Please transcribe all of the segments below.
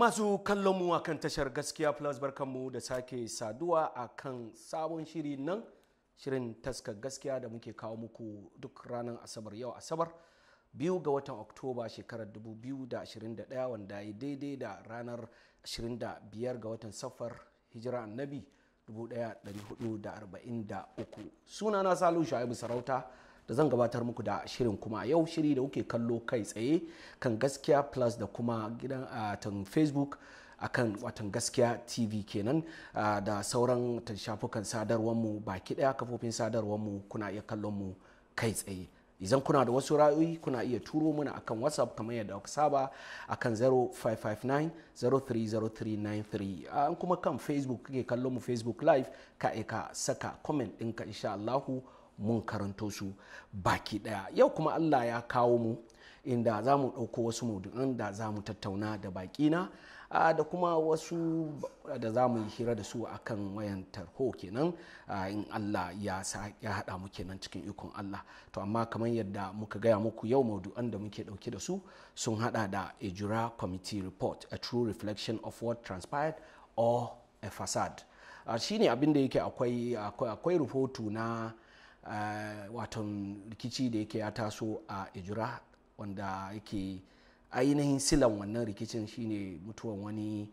masu kallon mu akan tashar gaskiya plus barkanmu da sake saduwa akan sabon shiri nan shirin taskar gaskiya da muke kawo muku duk ranar asabar yau asabar biyu ga watan oktoba shekarar 2021 wanda ya daidai da ranar 25 ga watan safar hijira annabi 1443 na salu shu'aibu sarauta da zan gabatar muku da shirin kuma yau shiri da kuke kallo kai tsaye kan gaskiya plus da kuma gidan a facebook akan watan gaskiya tv kenan da sauran shafukan sadarwarmu baki daya kafofin sadarwar mu kuna iya kallon mu kai tsaye idan kuna da wasu ra'ayoyi kuna iya turo mana akan whatsapp kamar yadda aka saba akan 0559-030393 an kuma kan facebook kake kallon mu facebook live ka ka saka comment ɗinka insha Allahu mun karanto su baki daya yau kuma Allah ya kawo mu inda za mu ɗauko wasu maudu'an da za mu tattauna da baki na. da kuma wasu da za mu yi hira da su akan wayan tarho kenan in Allah ya haɗa mu kenan cikin ikon Allah to amma kamar yadda muka gaya muku yau maudu'an da muke ɗauke da su sun haɗa da a jura committee report a true reflection of what transpired or a facade shine abin da yake akwai rahoto na waton rikici da yake ya taso a ijira wanda yake ainihin silan wannan rikicin shine mutuwan wani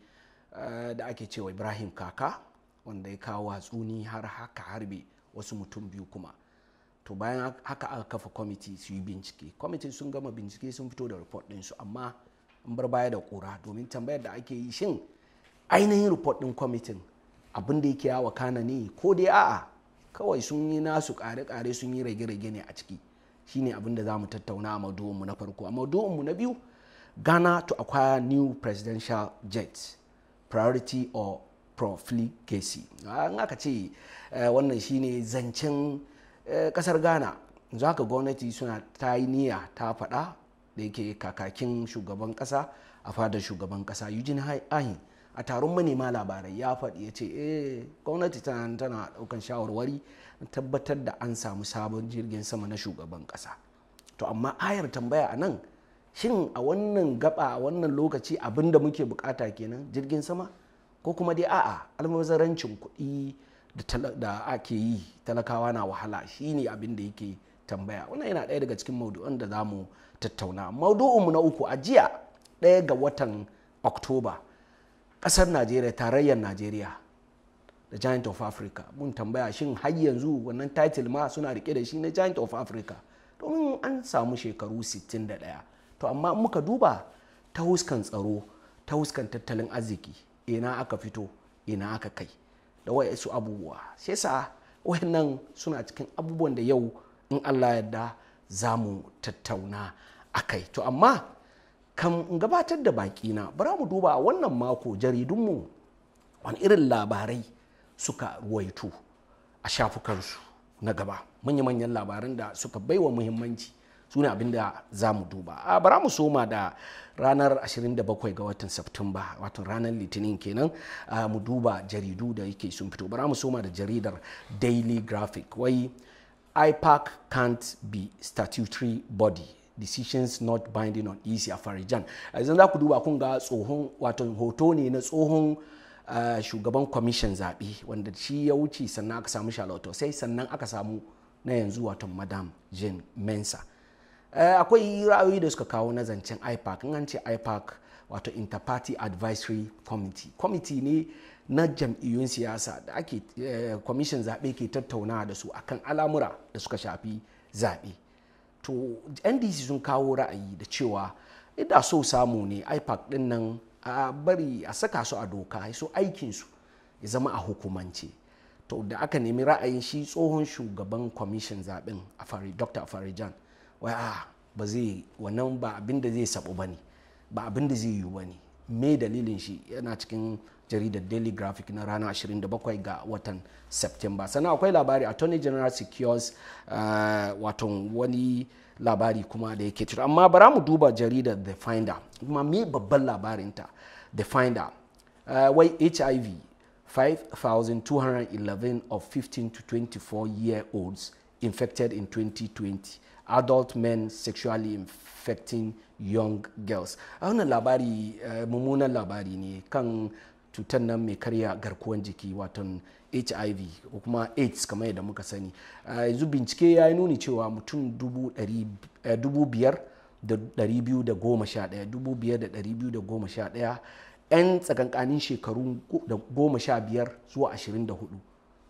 eh, da ake cewa ibrahim kaka wanda ya kawo hatsuni har haka harbe wasu mutum biyu kuma to bayan haka aka kafa kwamiti su yi bincike kwamiti sun gama bincike sun fito da report su amma an bar baya da kura domin tambayar da ake yi shin ainihin report ɗin kwamitin abin da yake yawa kana ne ko dai a'a kawai sun yi nasu kare-kare sun yi rage-rage ne a ciki shine abin da za mu tattauna a mu na farko a mu na biyu Ghana to acquire new presidential jets, priority or profligacy. Nga aka ce eh, wannan shine zancen eh, kasar Ghana. Za ka gwamnati suna ta yi niyya ta faɗa da yake kakakin shugaban ƙasa a fadar shugaban ƙasa Eugene Ahin a taron manema labarai ya faɗi ya ce eh gwamnati tana tana ɗaukan shawarwari tabbatar da an samu sabon jirgin sama na shugaban ƙasa. To amma ayar tambaya a nan shin a wannan gaba a wannan lokaci abin da muke bukata kenan jirgin sama ko kuma dai a'a almazarancin kuɗi da ake yi talakawa na wahala shine abin da yake tambaya wannan yana ɗaya daga cikin maudu'an da za mu tattauna maudu'inmu na uku a jiya ɗaya ga watan oktoba ƙasar najeriya tarayyar najeriya da giant of africa mun tambaya shin har yanzu wannan title ma suna rike da shi na giant of africa domin an samu shekaru 61 to amma in muka duba ta huskan tsaro ta huskan tattalin arziki ina aka fito ina aka kai da waye su abubuwa sai sa wayannan suna cikin abubuwan da yau in Allah yarda za mu tattauna a kai to amma kan gabatar da baki na bara mu duba wannan mako jaridunmu wani irin labarai suka ruwaito a shafukansu na gaba manya-manyan labaran da suka baiwa muhimmanci su ne abin da za mu duba a bara mu soma da ranar 27 ga watan Satumba wato ranar litinin kenan mu duba jaridu da yake sun fito bara mu soma da jaridar daily graphic wai ipac can't be statutory body decisions not binding on easy a farijan yanzu za ku duba kun ga tsohon wato hoto ne na tsohon shugaban kwamishin zaɓe wanda shi ya wuce sannan aka samu Charlotte sai sannan aka samu na yanzu wato madam jane mensa Eh, akwai ra'ayoyi da suka kawo na zancen ipac in an ce ipac wato interparty advisory committee committee ne na jam'iyyun siyasa da ake commission eh, zaɓe ke tattauna da su akan al'amura da suka shafi zaɓe to ndc sun kawo ra'ayi da cewa idan so samu ne ipac din nan a bari a saka su a doka su aikinsu ya zama a hukumance to da aka nemi ra'ayin shi tsohon shugaban commission zaɓen dr afarijan wai a ba zai wannan ba abin da zai sabu ba ne ba abin da zai yiwu ba ne me dalilin shi yana cikin jaridar daily graphic na ranar 27 ga watan september sannan akwai labari a attorney general secures uh, waton wani labari kuma da yake ciro amma bara mu duba jaridar the finder kuma me babban labarinta the finder uh, wai hiv 5211 of 15 to 24 year olds infected in 2020 adult men sexually infecting young girls a wannan labari eh, mummunan labari ne kan cutar nan mai karya garkuwan jiki watan hiv ko kuma aids kamar yadda muka sani yanzu bincike ya yi nuni cewa mutum dubu eh, biyar da dari biyu da goma sha daya dubu biyar da dari biyu da goma sha daya 'yan tsakankanin shekaru da goma sha biyar zuwa ashirin da hudu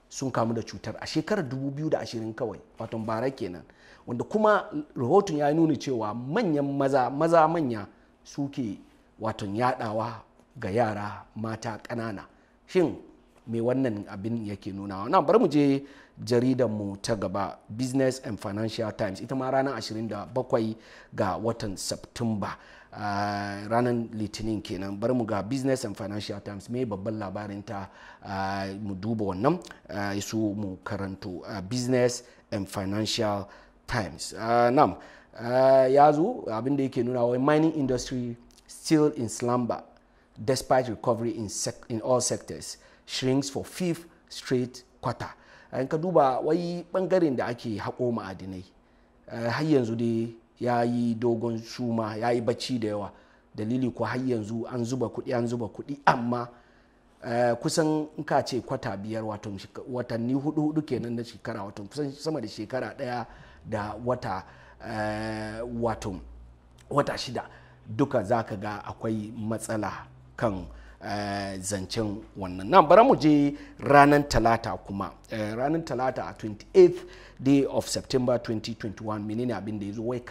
sun kamu da cutar a shekarar dubu biyu da ashirin kawai watan bara kenan wanda kuma rahoton ya nuna cewa manyan maza maza manya suke watan yadawa ga yara mata ƙanana shin me wannan abin yake nunawa na bari mu je jaridar mu ta gaba business and financial times ita ma ranar 27 ga watan september uh, ranar litinin kenan bari mu ga business and financial times me babban labarin ta uh, ah, mu duba wannan uh, ah, su mu karanto uh, business and financial times. Uh, nam uh, ya zo abin da yake nuna wai mining industry still in slumber despite recovery in, in all sectors shrinks for fifth straight quarter. Uh, in ka duba wai bangaren da ake haƙo ma'adinai uh, har yanzu dai ya yi dogon suma ya yi bacci da yawa dalili ko har yanzu an zuba kuɗi an zuba kuɗi amma kusan in ka ce kwata biyar watanni hudu hudu kenan na shekara watan kusan sama da shekara ɗaya da wata uh, wato wata shida duka za ka ga akwai matsala kan uh, zancen wannan nan bara mu je ranar talata kuma uh, ranar talata a 28th day of september 2021 menene abin da ya zo wai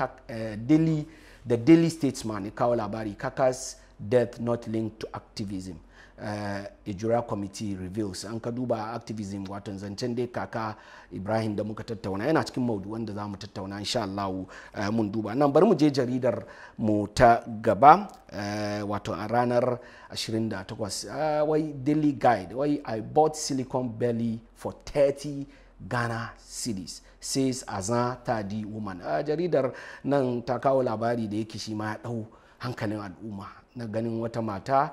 daily the daily statesman ya kawo labari kakas death not linked to activism Eh, ijura committee reveals an ka duba activism wato zancen dai kaka ibrahim da muka tattauna yana cikin maudu wanda za mu tattauna insha Allah eh, mun duba nan bari mu je jaridar mu ta gaba eh, wato a ranar 28 ah, wai daily guide wai i bought silicon belly for 30 ghana cities says azan tadi woman a ah, jaridar nan ta kawo labari da yake shi ma ya dau hankalin al'umma na ganin wata mata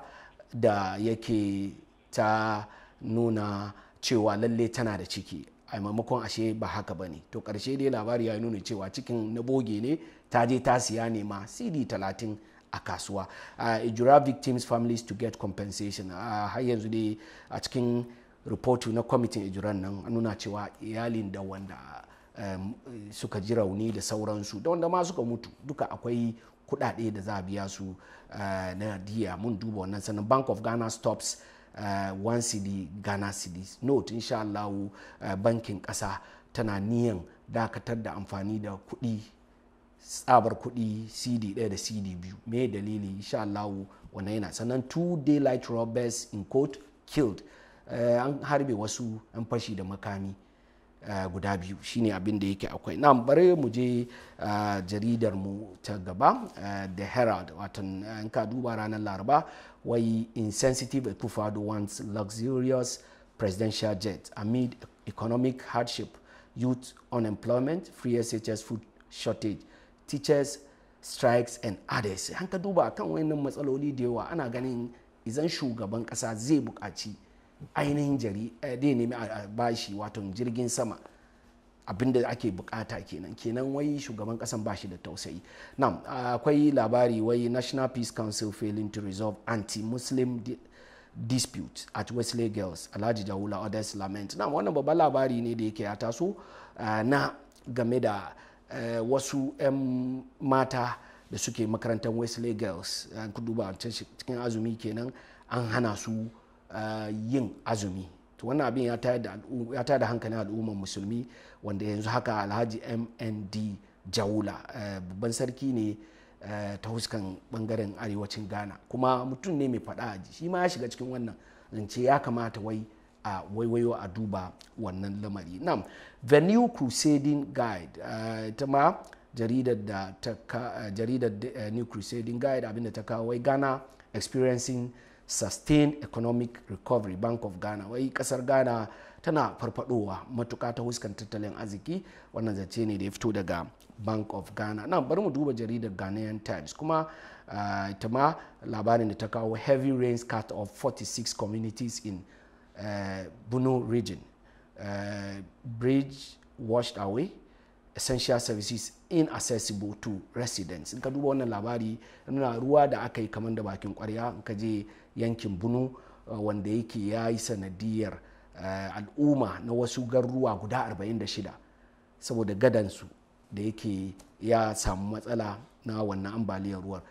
da yake ta nuna cewa lalle tana da ciki a maimakon ashe ba haka ba ne to karshe dai labari ya nuna cewa cikin na boge ne ta je ta siya ne ma cd 30 a kasuwa a uh, victims families to get compensation uh, har yanzu dai a cikin rahoto na kwamitin ijiran nan nuna cewa iyalin da wanda um, suka ji rauni da sauransu da wanda ma suka mutu duka akwai kuɗaɗe da za a biya su eh, na diya mun duba wannan sannan bank of ghana stops eh, one cd ghana cd note insha allahu eh, bankin ƙasa tana niyan dakatar da amfani da kuɗi tsabar kuɗi cd ɗaya da cd biyu me dalili insha allahu wannan yana sannan two daylight robbers in court killed an harbe wasu an fashi da makami Eh, guda biyu shine abin da yake akwai na bari mu je eh, jaridar mu ta gaba eh, the herald watan in ka duba ranar laraba wai insensitive ekufado wants luxurious presidential jet amid economic hardship youth unemployment free shs food shortage teachers strikes and others an ka duba kan wayannan matsaloli da yawa ana ganin izan shugaban kasa zai buƙaci ainihin jari ne eh, nemi a bashi wato jirgin sama abinda ake bukata kenan kenan wai shugaban kasan bashi da tausayi nam akwai labari wai national peace council failing to resolve anti-muslim dispute at wesley girls alhaji jawula others lament na wannan babban labari ne da yake ya taso eh, na game da eh, wasu 'yan mata da suke makarantar wesley girls an kudu cikin azumi kenan an hana su yin azumi to wannan abin ya tayar da hankalin al'ummar musulmi wanda yanzu haka alhaji mnd jaula eh, babban sarki ne eh, ta huskan bangaren arewacin ghana kuma mutum ne mai faɗa aji shi ma ya shiga cikin wannan zance ya kamata wai a waiwayo a duba wannan lamari nam the new crusading guide eh, ita ma jaridar da jaridar new crusading guide abinda ta kawo wai ghana experiencing sustained economic recovery bank of ghana wai kasar ghana tana farfadowa matuka ta huskan tattalin arziki wannan zace ne da ya fito daga bank of ghana na bari mu duba jaridar ghanaian times kuma ah, ita ma labarin da ta kawo heavy rains cut of 46 communities in uh, region uh, bridge washed away essential services inaccessible to residents in ka duba wannan labari nuna ruwa da aka yi kamar da bakin kwarya in ka je yankin bunu eh, wanda yake ya yi sanadiyar eh, al'umma na wasu garuruwa guda 46 saboda gadansu da yake ya samu matsala na wannan ambaliyar ruwa.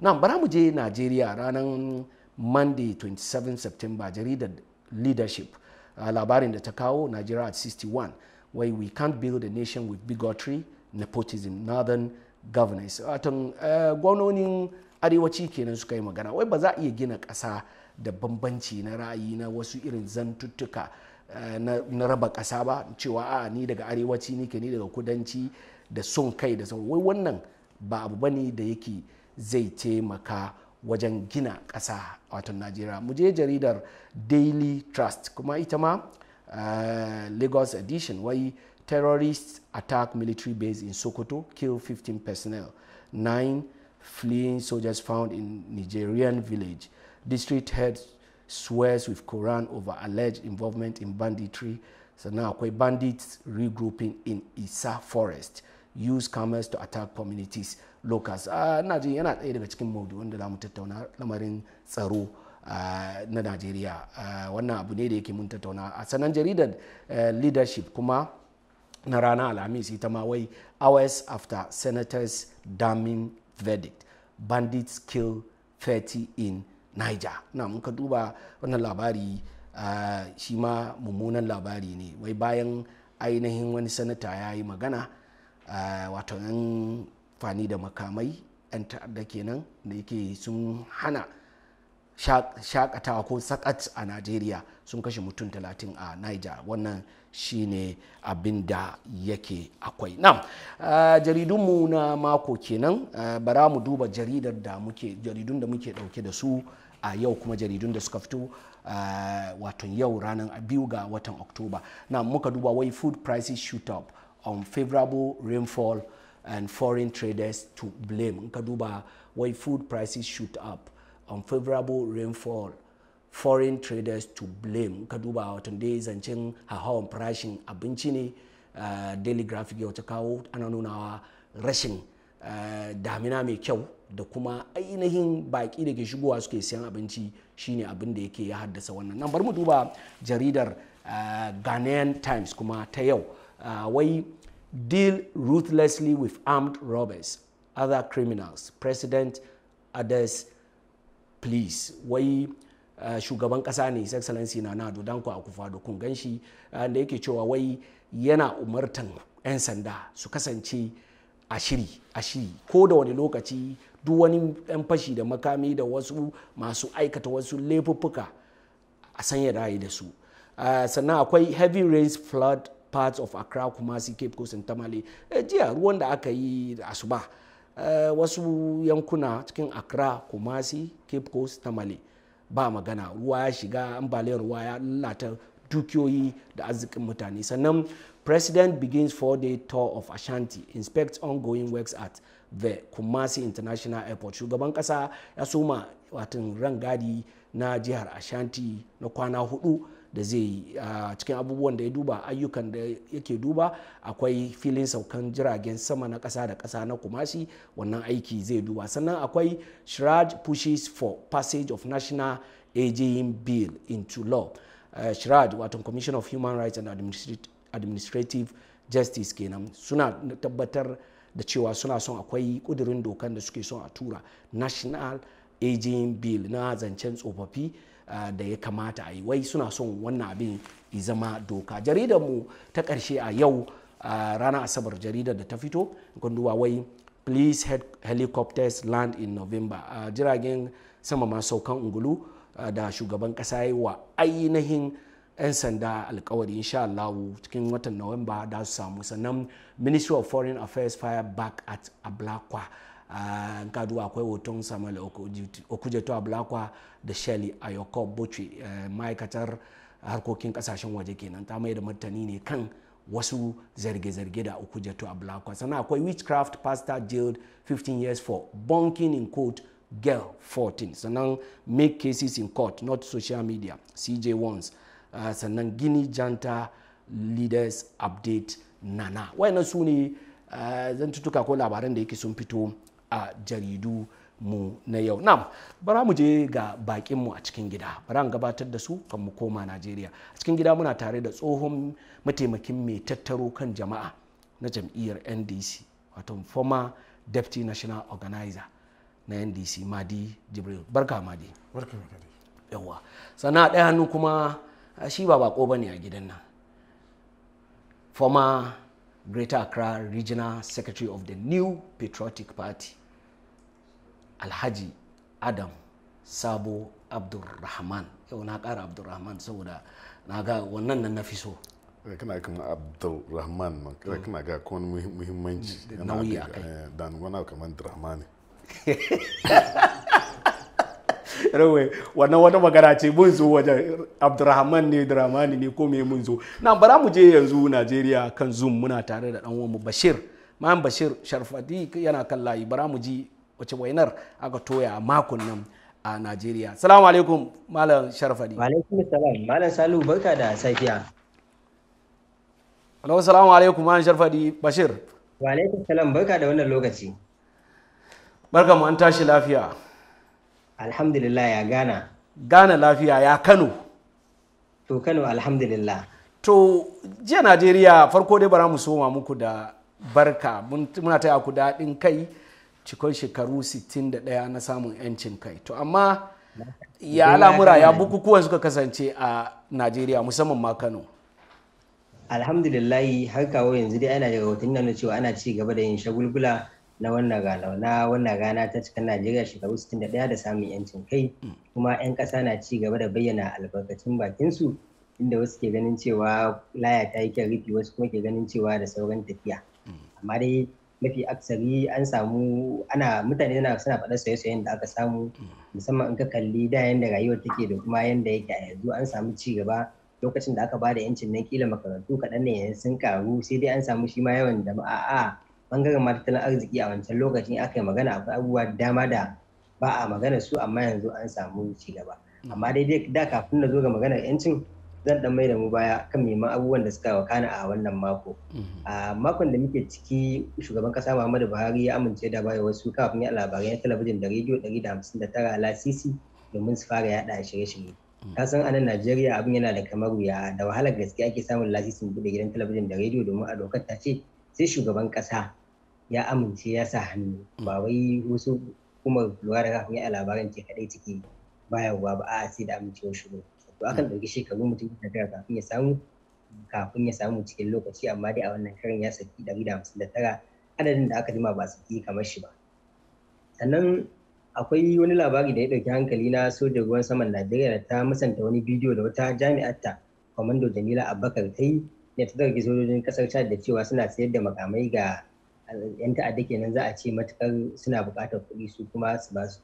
Na bara mu je najeriya ranar monday 27 september jaridar leadership ah, labarin da ta kawo nigeria at 61 why we can't build a nation with bigotry nepotism northern governance watan eh, gwamnonin arewaci kenan suka yi magana wai ba za a iya gina ƙasa da bambanci na ra'ayi na wasu irin zantuttuka eh, na raba ƙasa ba cewa a ni daga arewaci nike ni daga kudanci da son kai da wai wannan ba abu ba ne da yake zai taimaka wajen gina ƙasa wato najeriya mu je jaridar daily trust kuma ita ma uh, lagos edition wai terrorist attack military base in sokoto kill 15 personnel 9 fleeing soldiers found in Nigerian village. District head swears with Quran over alleged involvement in banditry. So now akwai bandits regrouping in Isa forest. Use commerce to attack communities locals. Ina ah, jin daga cikin maudu lamarin tsaro ah, na Najeriya. Ah, wannan abu ne da yake mun tattauna. A sanan jaridar eh, leadership kuma na rana alhamis ita ma wai hours after senators damning verdict bandits kill 30 in niger na muka duba wannan labari ah, shi ma mummunan labari ne wai bayan ainihin wani sanata ya yi magana ah, wato yan fani da makamai 'yan ta'adda kenan da yake sun hana shakatawa ko sakat a najeriya sun kashe mutum 30 a niger wannan shine abin da yake akwai na ah, jaridunmu na mako kenan ah, bara mu duba jaridar da muke jaridun da muke dauke da su a yau kuma jaridun da suka fito ah, watan yau ranar biyu ga watan oktoba na muka duba wai food prices shoot up on favorable rainfall and foreign traders to blame in ka duba wai food prices shoot up on favorable rainfall foreign traders to blame ka duba watan dai zancen hawan farashin abinci ne ah, daily graphic ya ta kawo ana nunawa rashin ah, damina mai kyau da kuma ainihin baki da ke shigowa suke siyan abinci shine abin da yake ya haddasa wannan nan bar mu duba jaridar ah, ghanaian times kuma ta yau wai deal ruthlessly with armed robbers other criminals president others please wai Eh, shugaban kasa ne his excellency na nado akufa ku kun ganshi eh, da yake cewa wai yana umartan 'yan sanda su kasance a shiri a shiri ko da wani lokaci duk wani 'yan fashi da makami da wasu masu aikata wasu laifuffuka a sanya rayu da su eh, sannan akwai heavy rains flood parts of accra kumasi cape coast and tamale jiya ruwan da aka yi da asuba wasu yankuna cikin accra kumasi cape coast tamale ba magana ruwa ya shiga ambaliyar ruwa ya lalata dukiyoyi da arzikin mutane sannan president begins four-day tour of ashanti inspect ongoing works at the kumasi international airport shugaban kasa ya soma watan rangadi na jihar ashanti na kwana hudu da zai yi a cikin abubuwan da ya duba ayyukan da yake duba akwai filin saukan jiragen sama na ƙasa da ƙasa na kumasi wannan aiki zai duba sannan akwai shraj pushes for passage of national aging bill into law uh, shraj wato commission of human rights and administrative justice kenan suna tabbatar da cewa suna son akwai kudirin dokan da suke son a tura national aging bill na zancen tsofaffi da ya kamata a yi wai suna son wannan abin ya zama doka jaridar mu ta ƙarshe a yau ranar asabar jaridar da ta fito duba wai police helicopters land in november jiragen sama masu saukan ungulu da shugaban ƙasa yi wa ainihin 'yan sanda alkawari insha Allah cikin watan Nuwamba da su samu sannan Ministry of Foreign Affairs fire back at Ablakwa uh, ka akwai hoton samuel a ablakwa da shelly ayoko boce eh, ma'aikatar harkokin kasashen waje kenan ta mai da martani ne kan wasu zarge-zarge da a ablakwa sannan akwai witchcraft pastor jailed 15 years for bunking in court girl 14 sannan make cases in court not social media cj ones eh, sannan Gini janta leaders update nana wayannan su ne eh, zan tutuka ko labaran da yake sun fito a jaridu mu na yau nam bara mu je ga bakin mu a cikin gida bara mu gabatar da su kan mu koma Najeriya a cikin gida muna tare da tsohon mataimakin mai tattaro kan jama'a na jam'iyyar NDC wato former deputy national organizer na NDC Madi Jibril barka Madi barka yawa sana ɗaya hannu kuma shi ba bako bane a gidan nan former Greater Accra Regional Secretary of the New Patriotic Party alhaji adam sabo abdulrahman yau na ƙara abdulrahman saboda na ga wannan nan na fi so eh, kana kan abdulrahman ma kana mm. ga kowane muhimmanci nauyi a kai eh, dan wani kamar rahman rawai wannan wata magana ce mun zo wajen abdurrahman ne dramani ne ko mai mun zo na bara mu je yanzu najeriya kan zoom muna tare da dan uwanmu bashir ma'am bashir sharfadi yana kan layi bara mu ji wace wainar aka toya makon nan a Najeriya. Salamu alaikum Malam Sharfadi. Wa salam Malam Salu barka da safiya. Alaikum salamu alaikum Malam Sharfadi Bashir. Wa salam barka da wannan lokaci. Barka mu an tashi lafiya. Alhamdulillah ya Ghana. Gana lafiya ya Kano. To Kano alhamdulillah. To jiya Najeriya farko dai bara mu soma muku da barka muna taya ku daɗin kai cikon shekaru 61 na samun 'yancin kai to amma ya al'amura ya bukukuwan suka kasance a najeriya musamman ma kano alhamdulillahi har kawo yanzu dai ana daga hotun nan cewa ana ci gaba da yin shagulgula na wannan gana na wannan gana ta cikin najeriya shekaru 61 da samun yancin kai mm. kuma 'yan ƙasa na ci gaba da bayyana albarkacin su inda wasu ke ganin cewa laya ta yi kyan rufi wasu kuma ke ganin cewa da sauran tafiya mm. amma dai mafi aksari an samu ana mutane na suna faɗa soyen da aka samu musamman in ka kalli da yanda rayuwar take da kuma yanda yake a yanzu an samu ci gaba lokacin da aka ba da yancin na kila makarantu kaɗan ne yanzu sun karu sai dai an samu shi ma yawan jama'a a bangaren tattalin arziki a wancan lokacin aka yi magana akwai abubuwa dama da ba a magana su amma yanzu an samu ci gaba amma dai da kafin na zo ga maganar yancin zan dan mai da mu baya kan ma abubuwan da suka wakana a wannan mako. Mhm. A makon da muke ciki shugaban kasa Muhammadu Buhari ya amince da bayar wasu kafin ya labarai na talabijin da rediyo 159 lasisi domin su fara yada shirye-shirye. Mhm. Ka san anan Najeriya abin yana da kamar wuya da wahalar gaske ake samun lasisin bude gidan talabijin da rediyo domin a dokar ta ce sai shugaban kasa ya amince ya sa hannu mhm. ba wai wasu kuma lura da kafin ya labaran ke kadai ciki bayarwa ba a sai da amincewar shugaban. to akan ɗauki shekaru mutum da tara kafin ya samu kafin ya samu cikin lokaci amma dai a wannan karin ya saki ɗari da hamsin da tara adadin da aka jima ba saki kamar shi ba sannan akwai wani labari da ya ɗauki hankali na sojan ruwan saman najeriya da ta musanta wani bidiyo da wata jami'ar ta kwamando jamila abubakar ta yi da ta zargi sojojin kasar chad da cewa suna sayar da makamai ga yan ta'adda kenan za a ce matukar suna buƙatar kuɗi su kuma su ba su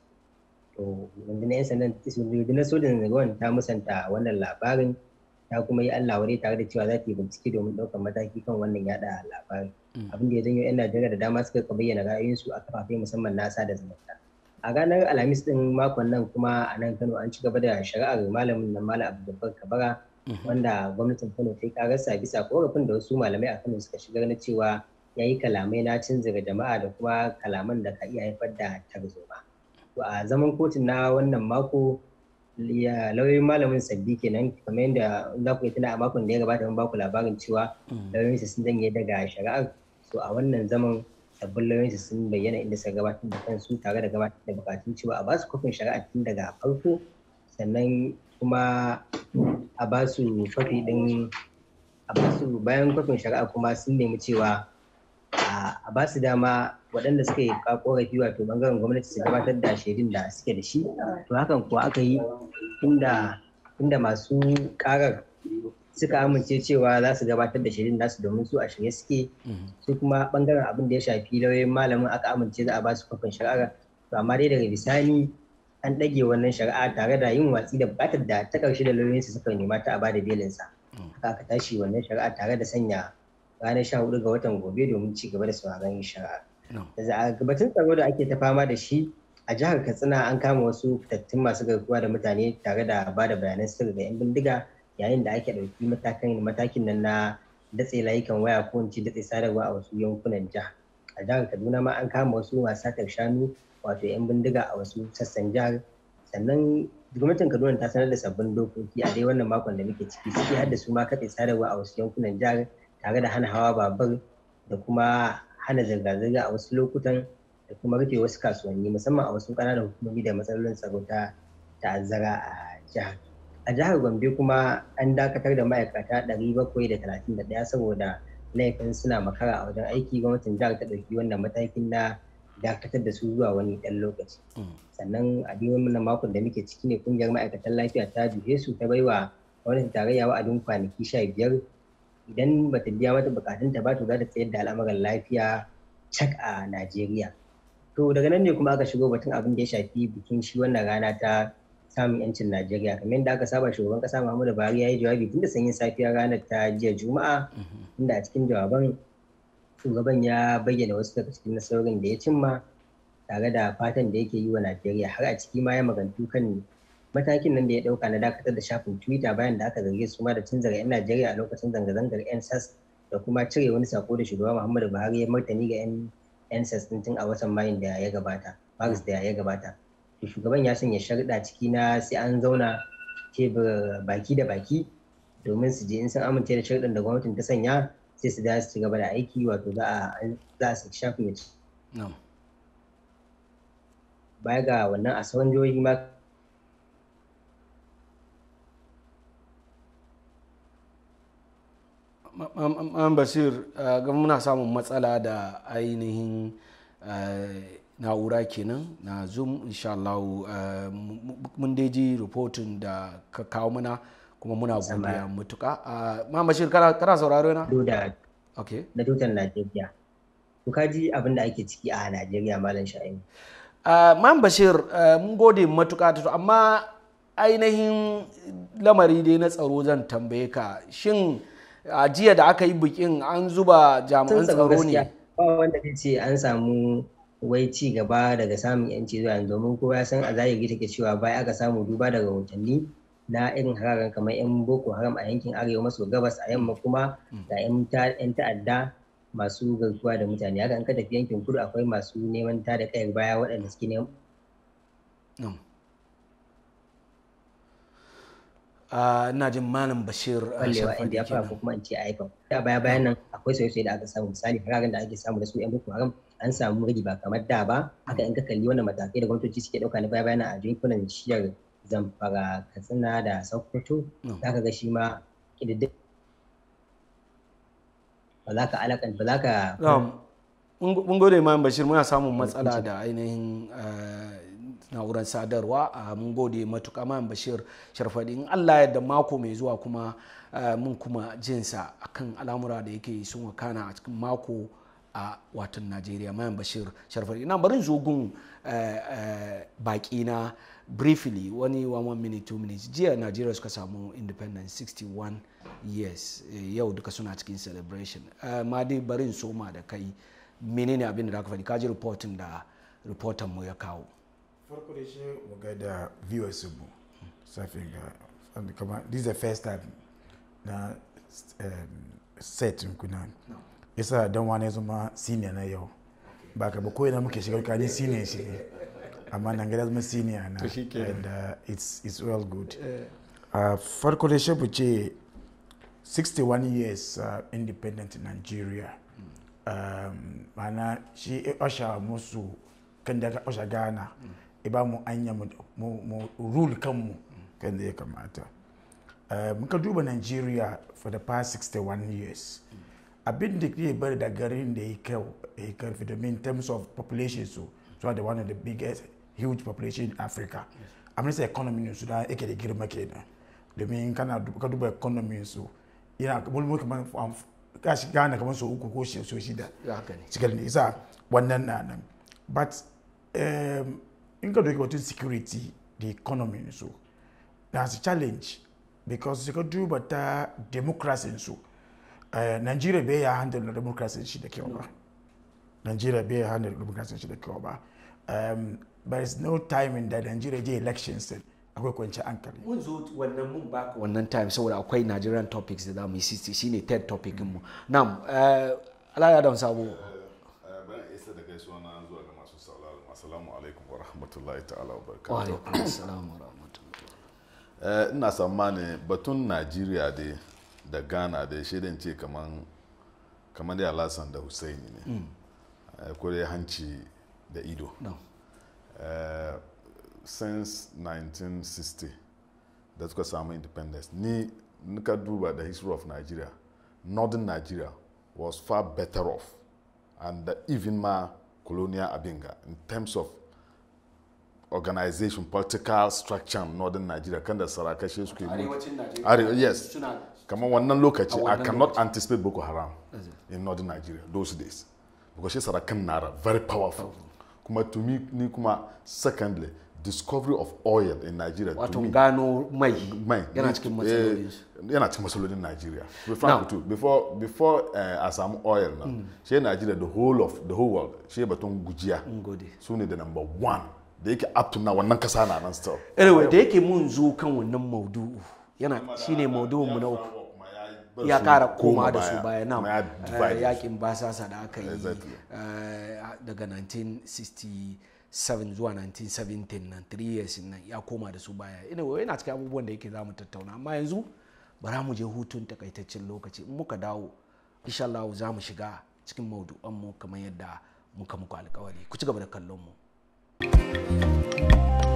to rundunar 'yan sandan rundunar sojan zangon ta musanta wannan labarin ta kuma yi allah wari tare da cewa za ta yi bincike domin ɗaukar mataki kan wannan yada labarin mm. abin da ya janyo 'yan najeriya da dama suka bayyana ra'ayoyinsu a kafafe musamman nasa da zumunta a ranar alhamis ɗin makon nan kuma a nan kano an ci gaba da shari'ar malamin nan malam abubakar kabara mm-hmm. wanda gwamnatin kano ta yi kararsa bisa korafin da wasu malamai a kano suka shigar na cewa ya yi kalamai na zira jama'a da kuma kalaman da ka iya haifar da tarzoma to a zaman kotun na wannan mako ya lauyoyin malamin sabbi kenan kamar yadda za ku yi tuna a makon da ya gabata mun baku labarin cewa mm. lauyoyinsa sun janye daga shari'ar so a wannan zaman sabbin lauyoyinsa sun bayyana inda suka gabatar da kansu tare da gabatar da bukatun cewa a basu kofin shari'a tun daga farko sannan kuma a basu kofi din a basu bayan kofin shari'a kuma sun nemi cewa a ba su dama waɗanda suka yi korafi wato bangaren gwamnati su gabatar da shaidun da suke da shi to hakan kuwa aka yi inda masu karar suka amince cewa za su gabatar da shirin nasu domin su a shirye suke su kuma bangaren abin da ya shafi lauyoyin malamin aka amince za a ba su kafin shari'ar to amma dai daga bisani an ɗage wannan shari'a tare da yin watsi da bukatar da ta ƙarshe da lauyoyinsu suka nema ta a ba da belinsa haka aka tashi wannan shari'a tare da sanya ranar sha hudu ga watan gobe domin ci gaba da sauraron shari'a. Batun tsaro da ake ta fama da shi a jihar Katsina an kama wasu fitattun masu garkuwa da mutane tare da ba da bayanan sirri ga 'yan bindiga yayin da ake ɗauki matakan matakin nan na datse layukan waya ko ci datse sadarwa a wasu yankunan jihar. A jihar Kaduna ma an kama wasu masu shanu wato 'yan bindiga a wasu sassan jihar sannan gwamnatin kaduna ta sanar da sabbin dokoki a dai wannan makon da muke ciki ciki har da su ma katse sadarwa a wasu yankunan jihar tare da hana hawa babur da kuma hana zirga-zirga a wasu lokutan da kuma rufe wasu kasuwanni musamman a wasu ƙananan hukumomi da matsalolin tsaro ta ta'azzara a jihar a jihar gombe kuma an dakatar da ma'aikata ɗari bakwai da da talatin ɗaya saboda laifin suna makara a wajen aiki gwamnatin jihar ta ɗauki wannan matakin na dakatar da su zuwa wani ɗan lokaci mm. sannan a biyu wannan makon da muke ciki ne ƙungiyar ma'aikatan lafiya ta juhe su ta baiwa gwamnatin tarayya wa'adin kwanaki sha biyar idan ba ta biya mata bukatun ta ba to za ta tsayar da al'amuran lafiya cak a Najeriya. To daga nan ne kuma aka shigo batun abin da ya shafi bikin shi wannan rana ta samun yancin Najeriya kamar yadda aka saba shugaban kasa Muhammadu Buhari ya yi jawabi tun da sanyin safiya ranar ta jiya Juma'a inda a cikin jawaban shugaban ya bayyana wasu daga cikin nasarorin da ya cimma tare da fatan da yake yi wa Najeriya har a ciki ma ya magantu kan matakin nan da ya dauka na dakatar da shafin twitter bayan da aka zarge su ma da cin 'yan najeriya a lokacin zanga-zangar 'yan sas da kuma cire wani sako da shugaba muhammadu buhari ya martani ga 'yan sas tun a watan mayun da ya gabata maris da ya gabata shugaban ya sanya sharuɗa ciki na sai an zauna tebur baki da baki domin su je in sun amince da sharuɗan da gwamnatin ta sanya sai su dace su ci gaba da aiki wato za a za su shafin ya ci. Baya ga wannan a sauran jihohi ma an basir ga muna samun matsala da ainihin na'ura kenan na zoom inshallah mun ji rahoton da ka kawo mana kuma muna godiya mutuka ma bashir kana sauraro na da dutan najeriya ku kaji abin da ake ciki a najeriya malam sha'in ma bashir mun gode matuka to amma ainihin lamari dai na tsaro zan tambaye ka shin a jiya da aka yi bikin an zuba jami'an tsaro ne ba wanda zai ce an samu wai ci gaba daga samun yanci zuwa yanzu domin kowa ya san a zahiri take cewa baya aka samu duba daga hotanni na irin hararen kamar yan boko haram a yankin arewa maso gabas a yamma kuma ga yan ta'adda masu garkuwa da mutane haka an ka tafi yankin kudu akwai masu neman ta da kayar baya waɗanda suke neman Ah, ina jin malam bashir ya ah, kuma in ce da baya bayan nan aka samu misali fararen da ake samu da su yan boko an samu rigi ba kamar da ba haka in ka kalli wannan matakai da gwamnatoci suke dauka na baya bayan a kunan shiyar zamfara katsina da sokoto za ka ga shi ma kididdin ba za ka alakan ba za ka mun gode bashir muna samun matsala da ainihin ah, na'urar sadarwa a mun gode matuƙa man bashir sharfaɗi in allah yadda mako mai zuwa kuma mun kuma jinsa kan al'amura da yake sun wakana a cikin mako a watan najeriya mayan bashir sharfaɗi na barin zogun baƙi na briefly wani 1 minute two minutes jiya najeriya suka samu independence 61 years eh, yau duka suna cikin celebration ma dai barin soma da kai menene abin da ka faɗi kaji da reporter mu ya kawo farko da shi ga da viewers mu safin ga kama this is the first time na set ku na yasa dan wani zama senior na yau ba ka ba na muke shiga kani senior shi ne amma nan gada zama senior na and uh, it's it's well good eh. uh, farko da shi ce 61 years uh, independent nigeria hmm. um, mana shi osha musu kan daga osha ghana mm. ya ba mu anya mu rule kanmu kan da ya kamata eh, muka duba nigeria for the past 61 years abin da ke bari da garin da ya kyau a karfi domin in terms of population so so the one of the biggest huge population in africa amurisa economy su da yake da girma kenan domin kana ka duba economy su yana mulmul kamar kashi gane kamar so uku ko so shida cikin isa wannan na nan but um, in country about security the economy so that's a challenge because sai do but uh, democracy uh, nigeria bai a handle the democracy shi da kyau ba nigeria bai a handle democracy shi da kyau ba but it's no time in da nigeria the elections din akwai kwanci hankali mun zo wannan mun baka wannan time saboda akwai nigerian topics da za mu yi third topic mu na uh, alaya don sabo rahmatullahi ta'ala wa wa rahmatullahi eh, ina tsammani batun najeriya da da ghana da shaidan ce kaman kamar da alasan da ne mm. eh, ko hanci da ido eh, since 1960 da suka samu independence ni nika duba the history of nigeria northern nigeria was far better off and even ma colonial abinga in terms of organization political structure northern nigeria kan da sarakashe suke yi yes kamar wannan lokaci i cannot anticipate boko haram in northern nigeria those days because shi sarakan nara very powerful kuma to me ni kuma secondly discovery of oil in nigeria wato gano mai mai yana cikin matsalolin eh, yana cikin matsalolin nigeria before before before eh, a samu oil na mm. shi nigeria the whole of the whole world shi batun gujiya su the number one da yake up to wannan kasa na nan still anyway da yake mun zo kan wannan maudu'u yana shine maudu'un mu na uku ya kara koma da su baya nan eh, yakin basasa da aka yi eh, daga 1967 zuwa 1917 nan 3 years nan ya koma da su baya anyway yana cikin abubuwan da yake zamu tattauna amma yanzu bara mu je hutun takaitaccen lokaci in muka dawo insha Allah za mu shiga cikin maudu'an mu kamar yadda muka muku alƙawari ku ci gaba da kallon mu Thank you.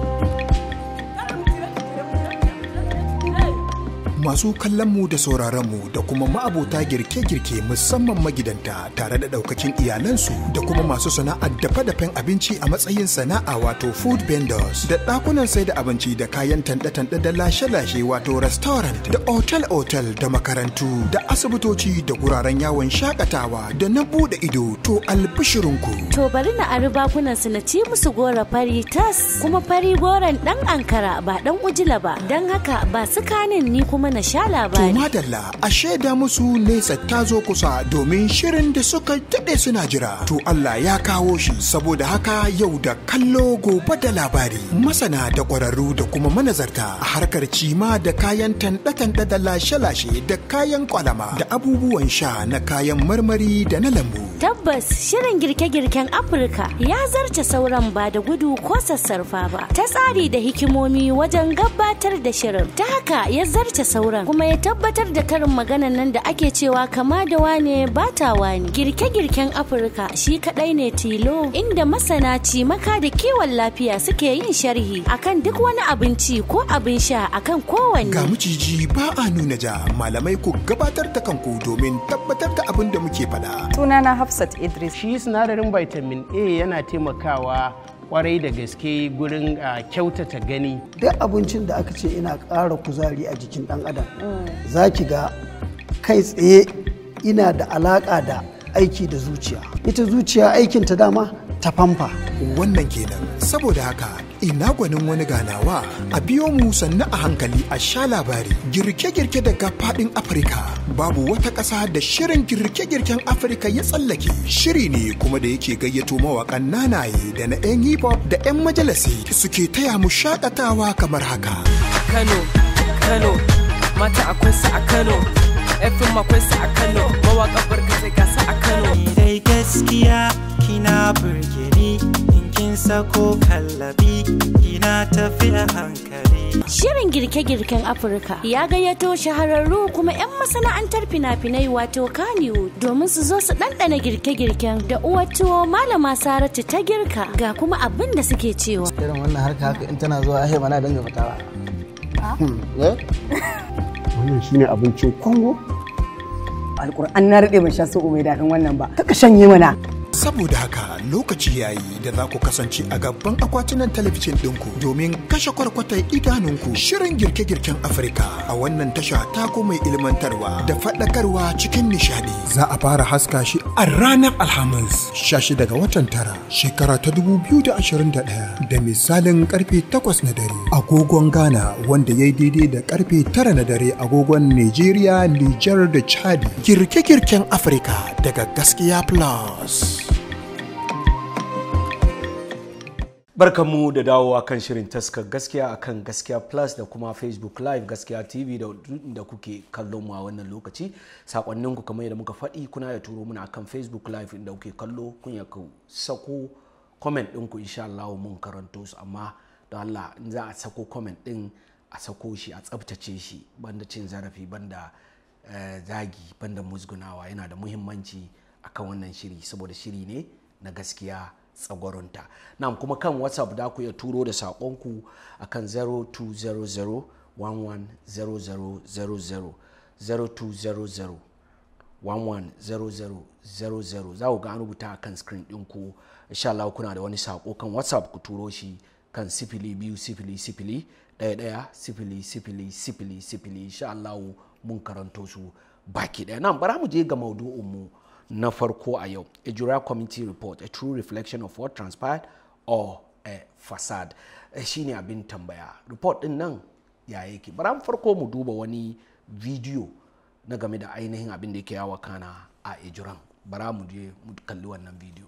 masu mu da mu da kuma ma'abota girke-girke musamman magidanta tare da ɗaukakin iyalansu da kuma masu sana'ar dafe-dafen abinci a matsayin sana'a wato food vendors da ɗakunan sai da abinci da kayan tanɗe-tanɗe da lashe-lashe wato restaurant da otel-otel da makarantu da asibitoci da guraren yawon shakatawa da na buɗe ido to albishirinku. To bari na ari bakunan su na ci musu gora fari tas kuma fari goron ɗan ankara ba dan ujila ba don haka ba su kanin ni kuma na sha labari. To madalla a shaida musu nesa ta zo kusa domin shirin da suka daɗe suna jira. To Allah ya kawo shi saboda haka yau da kallo gobe da labari. Masana da kwararru da kuma manazarta a harkar cima da kayan tanɗe da lashe-lashe da kayan kwalama da abubuwan sha na kayan marmari da na lambu. Tabbas shirin girke-girken Afirka ya zarce sauran ba da gudu ko sassarfa ba. Ta tsari da hikimomi wajen gabatar da shirin. Ta haka ya zarce sauran kuma ya tabbatar da karin magana nan da ake cewa kama da wane ba ta wani. Girke-girken Afirka shi kadai ne tilo inda masana maka da kiwon lafiya suke yin sharhi akan duk wani abinci ko abin sha akan kowanne. Ga miciji ba a nuna ja malamai ku gabatar da kanku domin tabbatar da abin da muke faɗa. Sunana Hafsa Hafsat Idris. Shi sinadarin vitamin A yana taimakawa kwarai da gaske gurin kyautata gani. Duk abincin da aka ce ina ƙara kuzari a jikin ɗan adam, mm. za ki ga kai tsaye ina da alaƙa da aiki da zuciya. Ita zuciya aikinta dama ta famfa wannan kenan saboda haka ina gwanin wani ganawa a biyo mu sannu a hankali a sha labari girke-girke daga fadin afirka babu wata ƙasa da shirin girke-girken afirka ya tsallake shiri ne kuma da yake gayyato mawaƙan nanaye da na 'yan hip hop da 'yan majalisi suke taya mu shakatawa kamar haka kano kano mata akwai su a kano fm akwai su a kano mawaƙan barkatai gasa a kano dai gaskiya kina burgeni in kin sako kallabi kina tafiya a hankali Shirin girke-girken Afirka ya gayyato shahararru kuma 'yan masana'antar fina-finai wato Kaniwu domin su zo su ɗanɗana girke-girken da uwar tuwo malama Saratu ta girka ga kuma abin da suke cewa. Irin wannan harka haka in tana zuwa ahe mana dangin fitawa. Hmm, eh? Wannan shine abincin Kongo? Alƙur'an na rade mai sha so mai daɗin wannan ba. Kaka shanye mana. Saboda haka lokaci yayi da za ku kasance a gaban akwatunan talabijin ɗinku domin kashe kwarkwatar idanunku shirin girke-girken Afirka a wannan tasha taku mai ilmantarwa da faɗakarwa cikin nishaɗi. Za a fara haska shi a ranar Alhamis shashi daga watan tara shekara ta 2021 da da ɗaya, misalin karfe takwas na dare agogon Ghana wanda ya yi daidai da karfe tara na dare agogon Nigeria, Niger da Chadi. Girke-girken Afirka daga Gaskiya Plus. barkanmu da dawowa kan shirin taskar gaskiya akan gaskiya plus da kuma facebook live gaskiya tv da kuke kallon mu a wannan lokaci sakonninku kamar yadda muka faɗi kuna ya turo muna akan facebook live inda kuke kallo kun ya sako comment ɗinku insha Allah mun karanto su amma da Allah in za a sako comment ɗin a sako shi a tsabtace shi banda cin zarafi banda eh, zagi banda musgunawa yana da muhimmanci akan wannan shiri saboda shiri ne na gaskiya tsagwaronta na kuma kan whatsapp da ku ya turo da saƙonku a kan 0200 11000 0200 110000 za ku ga an rubuta a kan screen ɗinku insha Allah kuna da wani saƙo kan whatsapp ku turo shi kan sifili biyu sifili sifili ɗaya ɗaya sifili sifili sifili sifili insha Allah mun karanto su baki ɗaya nan bara mu je ga maudu'un mu na farko a yau Ejura jura committee report a true reflection of what transpired or a facade shine abin tambaya report din nan ya yake bara farko mu duba wani bidiyo na game da ainihin abin da yake yawa kana a ejuran bara mu je mu kalli wannan bidiyo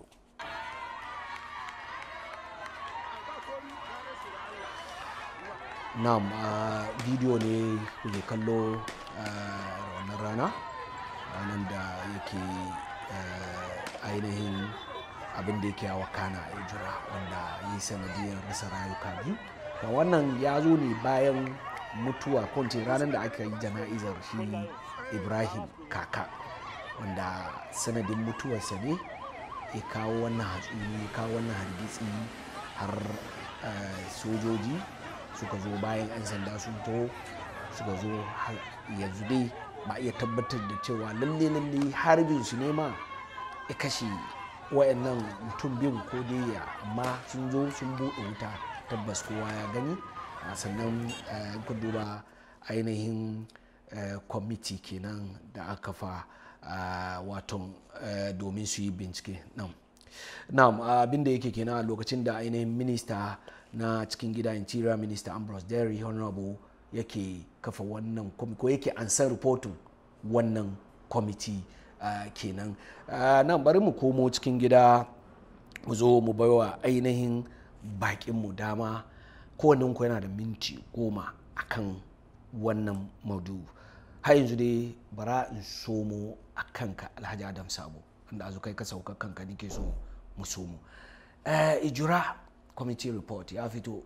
uh, bidiyo ne kuke kallo wannan rana ranar da yake ainihin abin da yake yawa kana a jira wanda yi sanadiyar rasa rayuka biyu ba wannan ya zo ne bayan mutuwa kwanci ranar da aka yi jana'izar shi ibrahim kaka wanda sanadin mutuwarsa ne ya kawo wannan hatsuni ya kawo wannan hargitsi har eh, sojoji suka zo bayan 'yan sanda sun to suka zo yanzu dai ba iya tabbatar da cewa lalle lalle harbin su ne ma ya kashe wayannan mutum biyun ko dai ya amma sun zo sun buɗe wuta tabbas kowa ya gani ah, sannan eh, ku duba ainihin eh, kwamiti kenan da aka fa ah, wato eh, domin su yi bincike nan nam ah, abin da yake kenan lokacin da ainihin minista na cikin gida interior minister ambrose derry honorable yake kafa wannan ko yake ansan rahoton wannan kwamiti ah, kenan ah, nan bari mu komo cikin gida mu zo mu baiwa ainihin mu dama ku yana da minti goma a kan wannan maudu har yanzu dai bara in somo a kanka alhaji adam sabo inda a kai ka sauka kanka nike so mu somo ijira eh, ijura committee report ya fito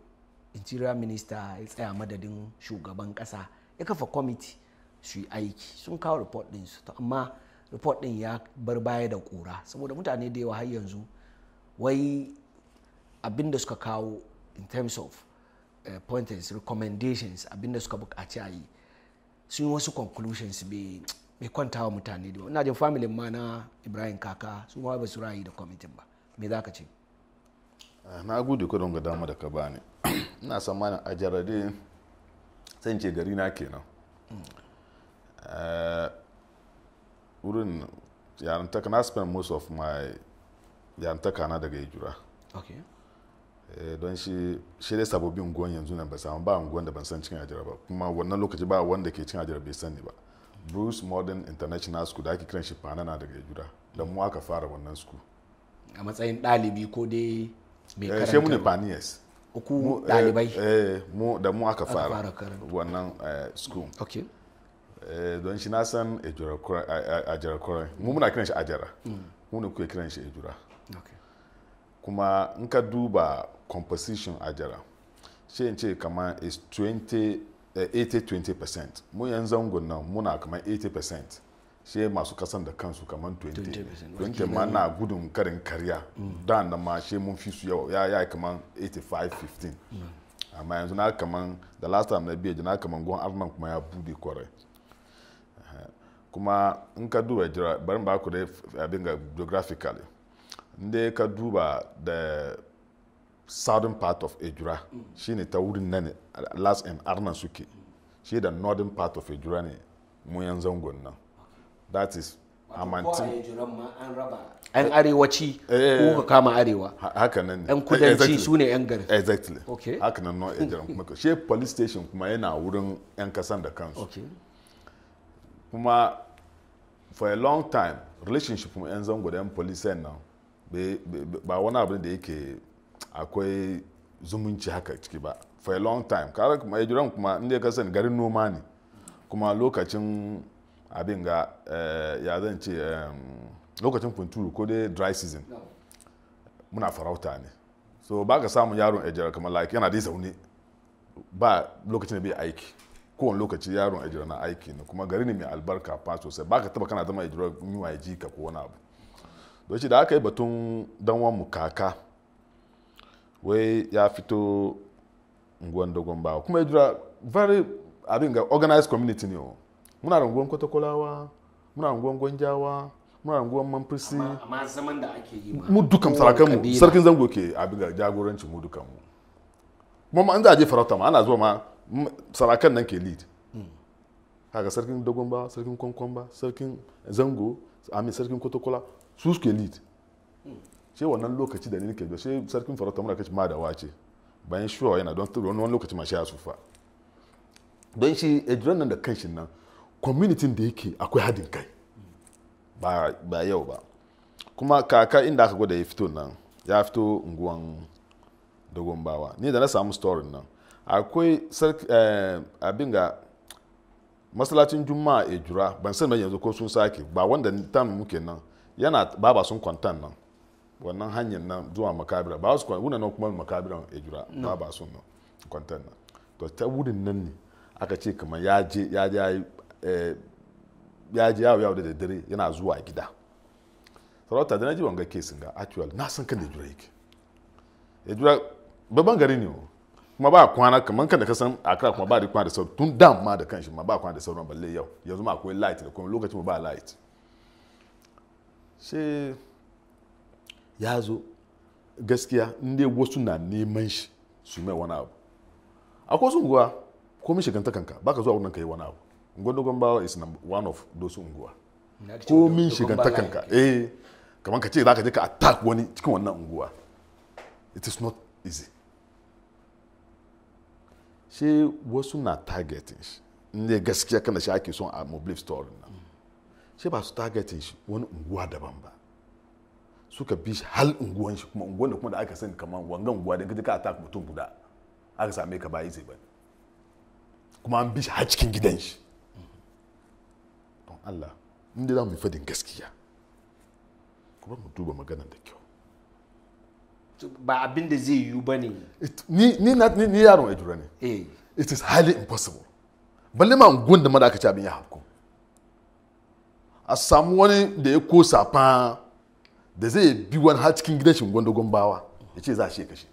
interior minister ya tsaya madadin shugaban kasa ya kafa kwamiti su yi aiki sun kawo report din su amma report din ya bar baya da kura saboda mutane da yawa har yanzu wai abin da suka kawo in terms of uh, pointers recommendations abin da suka bukaci a yi sun yi wasu conclusions bai kwanta wa mutane da ina jin familin ma na ibrahim kaka su ma ba su rayu da kwamitin ba me za ka ce ah, na gode kudin ga dama da ka bani ina tsammanin a jarade sai ce gari na kenan eh, wurin yarantaka na spend most of my yarantaka na daga ijura eh, don shi shi dai sabobin unguwan yanzu nan ba samu ba da ban san cikin ajiyar ba kuma wannan lokaci ba wanda ke cin ajiyar bai sani ba bruce modern international school da ake kiran shi na daga ijura da mu aka fara wannan school a matsayin ɗalibi ko dai mai karanta eh, shemu ne paniers ku dalibai eh, eh, mu da mu aka fara wannan eh, school okay don shi na san ejura ajara kurai mu muna kiran shi ajara mm. mu ne kuke kiran shi ejura kuma in ka duba composition ajara shi in ce kamar is 20 80-20% mu yan zangon nan muna kama 80% sai masu kasan da kansu kamar 20 20 ma na gudun karin karya mm. da na ma sai mun fi su yawa ya yi kamar 85 15 amma yanzu na kamar da last time na biya na kamar gwan arnan kuma ya bude kwarai kuma in ka duba jira barin ba ku dai abin ga geographically inda ka duba da southern part of ejura mm. shine ta wurin nan last in arnan suke mm. shi da northern part of ejura ne mu yan zangon nan that is amantin yan arewaci ko eh. ka kama arewa haka nan yan kudanci su ne yan garin exactly haka nan nan ejiran kuma ka she police station kuma yana wurin yan kasan da kansu kuma for a long time relationship mu yan zango da yan police nan ba wani abu da yake akwai zumunci haka ciki ba for a long time kare kuma ejiran kuma inda ya kasan garin noma ne kuma lokacin abin ga eh, ya zan ce lokacin funturu ko dai dry season muna farauta ne so ba ka samun yaron ajiyar kamar like yana dai zaune ba lokacin da bai aiki kowane lokaci yaron ajiyar na aiki ne kuma gari ne mai albarka fa sosai ba ka taba kana zama ajiyar yunwa ji ka ko wani abu da shi da aka yi batun danwa mu kaka wai ya fito unguwan dogon ba kuma ejira very abin ga organized community ne o muna ranguwan kwatakwalawa muna ranguwan gwanjawa muna ranguwan manfisi amma zaman da ake yi mu dukan mu, sarkin zango ke abiga jagoranci mu dukan mu kuma ma an za a je farauta ma ana zuwa ma sarakan nan ke lead kaga sarkin dogon ba sarkin kwankwan ba sarkin zango amin sarkin kwatakwala su suke lead ce wannan lokaci da ni nake shi sarkin farauta muna kace ma da wace bayan shuwa yana don wani lokaci ma shi ya sufa don shi ejiran eh, nan da kanshin nan kwamitin da yake akwai hadin kai ba yau ba kuma kaka inda aka gwada ya fito nan ya fito unguwan dogon bawa ni da na samu story nan akwai eh, abin ga masalacin juma'a a jura ban san yanzu ko sun sake ba wanda tamu muke nan yana ba sun kwantan nan wannan hanyar nan zuwa makabira ba su kwantan wunan kuma makabira a jura ba sun nan kwantan nan to ta wurin nan ne aka ce kamar ya je ya yi Eh, ya ji yawo yawo da daddare yana zuwa gida sarauta da na ji wanga kesin ga actual na san kan da jura yake ya jura babban gari ne kuma ba kwana kamar kan da ka san akra kuma ba da kwana da sauran tun dam ma da kanshi ma ba kwana da sauran balle yau yanzu ma akwai light da kuma lokacin ba light shi ya zo gaskiya inda wasu na neman shi su mai wani abu akwai sun guwa komi shiganta kanka baka zuwa wurin ka yi wani abu Ngondo Gombawa is one of those unguwa. Komin ka Eh, kamar ka ce za ka je ka attack wani cikin wannan unguwa. It is not easy. Shi wasu na targeting shi. Ne gaskiya kana shi ake son a mobilif store na. Shi ba su targeting shi wani unguwa daban ba. Suka bi shi hal unguwan shi kuma unguwan da kuma da aka sani kamar wangan unguwa da ka attack mutum guda. Aka same ka ba easy ba. Kuma an bi shi har cikin gidan shi. Allah inda za mu fadin gaskiya kuma mu duba magana da kyau ba abin da zai yiwu ba ne ni na ni yaron ajura ne eh. it is highly impossible balle ma gun da aka ci abin ya hafko a samu wani da ya kosa fa da zai bi wani har cikin gidan shingon dogon bawa ya ce za a kashe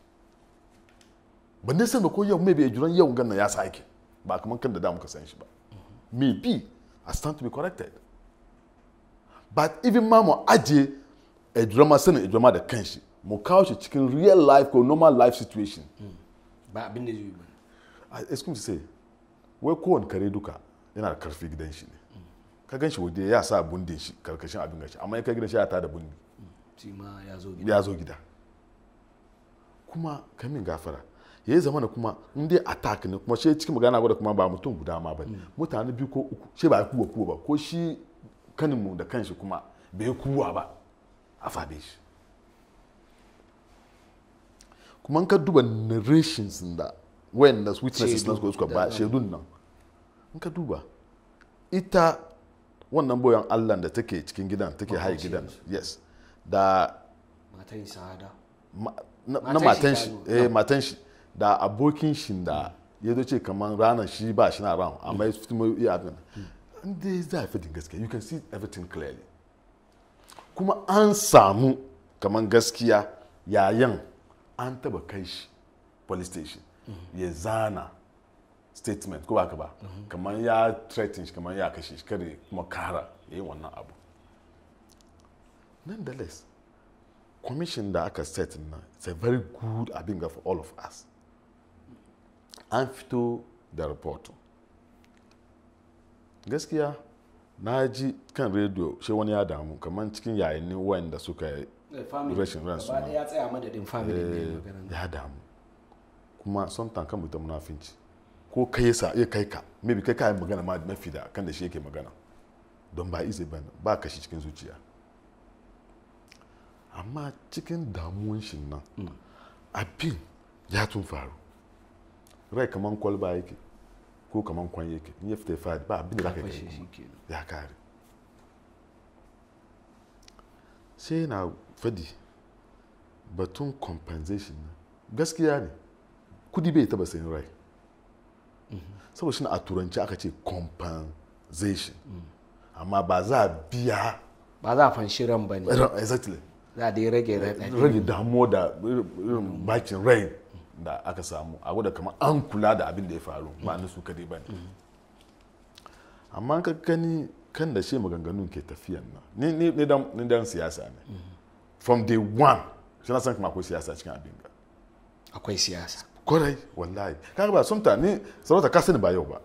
ban dai san da ko yau mai bai ajuran yau ganna ya sa ake ba kamar kan da da muka san shi ba me bi I stand to be corrected. But even ma mo aje a sɛ na a de kan shi mo kaw shi cikin real life ko normal life situation. Hmm. Ba abin da zai ah, Excuse me, say wai kowane kare duka yana da karfi gidan shi ne. Ka gan shi waje ya sa bundin shi karkashin abin gashi amma ya kai hmm. ya bundi. Tima Yazogida. gida. gida. Kuma coming, gafara ya zama na kuma ndi attack ne kuma shi cikin magana gwada kuma ba mutum guda ma bane mutane biyu ko uku shi ba kuwa kuwa ba ko shi kanin mu da kanshi kuma bai kuwa ba a fabe shi kuma ka duba narrations da wayanda witnesses na suka ba shaidun nan in ka duba ita wannan boyan allah da take cikin gidan take haye gidan yes da matan shi na matan shi eh matan shi da abokin shi da ya zo ce kamar ranar shi ba shi na ran amma ya fito mai iya abin inda ya za a fi gaskiya you can see everything clearly kuma an samu kamar gaskiya yayan an taba kai shi police station ya zana statement ko baka ba kamar ya threaten shi kamar ya kashe shi kare kuma kara ya yi wannan abu nonetheless commission da aka set na it's a very good abin ga for all of us an fito da rahoton gaskiya na ji kan rediyo shi wani ya damu kamar cikin yayin wanda suka yi eh, rashin ran suna ya tsaya madadin family eh, ya damu kuma son tankan mutum finci ko kai sa iya kai ka maybe kai ka yi magana ma mafi da kan da shi yake magana don ba izai ba ba kashi cikin zuciya amma cikin damuwan shi nan hmm. abin ya tun faru rai kaman kwalba yake ko kaman kwan yake in ya fita ya fadi ba abin da zaka yi ya kare sai na fadi batun compensation na. gaskiya ne kudi bai taba sayin rai saboda shi a turanci aka ce compensation mm. amma ba za a biya ba za a fanshi ran ba ne exactly za a dai rage rage damuwa da mm. bakin rai da aka samu a gwada kamar an kula da abin da ya faru ba su kadai ba ne amma ka gani kan da shi maganganun ke tafiyan nan ni dan siyasa ne from day one shi na san kuma akwai siyasa cikin abin ga akwai siyasa kwarai wallahi kaga ba sumta ni sarauta ka sani ba yau ba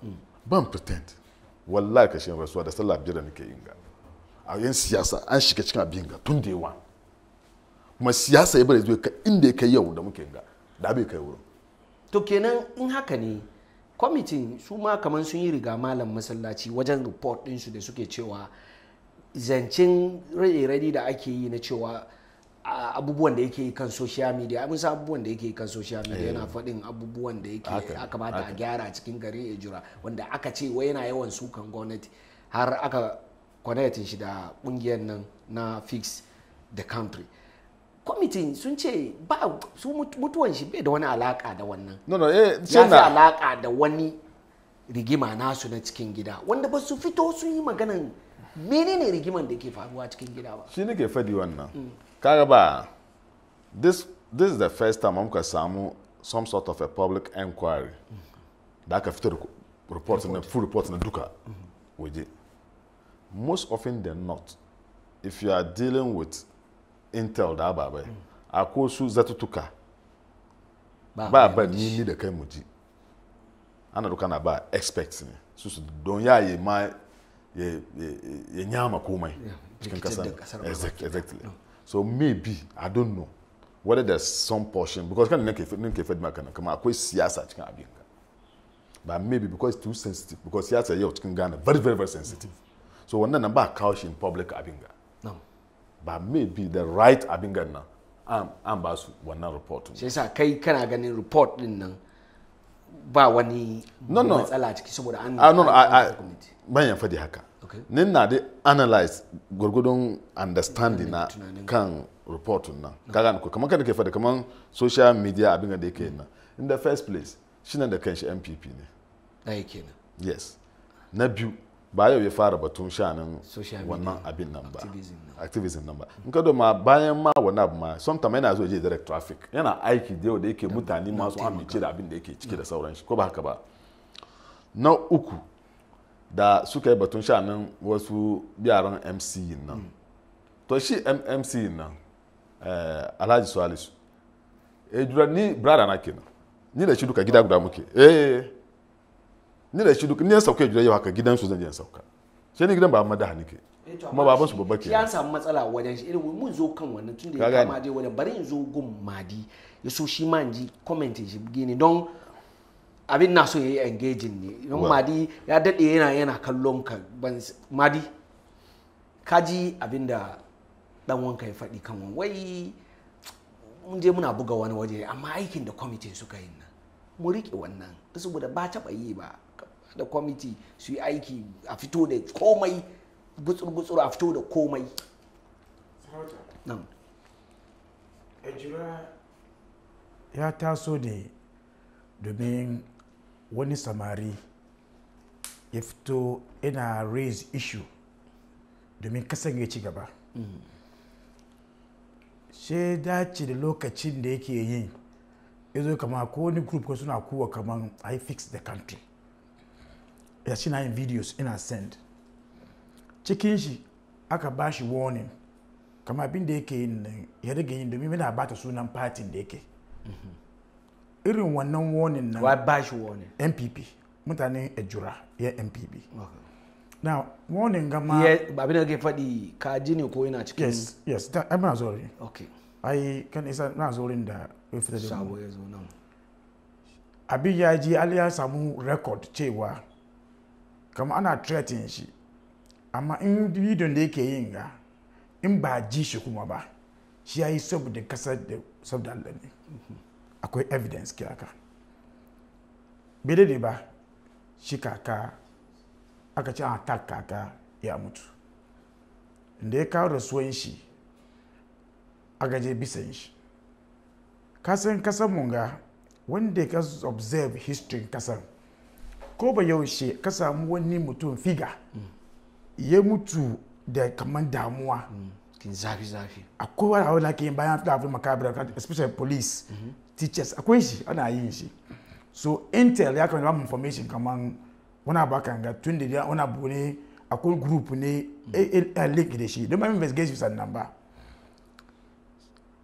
ban pretend wallahi ka shi rasuwa da sallah biyar da nake yin ga a yin siyasa an shiga cikin abin ga tun day one kuma siyasa ya bari zuwa inda ya kai yau da muke ga da bai kai wurin to kenan in haka ne kwamitin su ma kamar sun yi riga malam masallaci wajen report su da suke cewa zancen rade-rade da ake yi na cewa abubuwan da yake kan social media abin san abubuwan da yake kan social media yana eh. faɗin abubuwan da yake aka ba a gyara cikin garin ejura wanda aka ce wai yana yawan sukan gwamnati har aka connecting shi da kungiyar nan na fix the country kwamitin sun ce ba su mutuwan shi bai da wani alaka da wannan no no eh ya fi alaka da wani rigima nasu na cikin gida wanda ba su fito sun yi maganan menene rigiman da ke faruwa cikin gida ba shi nake fadi wannan mm. kaga ba this this is the first time muka samu some sort of a public inquiry da aka fito report na full report na duka mm-hmm. waje most often than not if you are dealing with intel da ababai mm. a ko su zatutuka ba ba ni ni da kai mu ji ana duka na ba experts ne su su don ya yi ma ya nyama komai cikin kasar exactly mm. so maybe i don't know whether there's some portion because kan ne ke ne ke fadi maka kama akwai siyasa cikin abin ka ba maybe because too sensitive because siyasa yau cikin Ghana very very very sensitive mm. so wannan nan ba kawo shi in public abin ga ba may be the right abin ganna an ba su wannan report shi sa kai kana ganin report din nan ba wani no, no. matsala ciki saboda an na ah, no, no, ban yan fadi haka okay. nin na dai analyze gurgudun understanding na kan report nan no. kaga ko kamar kada ke fada kamar social media abin da yake nan in the first place shine da kanshi MPP ne dai kenan yes na biyu ba yau ya fara batun shanin wannan abin nan ba activism nan ba in ka ma bayan ma wannan abu ma sometimes yana zo je direct traffic yana aiki da yau da yake mutane masu amince da abin da yake ciki da sauran shi ko ba haka ba na uku da suka yi batun shanin wasu yaran mc nan hmm. to shi mc nan eh, alhaji salisu eh ni brada na kenan ni da shi duka gida guda muke eh ni da shi duk ni sauka gidan yau haka gidan su zan je sauka sai ni gidan ba eh amma da hanike kuma baban su babba ke ya samu matsala wajen shi irin mun zo kan wannan tunda da ya kama dai wajen bari in zo gun madi ya so shi ma in ji comment shi gini don abin na so yayi engaging ne don madi ya dade yana yana kallon ka ban madi ka ji abin da dan wanka ya faɗi kan wani wai mun je muna buga wani waje amma aikin da kwamitin suka yi nan mu riƙe wannan saboda ba taɓa yi ba da kwamiti su yi aiki a fito da komai gutsur-gutsur a fito da komai ya taso ne domin wani samari ya fito ina raise issue domin kasan ya ci gaba mm. she dace da lokacin da yake yin ya zo kama ko wani group ko suna kuwa kaman i fix the country ya shi na yin videos ina send cikin shi aka ba shi warning kama abin da yake yin nan ya rage yin domin yana bata sunan fatin da yake mhm. irin wannan warning na wa ba shi warning npp mutanen ejura ya npp na warning ga ma abin da ke faɗi ka ji ne ko ina cikin yes yes ta ina zori okay ai kan isa na zorin da ya fita da sabo abin ya ji al ya samu record cewa kama ana threatin shi amma in bidiyon da yake yin ga in ba ji shi kuma ba shi ya yi saboda kasar da saboda Allah ne akwai evidence ke haka bai ba shi kaka aka ci an kaka ya mutu inda ya kawo rasuwan shi a gaje bisan shi kasan kasan munga wanda ka observe history kasan ko ba yaushe ka samu wani mutum figa ya mutu da kaman damuwa zafi zafi akwai wani abu da ke yin bayan fita afirma kabira especially police teachers akwai shi ana yin shi so intel ya kamata bamu information kaman wani abu kan ga tun da ya wani abu ne akwai group ne a link da shi don ba investigation sannan ba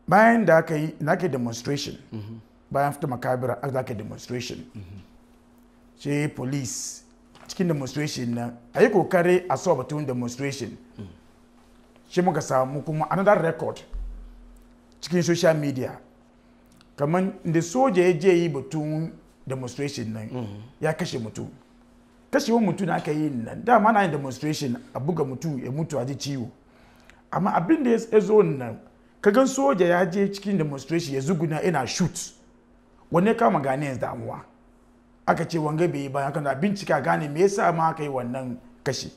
bayan da aka yi na ke demonstration bayan fita makabira aka yi demonstration mm -hmm. ce police cikin demonstration na Ayi yi kokari a so batun demonstration shi muka samu kuma another record cikin social media kamar da soja ya je yi batun demonstration nan mm-hmm. ya kashe mutum kashewa mutum na aka yi nan dama na yin demonstration a buga mutum ya mutu a ji ciwo amma abin da ya zo nan kagan soja ya je cikin demonstration ya zuguna ina shoot wanne kama ghanaians damuwa aka ce wanga bai yi bayan kanta bincika gane me yasa ma aka yi wannan kashi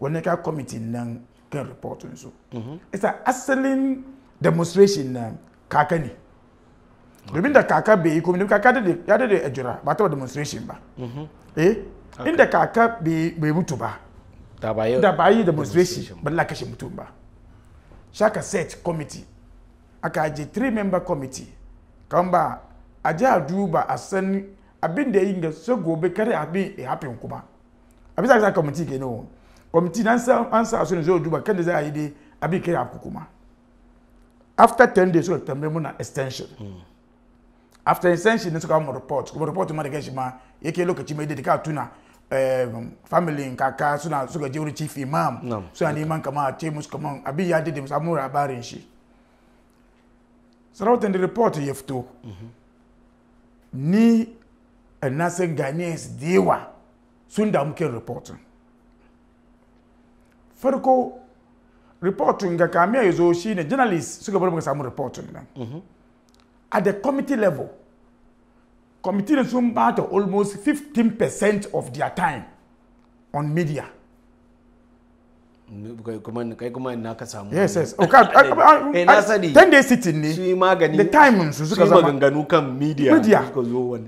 wannan ka kwamiti nan kan reportin su mhm. isa asalin demonstration na kaka ne domin da kaka bai yi kuma kaka ya dade a jira ba ta demonstration ba mhm. eh inda kaka bai mutu ba da ba yi demonstration balla kashe mutu ba shaka set committee aka je three member committee kan ba a ji a duba a san abin da ya yi ga sai gobe kare abin ya happen kuma abin da aka kwamiti ke nawa kwamiti na an sa su ne zai duba kan da za a yi dai abin kare happen kuma after 10 days suka tambaye muna extension mm. after extension ne suka mu report kuma report ma da gashi ma yake lokaci mai da tuna eh, family kaka suna suka je wuri chief imam suna neman kama a ce musu kama abin ya dade musu amura labarin shi sarautar da report ya fito mm-hmm. ni anasin ghanaians da yawa sun damu kan reporting farko reporting ga kamiya ya zo shi ne journalist suka bar muka samu reporting nan mhm. at the committee level committee sun ba ta almost 15 percent of their time on media kai kuma na ka samu yes eh, na sani sitting ne su magani the su suka zama maganganu kan media media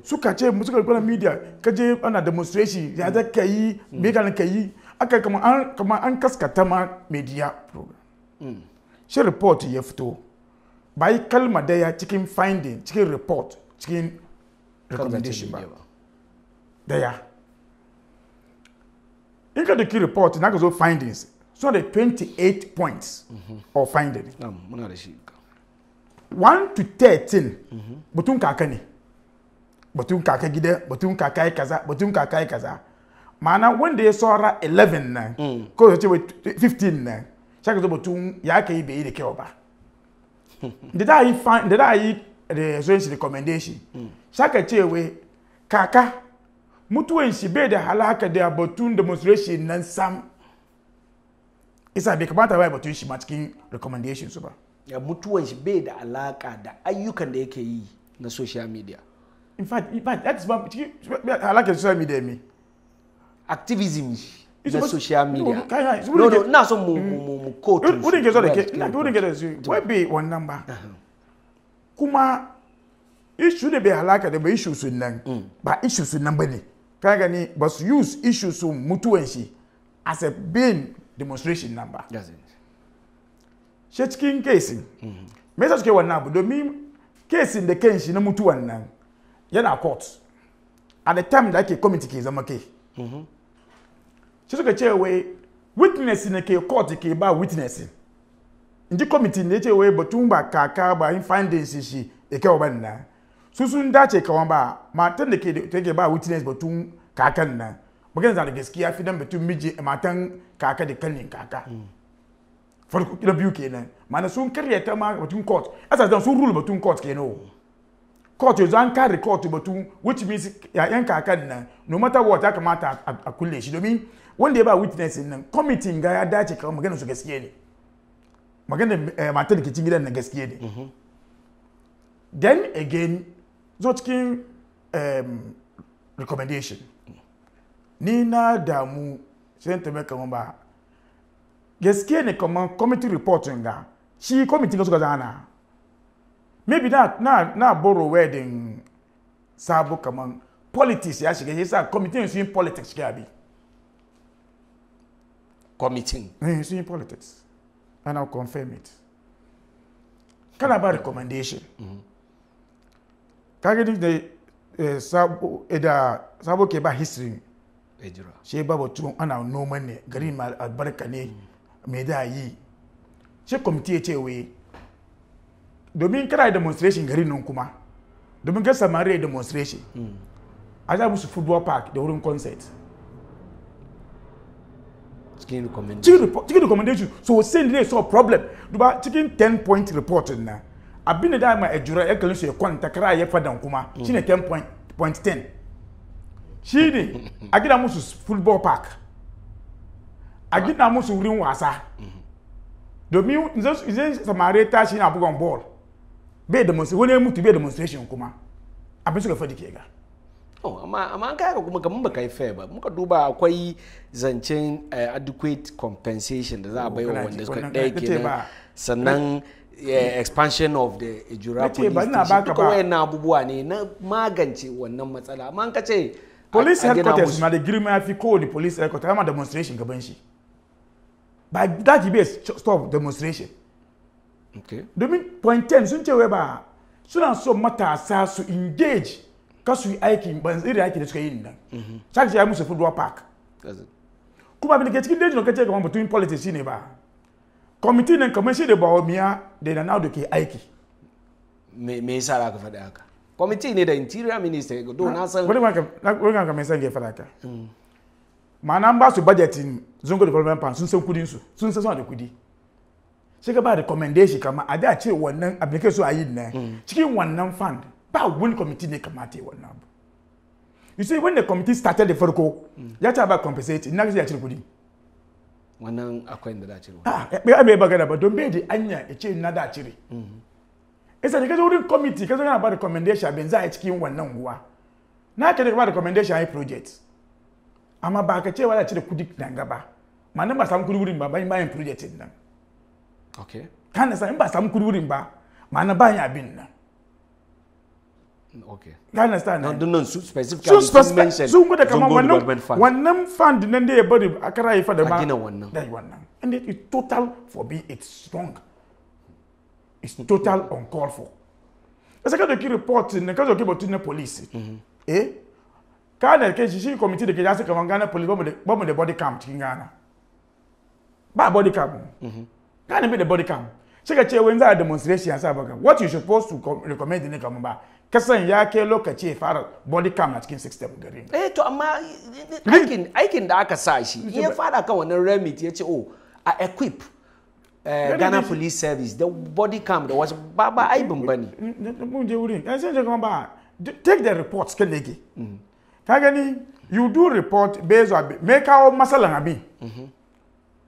suka ka je ana demonstration ya da me kan an kaskata ma media program mm. shi ya fito bai kalma daya cikin finding cikin report cikin recommendation ba ya in ka da ki report na ka zo findings suna the 28 points mm-hmm. of finding Mm-hmm. shi 1 to 13 batun kaka ne batun kaka gida batun kaka yi kaza batun kaka yi kaza ma'ana wanda ya saura 11 nan ko ya 15 nan shaka zo batun ya ka yi bai yi da kyau ba da da yi da da yi resurrency recommendation mm. shaka cewa kaka mutu shi bai da halaka da batun demonstration nan sam isa bai kamata ba batun shi ma cikin recommendation su ba ya mutuwan shi bai da alaka da ayyukan da yake yi na social media in fact in fact that is one cikin alaka social media me activism na social media no no na son mu mu mm-hmm. mu kotu wudin ke zo da ke na wudin ke da su wai bai kuma issue da bai alaka da bai issue sun nan ba issue sun nan bane ka gani ba su use issue sun mutuwan shi as a being demonstration number shi cikin kesin mm-hmm. me yasa suke wannan abu domin kesin da kanshi na mutuwan nan yana court at the time da ake committee ke okay. Mm-hmm. She took a chair away. witness ne ke court ke ba witness in the committee ne ce wai batun ba kaka ba in findings shi da kyau ban nan su sun dace kawan ba matan da ke ba witness batun kakan nan magana da gaskiya fi dan batun miji matan kaka da kanin kaka farko kira biyu kenan mana sun karya ta ma batun court asas sun rule batun court kenan court yanzu an kare court batun which means yayan kakan nan no matter what ya kamata a kulle shi domin wanda ya ba witness nan committee ga ya dace kawai magana su gaskiya ne magana eh, matar da cikin gidan na gaskiya ne mm-hmm. then again zo cikin recommendation ni na damu sai tɛmɛ kama ba gaskiya ne kama committee report nga shi committee ga suka zana maybe na na na borrow wedding sabo kama politics ya shiga yasa committee su yin politics shiga bi committee eh su politics and I'll confirm it kana ba recommendation kage da sabo da sabo ke ba history shi ba tun ana noman ne gari ma albarka ne me da yi shi kwamiti ya ce waye domin kana demonstration gari nan kuma domin ka samari demonstration hmm. a za musu football park da wurin concert cikin recommendation so sin ne so problem duba cikin 10 point report na abin da ma ejura ya kalin su ya kwanta kara ya fadan kuma hmm. shine 10 point 10 shi ne a gina musu football park a gina musu wurin wasa domin zai samare tashi na bugan ball bai demonstration wani mutu bai demonstration kuma abin suka fadi ke ga amma amma an kaga kuma kama baka yi fair ba muka duba akwai zancen eh, adequate compensation da za a oh, wa wanda suka ɗaya kenan sannan eh, expansion of the ejura police station duka wayan abubuwa ne na magance wannan matsala amma an ka ce E police headquarters na da girma ya fi ni police headquarters kama demonstration gaban shi ba daji bai stop demonstration domin point 10 sun ce we ba suna so matasa su engage kasu yi aikin ban zai aiki da suka yi nan ji mhm. ya musu football park kuma bin da ke cikin dajin kace kamar mutumin politics shine ba kwamitin nan kamar shi da miya da na nado ke aiki me me yasa ka faɗi haka kwamiti ne da interior minister ga do na san na wurin ka mai san ke fara ka ma'ana ba su budget in zongo development plan sun san kudin su sun san suna da kudi sai ka ba recommendation kama hmm. a da ce wannan application su a yi ne cikin wannan fund ba wani committee ne kama yi wannan abu you see when the committee started da farko hmm. ya ce ba compensate ina ya cire kudi wannan akwai da da cire ah bai bai bagana ba don bai da anya ya ce na da cire isa da kaje wurin committee kaje kana ba recommendation commendation ben za a cikin wannan unguwa na ka ba recommendation ai project amma ba ka cewa za ci da kudi nan gaba ma nan ba samu kudi wurin ba bayan bayan project din nan okay na sa in ba samu kudi wurin ba ma nan bayan abin nan okay na sa nan don nan su specific su mention su gudu kamar wannan wannan fund nan da ya bari a kara yi fa da ma da wannan and it total for be it strong is total uncalled for. The secretary report ne kazo ke botu police. Mm -hmm. Eh? ke shi committee de ke jase kaman Ghana police bomu de bomu body cam cikin Ba body cam. Mhm. Kana be body cam. Sai ka ce wai za demonstration sa baka. What you supposed to recommend ne kaman ba. Kasan ya ke lokaci ya fara body cam na cikin system garin. Eh to amma aikin aikin da aka sa shi. Ya fara kan wannan remit ya ce oh a equip Uh, Ghana Police Service the body cam there was ba ba aibin wurin, take the reports kan kagani you do report based on me kawo masalan abin.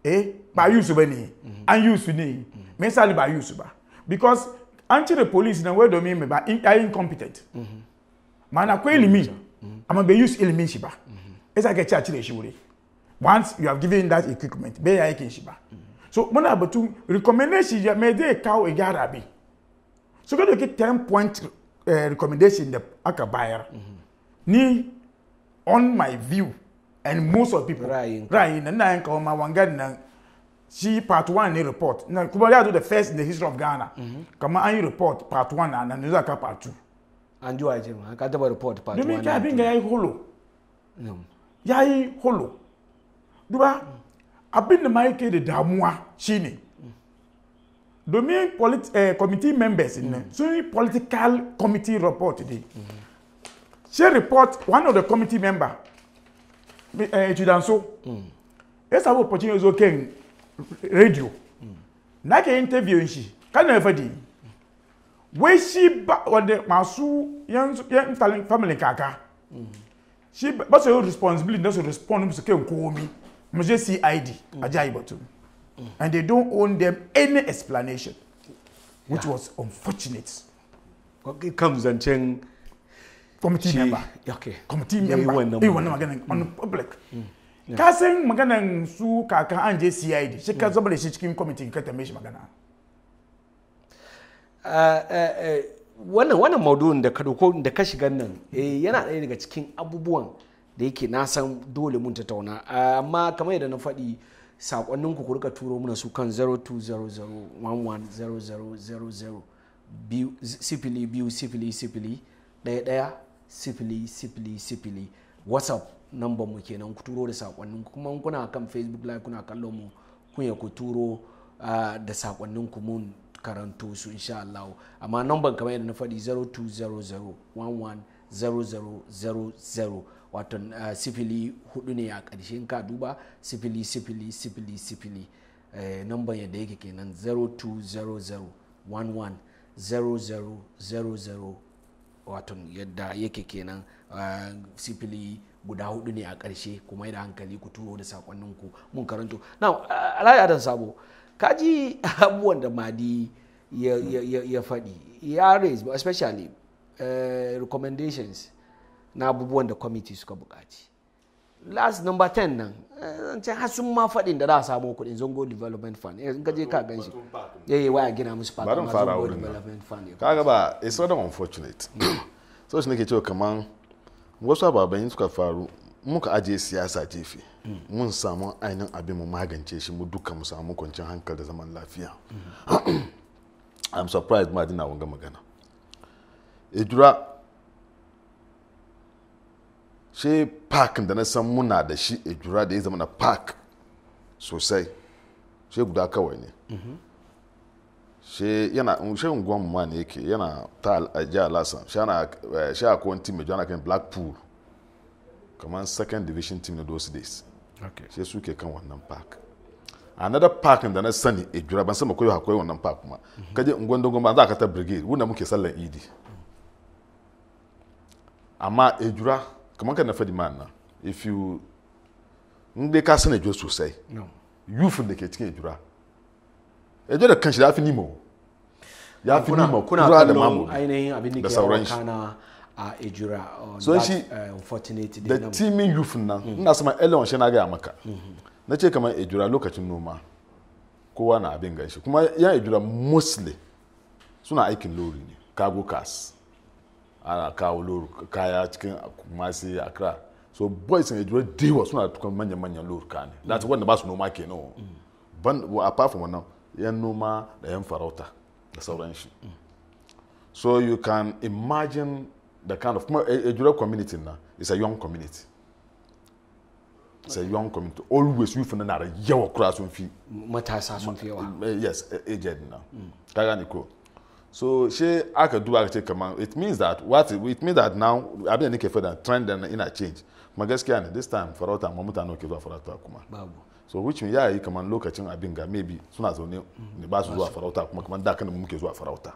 Eh by you subani and you suni ne. Me sali ba use suba Because an cire police na wai domin me ba in are incompetent. Mana ko ilimi amma be use ilimin shi ba. Isa ke ci a cire shi wuri. Once you have given that equipment, be i can shiba Mm -hmm. so muna batun recommendation ya me zai kawo a gyara bi su ka doki 10 point uh, recommendation da aka bayar mm -hmm. ni on my view and most of people ra'ayi na ina kawo ma wangan nan shi part 1 ne report na kuma ya do the first in the history of Ghana mhm. kamar an yi report part 1 na nan za part 2 an ji waje ma ka taba report part 1 domin ka abin ga yayi holo ya yi holo duba abin da ma yake da damuwa shine domin eh, committee members mm. -hmm. sun yi political committee report dai mm -hmm. she report one of the committee member eh, Chidanso mm. ya samu opportunity zo kan radio mm. na ke interview shi kan na fadi We shi ba wanda masu yan yan family kaka mm. shi ba su responsibility na su respond musu kan komi Muje CID, Ajayi Batu. And they don't own them any explanation, which yeah. was unfortunate. Okay, comes and change. Committee she, member. Okay. Committee yeah, member. Yi wannan maganan on mm. the public. Mm. Ka san maganan su kakan an je CID, shi ka zama da committee ka tambaye magana. wannan uh, uh, uh, wannan maudu'in da ka da ka eh, yana ɗaya daga cikin abubuwan da yake na san dole mun tattauna amma kamar yadda na faɗi sakonnin ku rika turo mana su kan 0200110000 sifili biyu sifili sifili ɗaya ɗaya sifili sifili sifili whatsapp namban mu kenan ku turo da sakonnin kuma kuna kan facebook live kuna kallon mu kunya ku turo da sakonnin ku mun karanto su insha Allah amma namban kamar yadda na faɗi 0200110000 wato eh, sifili hudu ne a ƙarshen ka duba sifili sifili sifili sifili eh, yadda yake kenan 0200110000 wato yadda yake kenan eh, sifili guda hudu ne a ƙarshe kuma da hankali ku turo da sakonninku mun karanto na eh, alayi adam sabo kaji abubuwan da madi ya faɗi ya raise especially uh, recommendations na abubuwan da kwamiti suka bukaci. last number 10 nan can eh, har sun ma faɗin da za a samu kuɗin zongo development fund eh, in ka je ka gan shi ya yi eh, waya gina musu park ma zongo development fund ka kaga ba it's rather unfortunate hmm. so shi nake cewa kaman wasu ababen suka faru muka ajiye siyasa jefe hmm. mun samu ainihin abin mu magance shi mu duka mu samu kwanciyar hankali da zaman lafiya hmm. i'm surprised ma dina wanga magana idura. she park da na san muna da shi a jura da ya zama na park sosai she guda kawai ne she yana she unguwan ma ne yake yana ta ajiya lasan she a eh, wani team mai jana kan blackpool kamar second division team na those days she suke kan wannan park another park da na sani a jura ban sama koyo akwai wannan park ma kaje unguwan dogon ba za ka ta brigade wanda muke sallan idi amma a jura kamar kan na faɗi man nan if you in dai ka san ejo sosai yufin da ke cikin ejura ejo da kanshi ya fi nimo ya fi nimo kura de mamu ainihin abin da ke wakana a ejura so shi eh, unfortunately da timin yufin nan ina sama on shi na ga maka mm-hmm. na ce kamar ejura lokacin noma kowa na abin ganshi kuma yan ejura mostly suna aikin lori ne cargo cars ana kawo lor kaya cikin kumasi accra so boys in ejirai da yawa suna tukar manya manyan lor kaya ne da wanda ba su noma ke no ban apart from wannan yan noma da yan farauta da sauran shi so you can imagine the kind of kuma ejirai eh, eh, community na is a young community it's a young community always wifi na nara yawa kura sun fi matasa sun fi yawa eh, yes aged na kaga ni ko so she aka do aka ce kaman it means that what it means that now abin da nake that trend na ina change kuma gaskiya ne this time farauta ma mutane ke zuwa farauta kuma babu so which means yi kaman lokacin abin ga maybe suna zaune mm-hmm. ne ba su zuwa farauta kuma kaman da mu muke zuwa farauta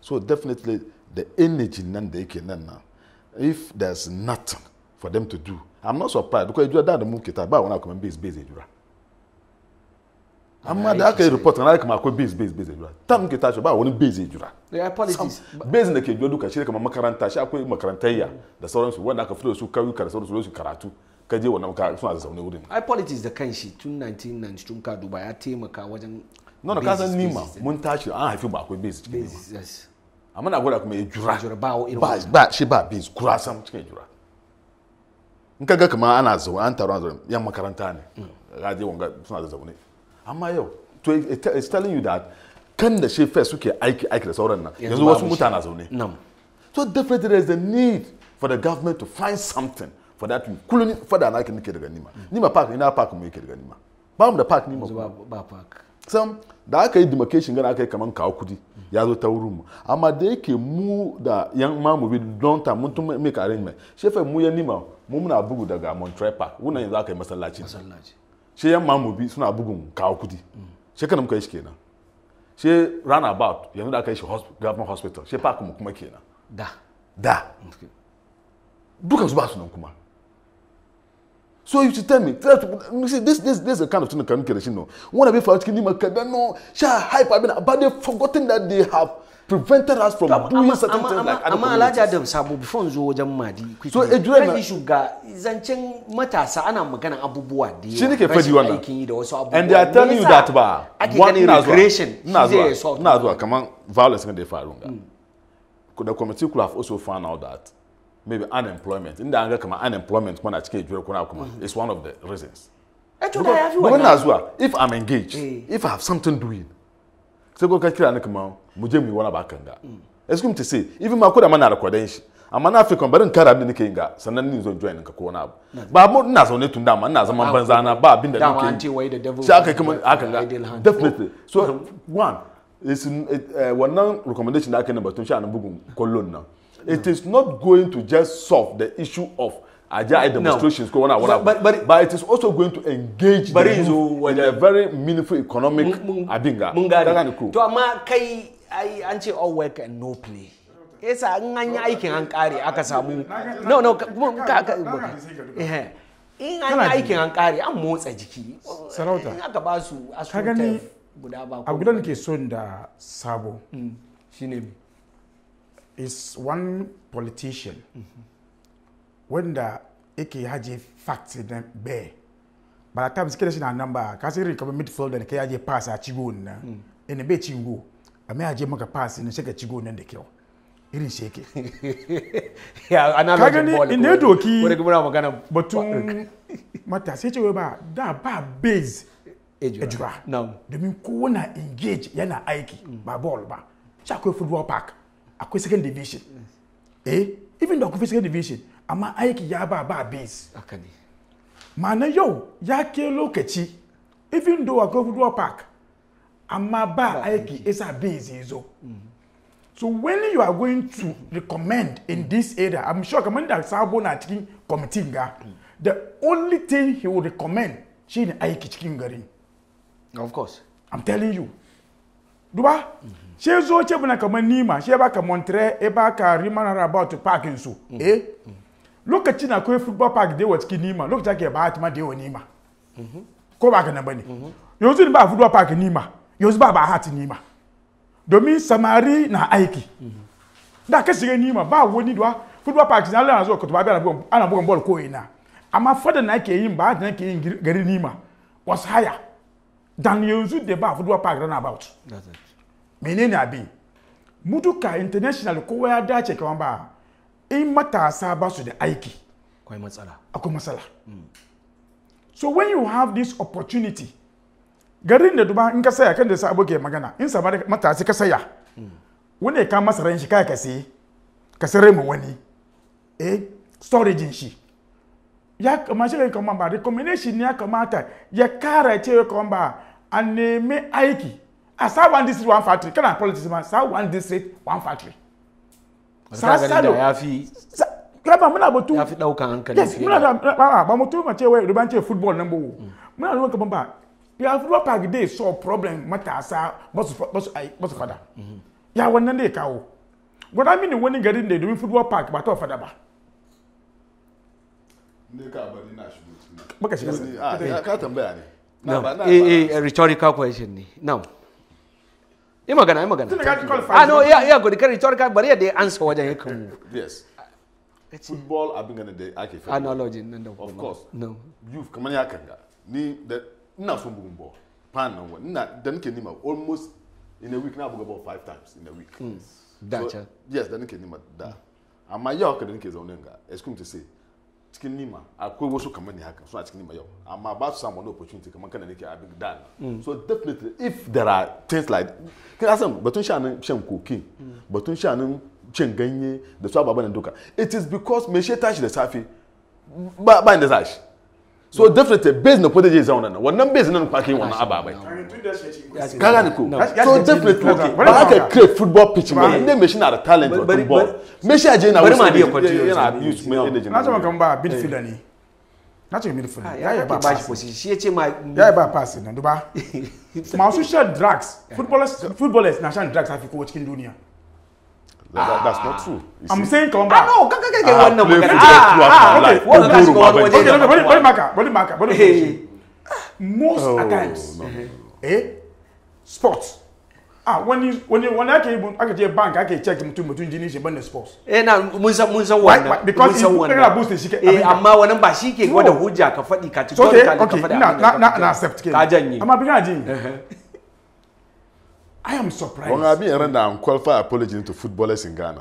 so definitely the energy nan da yake nan na if there's nothing for them to do i'm not surprised because ejura da da mu ta ba wani kuma base base ejura amma da aka yi report na kuma akwai base base base jura tam ke tashi ba wani base jura ya politics base da ke jira duka shi kamar makaranta shi akwai makarantayya da sauransu wanda aka fito da su kauyuka da sauransu su karatu ka je wannan ka suna zaune wurin ai politics da kanshi tun 1990 tun ka duba ya taimaka wajen no no ka san nima mun tashi an haifi ba akwai base cikin nima amma na gwada kuma ya jura ba shi ba base kura sam cikin jura in ka ga kamar ana zaune an taro an zaune yan makaranta ne ga mm. je wanga suna zaune amma yau to it's telling you that kan da fes suke aiki aiki da sauran nan yanzu wasu mutane zaune so definitely there is a need for the government to find something for that kullum fada na ke nike daga nima nima park ina park mu yake daga nima ba mu da park nima ba park sam da aka yi demarcation gana aka yi kaman kawo kudi ya zo ta wurin mu amma da yake mu da yan mamu bi don ta mun tun make arrangement shefe mu ya nima mu muna bugu daga Montreal Park wannan yanzu aka yi masallaci masallaci she yan mamu bi suna bugun kawo kudi she kana muka yi shi kenan she run about yanzu da kai shi government hospital she park mu kuma kenan da da dukan su ba su nan kuma so you should tell me tell me see this this this is the kind of thing that can get no one of you for asking him a cadet no she hype i mean but they forgotten that they have prevented us from doing ama, certain ama, things ama, like amma alhaji adam sabo before zo wajen madi so ejure na shuga zancen matasa ana magana abubuwa da yawa shi nake fadi wannan aikin yi da wasu abubuwa and they are telling you that ba one in aggression. na zuwa na zuwa kaman violence da ya faru ga the committee could have also found out that maybe unemployment inda an ga kamar unemployment kuma na cikin ejure kuna kuma is one of the reasons eh, Because, n'a zuwa if I'm engaged, eh. if I have something doing, sai gwamnati ka kira ni kamar mu je mu yi wani ba kan ga excuse mu to say even ma ko da mana rakwadan shi amma na fi kan barin kara abin da nake yin ga sannan ni zo join ka ko wani abu ba mu ina zaune tun dama ina zaman ah, banza na ba abin da nake dama an da aka kuma aka ga definitely so one is eh, wannan recommendation da aka yi batun shi an bugun kollon nan it is not going to just solve the issue of a a demonstrations ko wani abu but, but it is also going to engage bari the in a very meaningful economic abinga ga mun gane to amma kai an ce all work and no play yasa in an yi aikin an kare aka samu no no ka ka eh, in an yi aikin an kare an motsa jiki sarauta in aka ba su astroturf guda ba abu da nake da sabo hmm, shine is one politician mm -hmm. wanda yake haje facts na bear ba ta time suke da shi na number ka sai kamar midfielder da kai haje pass a cigo na hmm. ina be ci a amma haje maka pass ne sai ka cigo nan da kyau irin shi yake ka gani inda ya doki batun mata sai ce ba da ba base ejura domin kowane engage yana aiki hmm. ba ball ba shi akwai football park akwai second division eh even da akwai second division amma aiki ya ba ba base ma yau ya ke lokaci even though akwai football park amma ba aiki isa base ya zo mm. so when you are going to recommend in this area i'm sure kamar da sabo na cikin kwamitin ga mm. the only thing he will recommend shi shine aiki cikin gari of course i'm telling you duba mm-hmm. shi zo ce bana kamar nima she ka montre e baka rimanara about parking su mm. eh lokaci na akwai football park da yawa cikin nima lokaci ake ba hatima da yawa nima ko ba ka na bane yanzu ba football park nima yanzu ba ba hati nima domin samari na aiki da ka shiga nima ba wani da football park na lana zuwa ba bi ana bugan ball ko ina amma fada na ke yin ba hati na ke yin gari nima was haya dan yanzu da ba football park run about menene abin mutuka international kowa ya dace kawan ba in matasa ba su da aiki akwai matsala akwai matsala mm. so when you have this opportunity garin da duba in ka saya kan da sa aboke magana in sa matasa ka saya mm. wani ka masa ran shi kai ka sai ka sare mu wani eh storage shi ya kamata shi kan ba recommendation ne ya kamata ya kara ce kan ba a nemi aiki a sa one district one factory kana politics ma sa one district one factory sasa da ya fi ba muna batu ya fi daukan hankali yes muna da ba mutu ma ce wai ruban ce football nan bawo muna ruwan kaman ba ya football park dai so problem matasa ba su ba su fada ya wannan dai kawo gwada mini wani garin da domin football park ba ta fada ba ne ka bari na baka shiga ka tambaya ne na ba na eh eh rhetorical question ne now yi magana yi magana ah no iya iya godi kan rhetorical bari ya dai ansa wajen eh, ya kan yes football abin ganin da ake fi analogy nan da of course no youth kamar ya kanga ni da ina son bugun ball pan nan wani ina da nike nima almost in a week na buga ball five times in a week hmm. so yes da nike nima da amma yau ka da nike zaune ga excuse me to say cikin nima akwai wasu kamar ne haka suna cikin nima yau amma ba su samu wani opportunity kamar kana nake a big dan mm. so definitely if there are things like kin asan batun shanin shan kokin mm. batun shanin cin ganye da su ababen duka it is because me she tashi da safe ba ba inda za so definitely base na kwada zai zauna nan wannan base nan kwakin wannan ababai ka gane ko so definitely ba haka create football pitch mai inda mai na da talent wa football mai shi aje na wasu yana use mai energy na ce maka ba midfielder ne na ce midfielder ya yi ba pass shi ya ce ma ya yi ba pass nan duba su shan drugs footballers na shan drugs a fi kowa cikin duniya That, that's not ah. true. I'm saying come ah, back. No, kaka kake wannan magana. Ah, ah okay. Wannan ka shiga wani waje. Okay, bari bari maka, bari maka, bari. Most oh, times. No, no. Eh? Sports. Ah, wani wani wani ake aka je bank ake check mutum mutum jini shi banda sports. Eh na mun san mun san wannan. Because mun san wannan. boost shi ke. Eh amma wannan ba shi ke gwada hujja ka faɗi ka ci ka faɗi. Okay, okay. Na na na accept ke. Amma bi ka I am surprised. Wọ́n á yɛrɛ na unqualified apology to footballers in Ghana.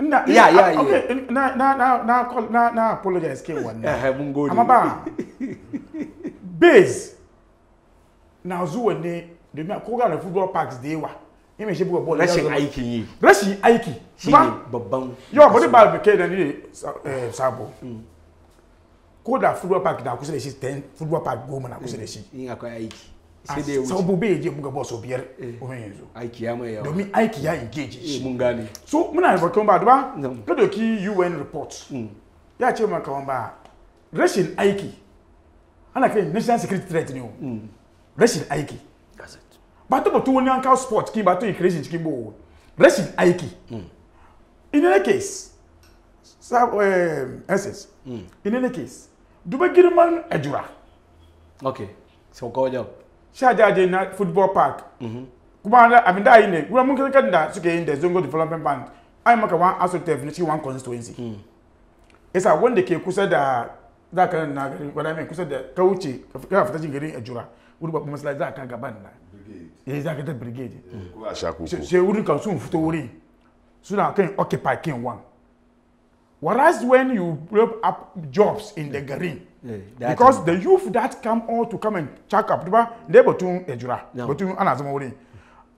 Na, yeah, yeah, yeah. Okay, na, na, na, na, na, na apologize ke wannan. Eh, mun gode. Amma ba. Base. Na zuwa ne da mi ko football parks da wa Ime shi buga ball. Rashin aikin yi. Rashin aiki. Shi ne babban. Yau, bari ba bi kai da ni eh, sabo. Mm. Ko da football park da kusa da shi 10 football park goma na kusa da shi. aiki. sai da ya wuce sabu bai je biyar eh. kuma yanzu aiki ya mai yawa domin aiki ya engage eh, shi mun gane so muna da barkan ba duba ka doki UN report mm. ya ce maka wan ba rashin aiki ana kai national security threat ne mm. rashin aiki ba ta batu wani an kawo sport kin ba to increase cikin bo rashin aiki mm. in any case sab eh ss in any case duba girman ajura okay so go job shajaje na football park kuma abin da ayi ne Wura mun kirkar da suke yin da zongo development bank ai maka wan asotef na cikin wan constituency isa wanda ke kusa da za ka na gari wani mai kusa da kauce ka fita jin gari a jura wuri babban masala za ka gaban na ya za ka ta brigade mm. sai wurin kan sun fito wuri suna kan occupy king one Whereas when you build up jobs in the green, yeah, because right. the youth that come all to come and check up, they botun ejura, botun anazamori.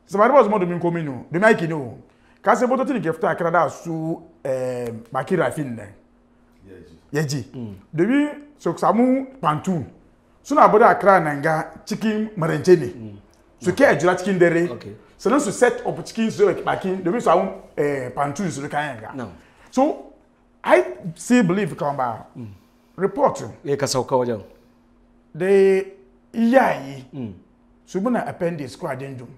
Somebody was more domin komi no, the Nike no. Kase boto tini kefta Canada su eh, Bakira fin ne. Yeji. Mm. Debi soksamu pantun. Suna aboda akra nanga chicken mm. So marenchene. Suke ejura chicken dere. Okay. So then su set up chicken so bakin, debi su awun pantun su kanyanga. So eh, I still believe kamba mm. report Ya ka sauka wajen. Da e iyaye mm. su muna appendix ko addendum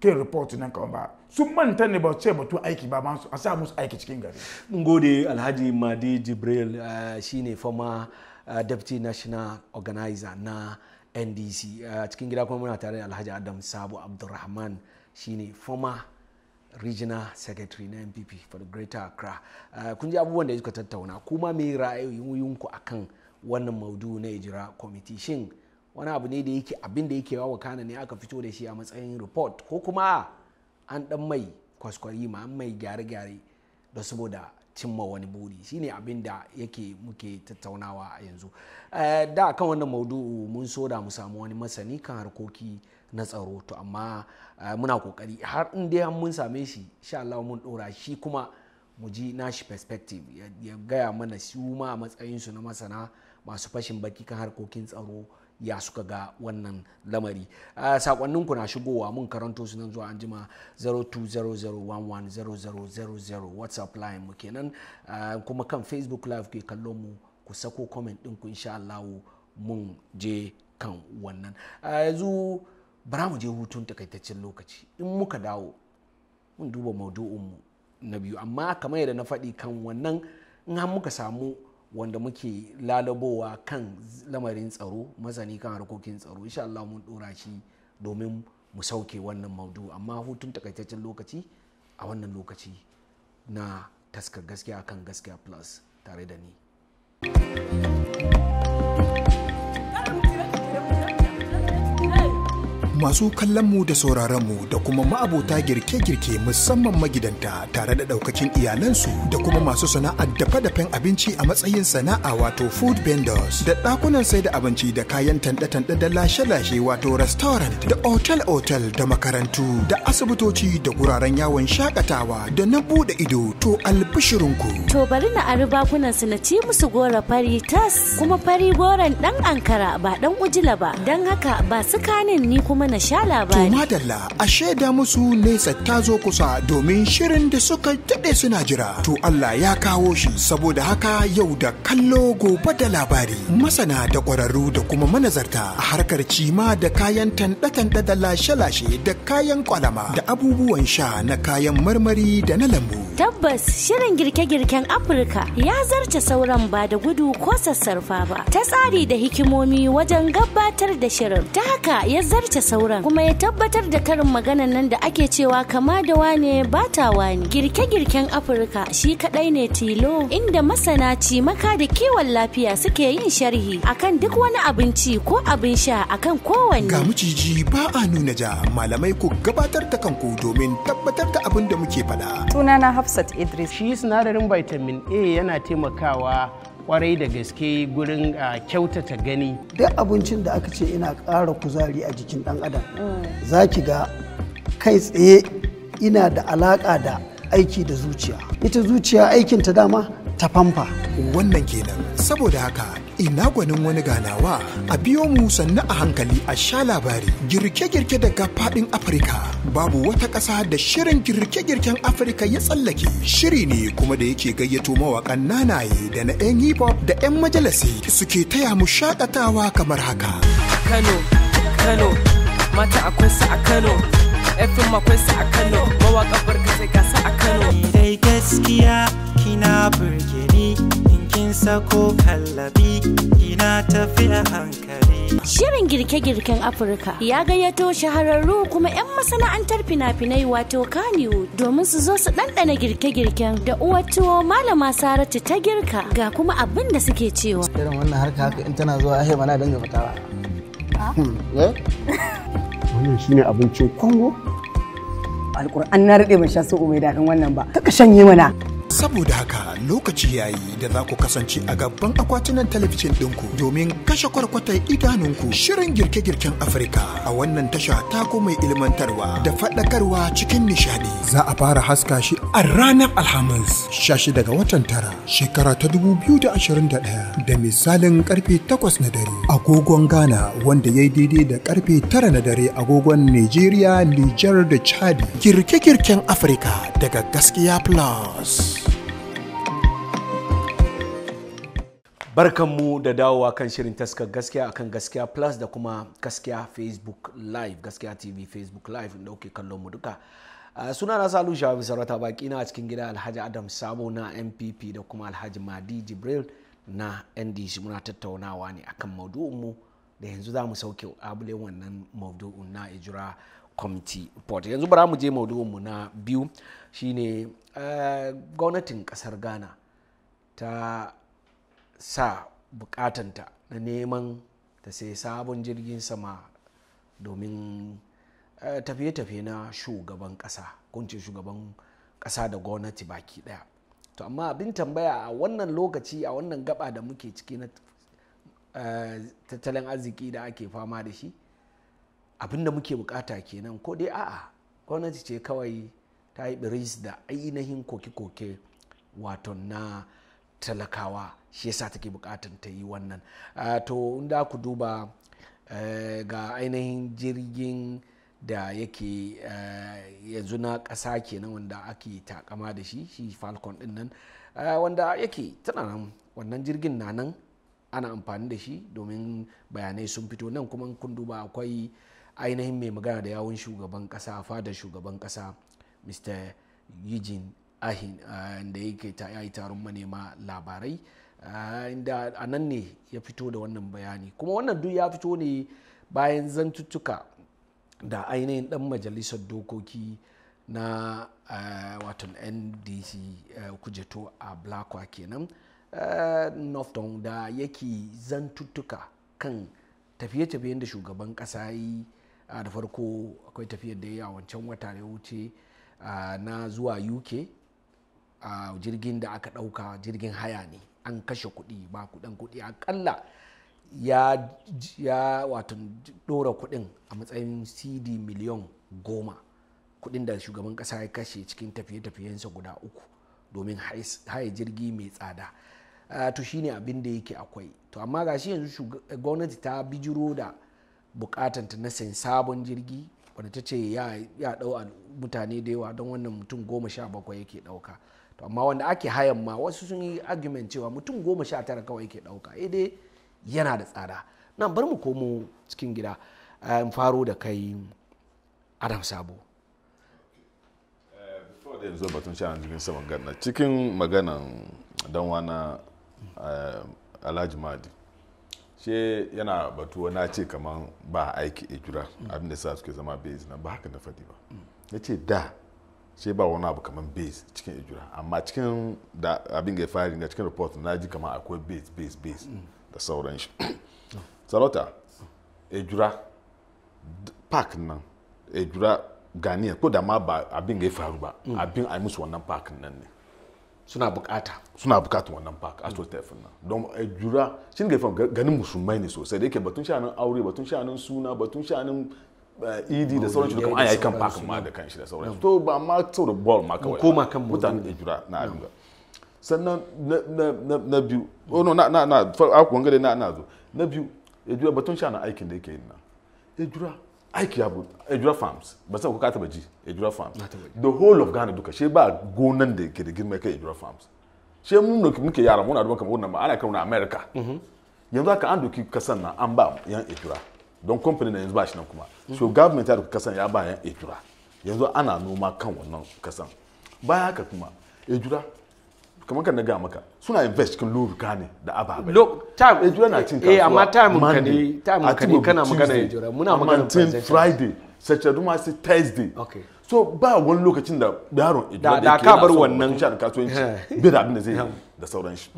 kai report nan ba su manta ne ba ce batu aiki ba su a sa musu aiki cikin gari. Mun gode Alhaji Madi Jibril uh, shine former uh, deputy national organizer na NDC. Uh, cikin gida kuma muna tare da Alhaji Adam sabu Abdulrahman shine former regional secretary na npp for the greater accra ah, kun ji abubuwan da suka tattauna kuma ra'ayoyin ku a kan wannan maudu na ijira committee shin wani abu ne da yake abin da yake wa wakana ne aka fito da shi a matsayin report ko kuma an dan mai kwaskwari ma an mai gyare-gyare da saboda cimma wani buri shine abin da yake muke tattaunawa a yanzu uh, da kan wannan maudu mun so da mu samu wani masani kan harkoki na tsaro to amma eh, muna kokari har in dai mun same shi sha Allah mun dora shi kuma mu ji nashi perspective ya gaya mana su ma a matsayin su na masana masu fashin baki kan harkokin tsaro ya suka ga wannan lamari eh, sakonnin ku na shigowa mun karanto su nan zuwa anjima 02001100000 whatsapp line mu kenan eh, kuma kan facebook live ke kallon mu ku sako comment ɗinku insha Allah mun je kan wannan yanzu bara mu je hutun takaitaccen lokaci in muka dawo mun duba mu na biyu amma kamar yadda na faɗi kan wannan in har muka samu wanda muke lalabowa kan lamarin tsaro mazani kan harkokin tsaro insha Allah mun dora shi domin mu sauke wannan maudu amma hutun takaitaccen lokaci a wannan lokaci na taskar gaskiya kan gaskiya plus tare da ni. thank you masu kallonmu da sauraronmu da kuma ma'abota girke-girke musamman magidanta tare da ɗaukakin iyalansu da kuma masu sana'ar dafe-dafen abinci a matsayin sana'a wato food vendors da ɗakunan sai da abinci da kayan tanɗe-tanɗe da lashe-lashe wato restaurant da otal-otal da makarantu da asibitoci da guraren yawon shakatawa da na buɗe ido to albishirinku. To bari na ari bakunan su na ci musu gora fari tas kuma fari goron ɗan ankara ba ɗan ujila ba don haka ba su kanin ni kuma mana sha labari. To madalla a shaida musu nesa ta zo kusa domin shirin da suka daɗe suna jira. To Allah ya kawo shi saboda haka yau da kallo gobe da labari. Masana da ƙwararru da kuma manazarta a harkar cima da kayan tanɗe-tanɗe da lashe-lashe da kayan kwalama da abubuwan sha na kayan marmari da na lambu. Tabbas shirin girke-girken Afirka ya zarce sauran ba da gudu ko sassarfa ba. Ta tsari da hikimomi wajen gabatar da shirin. Ta haka ya zarce sauran sauran kuma ya tabbatar da karin maganan nan da ake cewa kama da wane ba ta wani girke-girken afirka shi kadai ne tilo inda masana cimaka da kiwon lafiya suke yin sharhi akan duk wani abinci ko abin sha akan kowanne ga miciji ba a nuna ja malamai ku gabatar da kanku domin tabbatar da abin da muke faɗa sunana hafsat idris shi sinadarin vitamin a yana taimakawa kwarai da gaske gurin kyautata gani duk abincin da aka ce ina ƙara kuzari a jikin ɗan adam mm. za ki ga kai tsaye ina da alaƙa da aiki da zuciya ita zuciya aikinta dama ta famfa. Wannan kenan saboda haka ina gwanin wani ganawa a biyo mu sannu a hankali a sha labari girke-girke daga faɗin Afirka babu wata ƙasa da shirin girke-girken Afirka ya tsallake shiri ne kuma da yake gayyato mawaƙan nanaye da na 'yan hip hop da 'yan majalisi suke taya mu shaƙatawa kamar haka. Kano, Kano, mata akwai su a Kano, FM akwai su a Kano, mawaƙan barkatai gasa a Kano. Dai gaskiya kina birni. sako kallabi ina tafiya hankali. Shirin girke-girken Afirka ya gayyato shahararru kuma 'yan masana'antar fina-finai wato Kaniwood domin su zo su ɗanɗana girke-girken da uwatuwo malama Saratu ta girka ga kuma abin da suke cewa. Irin wannan harka haka in tana zuwa ahe bana dinga fitawa. Ah? Hmm, wannan shine abincin Kongo? Alƙur'an na rade ban sha so mai daɗin wannan ba. Kaka shanye mana. Saboda haka lokaci ya yi da za ku kasance a gaban akwatunan talabijin ɗinku domin kashe kwarkwatar idanunku shirin girke-girken Afirka a wannan tasha ta mai ilmantarwa da faɗakarwa cikin nishaɗi. Za a fara haska shi a ranar Alhamis Shashi daga watan tara shekara ta 2021 da misalin karfe 8 na dare agogon Ghana wanda ya yi daidai da karfe tara na dare agogon Nigeria, Niger da Chadi. Girke-girken Afirka daga Gaskiya Plus. barkan mu da dawowa kan shirin taskar gaskiya akan gaskiya plus da kuma gaskiya facebook live gaskiya tv facebook live da kuke kallon mu duka suna na salu shawabi sarauta baki na a cikin gida alhaji adam sabo na mpp da kuma alhaji madi jibril na ndc muna tattaunawa ne akan mu da yanzu za mu sauke abule wannan maudu'un na ijira committee port yanzu bara mu je mu na biyu shine eh, gwamnatin kasar ghana ta sa bukatanta na neman ta sai sabon jirgin sama domin eh, tafiye-tafiye na shugaban kasa kunce shugaban kasa da gwamnati baki daya to amma abin tambaya a wannan lokaci a wannan gaba da muke ciki na eh, tattalin arziki da ake fama da shi abin da muke bukata kenan ko dai a'a gwamnati ce kawai ta yi biris da ainihin koke-koke wato na talakawa shi yasa take bukatar ta yi wannan to inda ku duba e, ga ainihin jirgin da yake e, yanzu na ƙasa kenan wanda ake takama da shi shi falcon din nan e, wanda yake tana nan wannan jirgin na nan ana amfani da shi domin bayanai sun fito nan kuma kun duba akwai ainihin mai magana da yawun shugaban kasa fadar shugaban ƙasa mr eugene ahin eh, da ya yi taron manema labarai eh, inda a nan ne ya fito da wannan bayani kuma wannan duk ya fito ne bayan zantuttuka da ainihin dan majalisar dokoki na eh, watan ndc kujeto a blakwa kenan northdown da yake zantuttuka kan tafiye-tafiyen da shugaban kasa yi da farko akwai tafiyar da ya wancan wata ya wuce na zuwa uk a jirgin da aka ɗauka jirgin haya ne an kashe kuɗi ba kuɗin kuɗi akalla ya, ya wato ɗora kuɗin a matsayin cd miliyan goma kuɗin da shugaban ƙasa ya kashe cikin tafiye-tafiyensa guda uku domin haya jirgi mai tsada to shine abin da yake akwai to amma gashi yanzu gwamnati ta bijiro da bukatanta na sayan sabon jirgi wanda ta ce ya dau mutane da yawa don wannan mutum goma sha bakwai yake ɗauka. to amma wanda ake hayan ma wasu sun yi argument cewa mutum goma sha tara kawai ke ɗauka eh dai yana da tsada nan bar mu komo cikin gida in eh, faro da kai adam sabo eh, before da yanzu batun sha jirgin cikin maganan dan wana alhaji madi she yana batu na ce kamar ba aiki a abinda sa suke zama bai ba haka na faɗi ba ya ce da sai ba wani abu kamar base cikin ijira amma cikin da abin ga fari na cikin report na ji kamar akwai base base base da sauran shi sarauta ijira park nan ijira ganiya ko da ma ba abin ga faru ba mm. abin a musu wannan park nan ne suna bukata suna bukata wannan park mm. a tef nan don ijira shi ne ganin musulmai ne sosai da yake batun shanin aure batun shanin suna batun shanin Eh, idi da sauransu duka ana yi kan fakan ma da kanshi da sauransu to ba ma sau da ball ma kawai koma kan mutane da jura na abinga sannan na biyu oh no na na na aku ah, wangare na na zo na biyu jura batun sha na aikin da yake yin nan jura aiki ya jura farms ba sai ku ka taba ji jura farms the whole of Ghana duka she ba gonan da yake da girma kai jura farms she mun da muke yara muna da kamar wannan ma ana kauna America mhm. yanzu haka an doki kasan nan an ba yan ejura don kamfanin da yanzu ba shi nan kuma so government ya da kasan ya ba yan ejura yanzu ana noma kan wannan kasan baya haka kuma ejura kamar kan na ga maka suna invest cikin lurika ne da ababai look time ejura na cin kasuwa eh amma time ka ne time ka ne kana magana ejura muna magana Monday Friday Saturday ma sai Thursday okay so ba wani lokacin da yaron ejura da ka bar wannan shan kasuwanci bai da abin da zai da sauran shi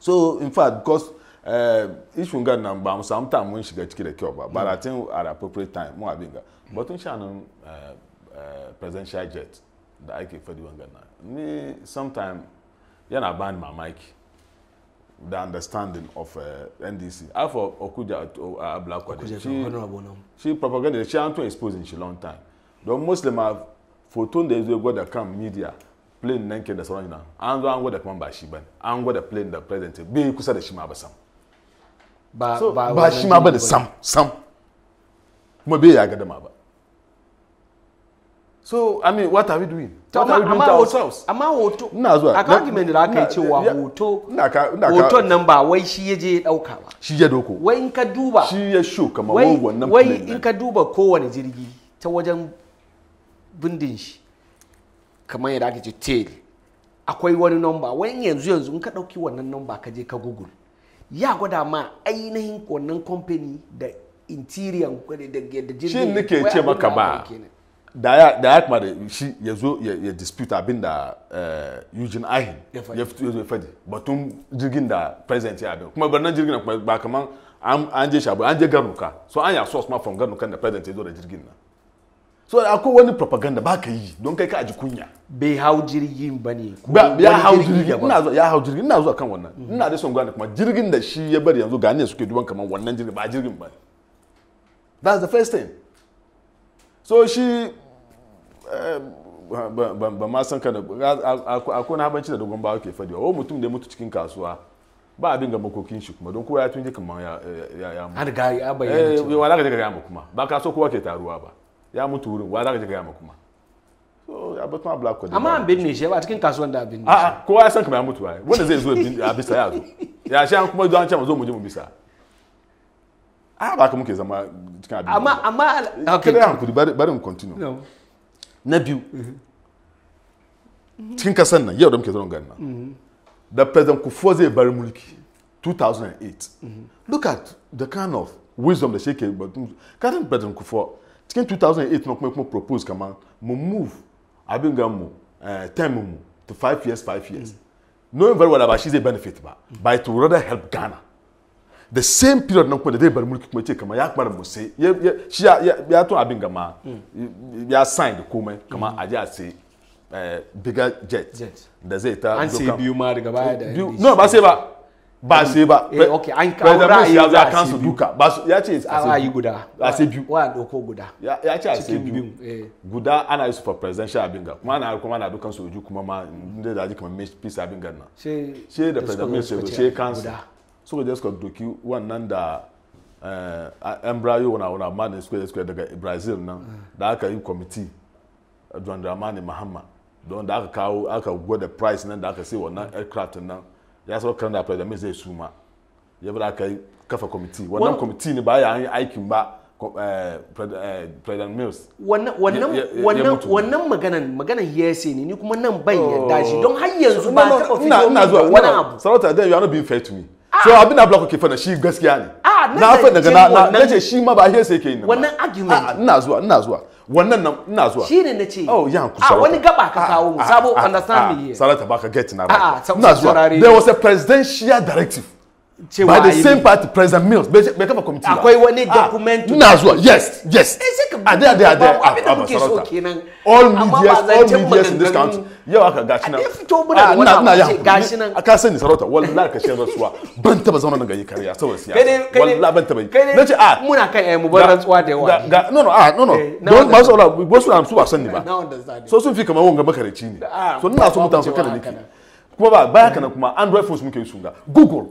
so in fact because Eh, ishin gan nan ba mu samu ta mun shiga ciki da kyau ba ba ratin at appropriate time mu abin ga batun shanin eh, eh, presidential jet da ake faɗi wangan nan ni sometime yana ba ni mamaki the understanding of uh, ndc afọ okuja abulakwade she she propaganda she an to expose in she long time don muslim foton da ya zo gwada kan media plane nan ke da sauran nan an zo an gwada kuma ba shi ba an gwada plane da president bai kusa da shi ma ba samu. ba shi ma ba da sam sam kuma bai ya gadama ba so i mean what are we doing to what are we doing to ourselves amma hoto ina zuwa argument da aka yi cewa hoto hoton nan ba wai shi ya je dauka ba shi ya doko wai in ka duba shi ya sho kamar wannan wai in ka duba kowane jirgi ta wajen bindin shi kamar yadda ake ce tail akwai wani number wai yanzu yanzu in ka dauki wannan number ka je ka google ya gwada ma ainihin wannan kompani da interior da jirgin shi nike ce maka ba da ya kuma da shi ya zo ya dispute abin da eh, Eugene Ahin ya fito ya fadi batun jirgin da president ya abin kuma birnin jirgin ba kamar an je shabu an je garnuka so an ya source ma from garnukan da president ya zo da jirgin nan so akwai wani propaganda ba ka yi don kai ka aji kunya bai hau jirgin ba ne ya hau jirgin zuwa ya hau jirgin ina zuwa kan wannan mm. ina da son gane kuma jirgin da shi ya bari yanzu gane suke duban kamar wannan jirgin ba jirgin ba that's the first thing so shi eh, ba ma san ka da akwai na habanci da dogon bawa ke fadi wa mutum da ya mutu cikin kasuwa ba abin ga makokin shi kuma don kowa ya tunje kamar ya ya ya mu har ga ya bayyana eh, cewa wala ga ya mu kuma ba kasuwa kowa ke taruwa ba ya mutu wurin wa za ka je ka ma kuma so abatuma black kwadi amma an binne shi ba cikin kasuwan da binne shi kowa ya san kamar ya mutu ba wanda zai zo a bisa ya zo ya shi an kuma zo an zo mu je mu bisa a ba ka muke zama cikin abin amma amma eh, okay kada hankuri bari mu continue na biyu cikin kasan nan yau da muke zaune ganin da president kufuor zai bar mulki 2008 mm-hmm. look at the kind of wisdom da shi ke batun kasan president cikin 2008 na kuma kuma propose kama mu move abin ga mu eh, mu to 5 years 5 years knowing very well ba shi zai benefit ba by to rather help Ghana the same period kuma da zai bar mulki kuma ce kama ya shi ya abin ya sign da komai kama a ji a sai bigger jet da zai ta an sai biyu ma daga baya da no ba sai ba ba eh, se ba eh, okay an kawo ra'ayi za a kansu duka ba su ya ce a ra'ayi guda a sai biyu wa dauko guda ya ce a sai biyu eh. guda ana yi su for presidential abin ga kuma ana kuma ana dukan su uju kuma ma inda da ji kamar me peace abin ga nan she da president me sai she kansu so da suka doki wannan da embryo na wana ma ne square square daga brazil nan da aka yi committee Dwandramani Mahama don da aka kawo aka gwada price nan da aka sai wannan aircraft nan ya sɔrɔ kan da president zai suma ya bi aka kafa kwamiti wannan kwamiti ne ba ya yi aikin ba eh, eh, president mills wannan maganan maganan hearsay ne ni kuma nan ban yarda shi don har yanzu ba oh. ta fito ina zuwa wani abu sarauta then you are not being fair to me ah. so abin bila ko ke fana shi gaskiya ne ah, na fa daga na na ce shi ma ba hearsay ke yin wannan argument ah, na zuwa na zuwa wannan nan ina zuwa shine na ce oh ya ku ah, a wani gaba ka ah, kawo mu ah, sabo understand me here salata baka get na ba ina zuwa there was a presidential directive cewa by the same party president mills bai kafa kwamiti ba akwai wani document ina zuwa yes yes eh, a da da da a ba ah, sarauta all ah, media all media in this country yau aka gashi nan ah, a n'a ina ya hakuri a ka sani sarauta wallahi ka shi rantsuwa ban taba zauna na ga yi kariya saboda siya siyasa wallahi ban taba yi nace a muna kan eh mu bar rantsuwa da yawa ga no no a no no eh, don ba su Allah wasu na su ba sani ba so sun fi kamar wanga makarici ne so ina so mutan su kada ne kuma ba baya kana kuma android phones muke su ga google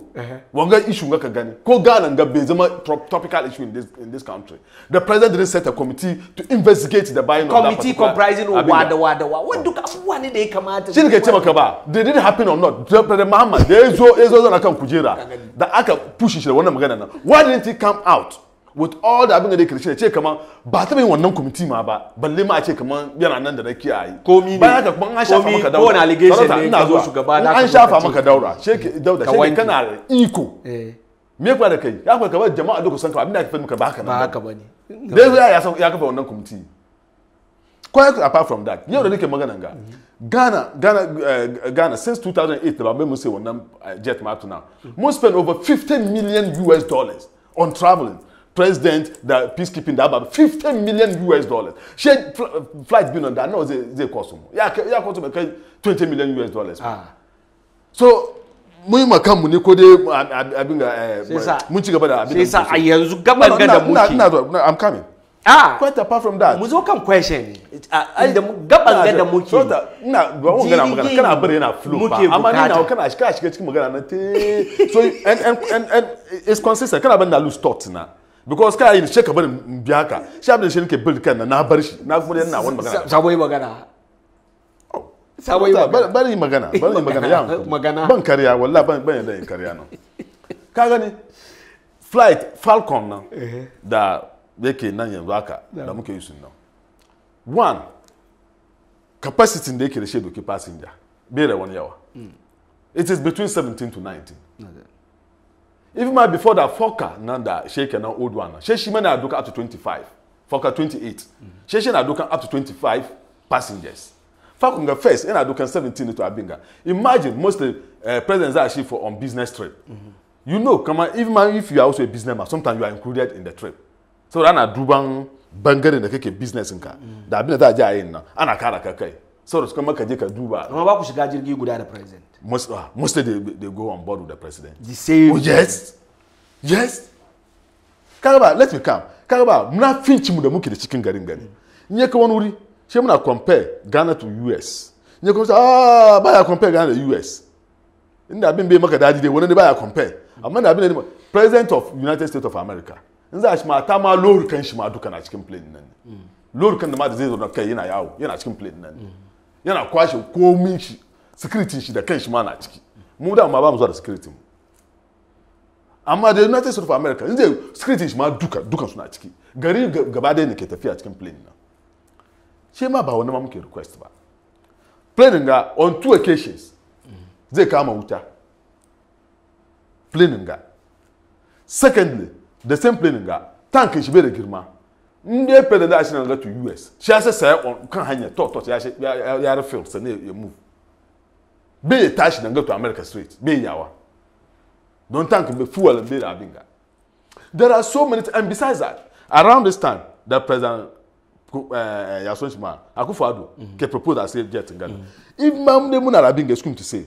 wanga issue ga ka gani ko ghana ga bai zama tropical issue in this, in this country the president didn't set a committee to investigate the buying committee of that comprising wada wada wa wani oh. duka abubuwa ne da ya kamata shi ne ke cewa ka ba they didn't happen or not the president muhammad da ya zo ya zo zana kan kujera da aka push shi da wannan magana nan why didn't he come out with all da abin da dai karshe ce kaman ba ta bin wannan kwamiti ma ba balle ma a ce kaman yana nan da na kiyaye komi ne bayan haka kuma an shafa maka daura kowane allegation ne ina zuwa shugaba na an shafa maka daura sheke daura sheke kana iko eh. me kwa da kai ya ka ba jama'a duka san ka abin da ka fi maka ba haka ba haka bane dai zai ya ya kafa wannan kwamiti quite apart from that yau da nake magana ga Ghana Ghana eh, Ghana since 2008 da ba mai mun sai wannan eh, jet ma to now mun spend over 15 million US dollars on traveling president da peacekeeping that aba fifty million us dollars ṣé flight bill náà náà zai zai kọ sun yà kọ́ cost bẹ̀ kẹ́ twenty million us dollars. so mun yi ma kanmu ne ko dai abin ga mun ci gaba da abin da sa a yanzu gaban ga da muke ina zuwa i'm coming ah quite apart from that mu zo kan question ne ai da gaban ga da muke so da ina ba mun gana magana kana bari yana flow ba amma ni na kana shiga shiga cikin magana na te so and and and it's consistent kana ban da lose thought na because kai ne shi bari in biya ka shi abin shi nake build kan na bar shi na kuma yana wani magana sabo yi magana oh, sabo yi magana bari magana bari magana ya magana ban kariya wallahi ban ban yadda yin kariya nan ka gani flight falcon nan eh. da yake nan yanzu haka da muke yi sun nan one capacity da yake da shedo ke passenger bere wani yawa hmm. it is between 17 to 19 okay. even my before that foka na da she kenan old one na she shi mana doka up to 25 foka 28 she she na doka up to 25 passengers fakun ga first yana dokan 17 to abinga imagine most uh, presidents are she for on business trip mm -hmm. you know kama even man if you are also a businessman sometimes you are included in the trip so ana duban bangaren da keke business ka da abin da za a ji a yin ana kara ka kai saboda ka maka je ka duba amma ba ku shiga jirgi guda da president Most, uh, mostly they, they go on board with the president. The same. Oh, yes. Yes. Karaba, let me come. Karaba, I'm not mu da muke da cikin garin garden. You can't ka wani wuri, sai muna compare Ghana to US. You can say, ah, baya compare Ghana to US. Inda being bai maka they wouldn't buy baya compare. I'm not abin anymore. President of United States of America. In za a shi mata ma lorukan shi ma duka na cikin plane nan. Lorukan da ma da zai zo na kai yana yawo, yana cikin plane nan. Yana kwashe komin shi security shi da kai shi ma na ciki mu da ma ba mu zuwa da security mu amma da united states of america inda security shi ma duka duka suna ciki gari gaba da ne ke tafiya cikin plane na shi ma ba wani ma muke request ba plane ga on two occasions zai kama wuta plane ga secondly the same plane ga tankin shi bai da girma in ya fada da shi na ga to us shi ya sai saya kan hanya to to ya ya ya refill sannan ya move bai ya tashi nan to america straight bai yawa don tank bai fuel bai da abin ga there are so many and besides that around this time that president uh, eh, eh, yasun shima akufo-addo mm -hmm. ke propose as a jet in ghana mm -hmm. if mamde muna rabin ga school to say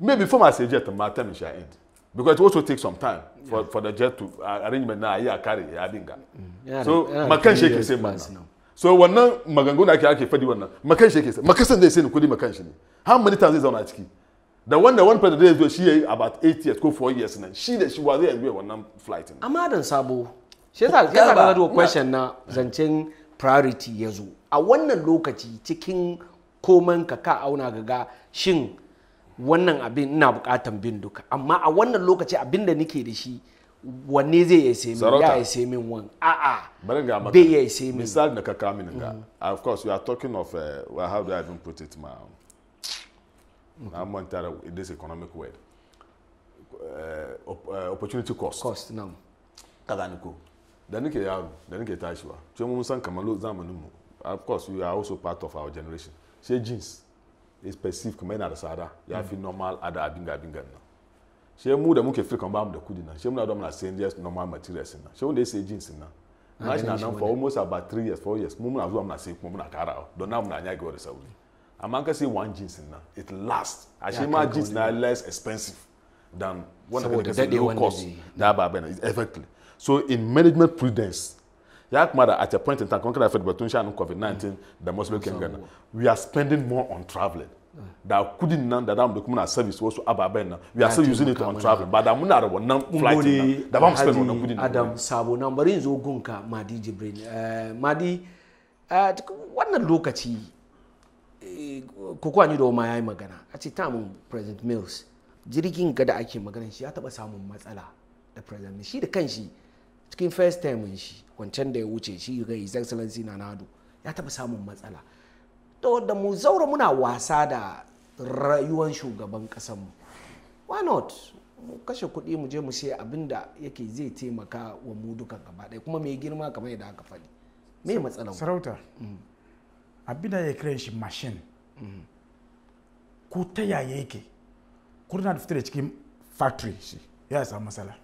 maybe before as say jet ma term shall end because it also take some time for yeah. for the jet to uh, arrangement na ayi akari abin ga mm-hmm. so makan shake say man na. so wannan maganganu ake ake fadi wannan makan shi yake sai makasan zai sai ni kudi makan shi ne har minita zai zauna a ciki da wanda one person zai zo shi yayi about 8 years ko 4 years nan shi da shi wa zai enjoy wannan flight ne amma dan sabo shi yasa ya ga da zo question na zancen priority yazo a wannan lokaci cikin koman ka ka auna gaga shin wannan abin ina bukatan bin duka amma a wannan lokaci abin da nake da shi wanne zai iya sai min ya sai min wan a'a bari ga maka bai ya min misali da ka kawo min ga mm. of course we are talking of uh, how do i even put it ma na manta da this economic uh, uh, opportunity cost cost ko da nake da nake mun san kamar zamanin mu of course we are also part of our generation she jeans is perceived kamar da ya fi mm. normal ada nan she mu da muke free kan ba mu da kudi nan she muna da muna sayin just normal materials nan she wanda ya sayi jeans nan na ah, shi na nan for almost about three years four years mu muna zuwa muna sayi kuma muna karawa don na muna yage da sauri amma ka sayi one jeans nan it last A ashe ma jeans na less expensive than wanda kake sayi low cost da ba bane effectively so in management prudence ya kuma da at a point in time kan kana fed batun shanin covid-19 da masu lokacin gana we are spending more on traveling da kudin nan da damu da kuma na service wasu ababen nan we are still using it on travel ba da na da wannan flight nan da ba mu spend wannan kudin adam sabo nan bari in zo gunka madi jibril eh, madi eh, wannan lokaci eh, kokowa ni da ma yayi magana a ce tamun president mills jirgin ga da ake magana shi ya taba samun matsala da president shi da kanshi cikin first time shi wancan da ya wuce shi ga his excellency na nado ya taba samun matsala to da mu zaura muna wasa da rayuwan shugaban mu why not mu kashe kuɗi mu je mu sai abin da yake zai taimaka wa mu dukan gaba ɗaya kuma mai girma kamar yadda aka faɗi me matsala sarauta mm. abin da ya kira shi mashin mm. ko ta yaya yake kuna da fitar da cikin factory shi ya samu matsala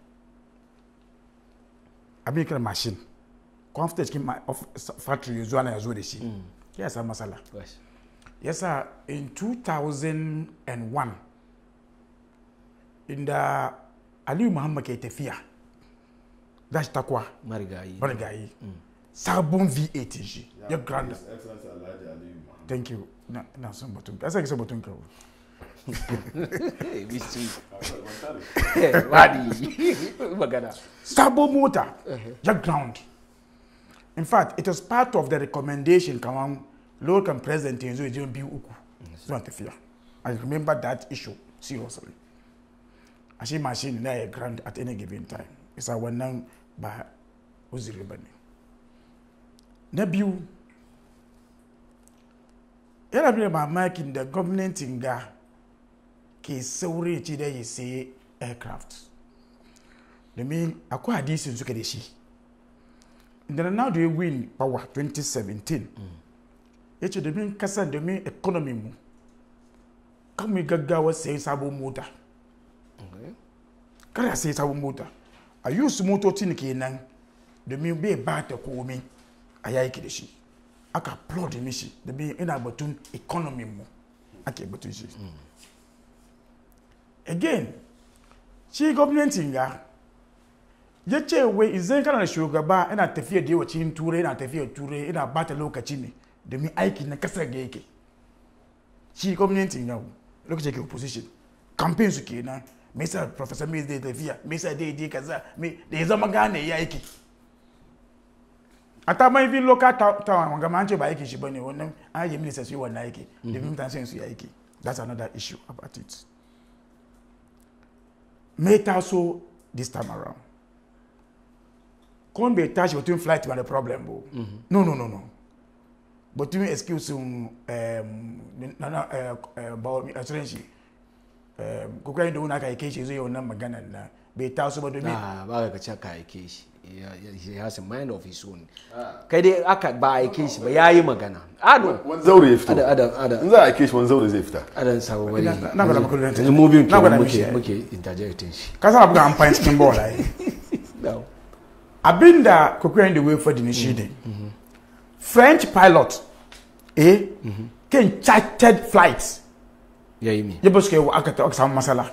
abin da kiran mashin ko an fita cikin factory ya zuwa na ya zo da shi mm. ya samu matsala yasa in 2001 inda aliyu muhammad ke tafiya dashi takwa marigayi marigayi mm. sabon v8 shi ya yeah, granda thank you na no, son batun ka sai batun ka bici wadi magana sabon mota eh, eh. ya ground in fact it was part of the recommendation kamar local president yanzu ya biyu uku suna tafiya i remember that issue seriously shi machine na ya grand at any given time isa wannan ba uzuri ba ne na biyu yana da mamakin da gwamnatin ga ke saurace da ya saye aircraft domin akwai hadisin suka da shi Ndanadu ya win power 2017 ya ce kasa, kasar domin economy mu kan mu gaggawa sayi sabon mota kar a sayi sabon mota a yi su motocin kenan domin bai ba ta komi a yaki da shi aka plot mishi domin ina batun economy mu ake batun shi hmm. again shi gwamnatin ga ya ce wai izai kana da shugaba ina tafiya da yawa cikin turai ina tafiya turai ina bata lokaci ne domin aiki na kasar da yake shi gwamnatin yau lokacin ke opposition campaign su ke na me yasa professor mai zai tafiya me yasa dai dai kaza me da ya zama gane ya aiki a ta mai bin local town wanga ma an ce ba aiki shi bane wannan an yi minister su yi wannan aiki mm-hmm. domin mutane sun su yi aiki that's another issue about it me taso this time around come be tashi between flight and da problem bo oh. mm-hmm. no no no no batun excuse um, uh, um, eh, uh, eh, uh, eh, asirin shi um, kokarin da wuna ka aike shi zai wannan maganan na bai taso ba domin ah, ba ka ce ka aike shi he has a mind of his own ah. kai dai aka ba aike shi ba yayi magana ado wani zauri ya fita fito in za a aike shi wani zauri zai fita adan sabo bari na gwada maka lulanta na gwada muke muke interjecting shi ka sa abu fine skin ball ai yi abinda kokoran the way for the nishide mm-hmm. french pilot eh mm-hmm. ken chartered flights yeah you mean yeboske wa akata oksam masala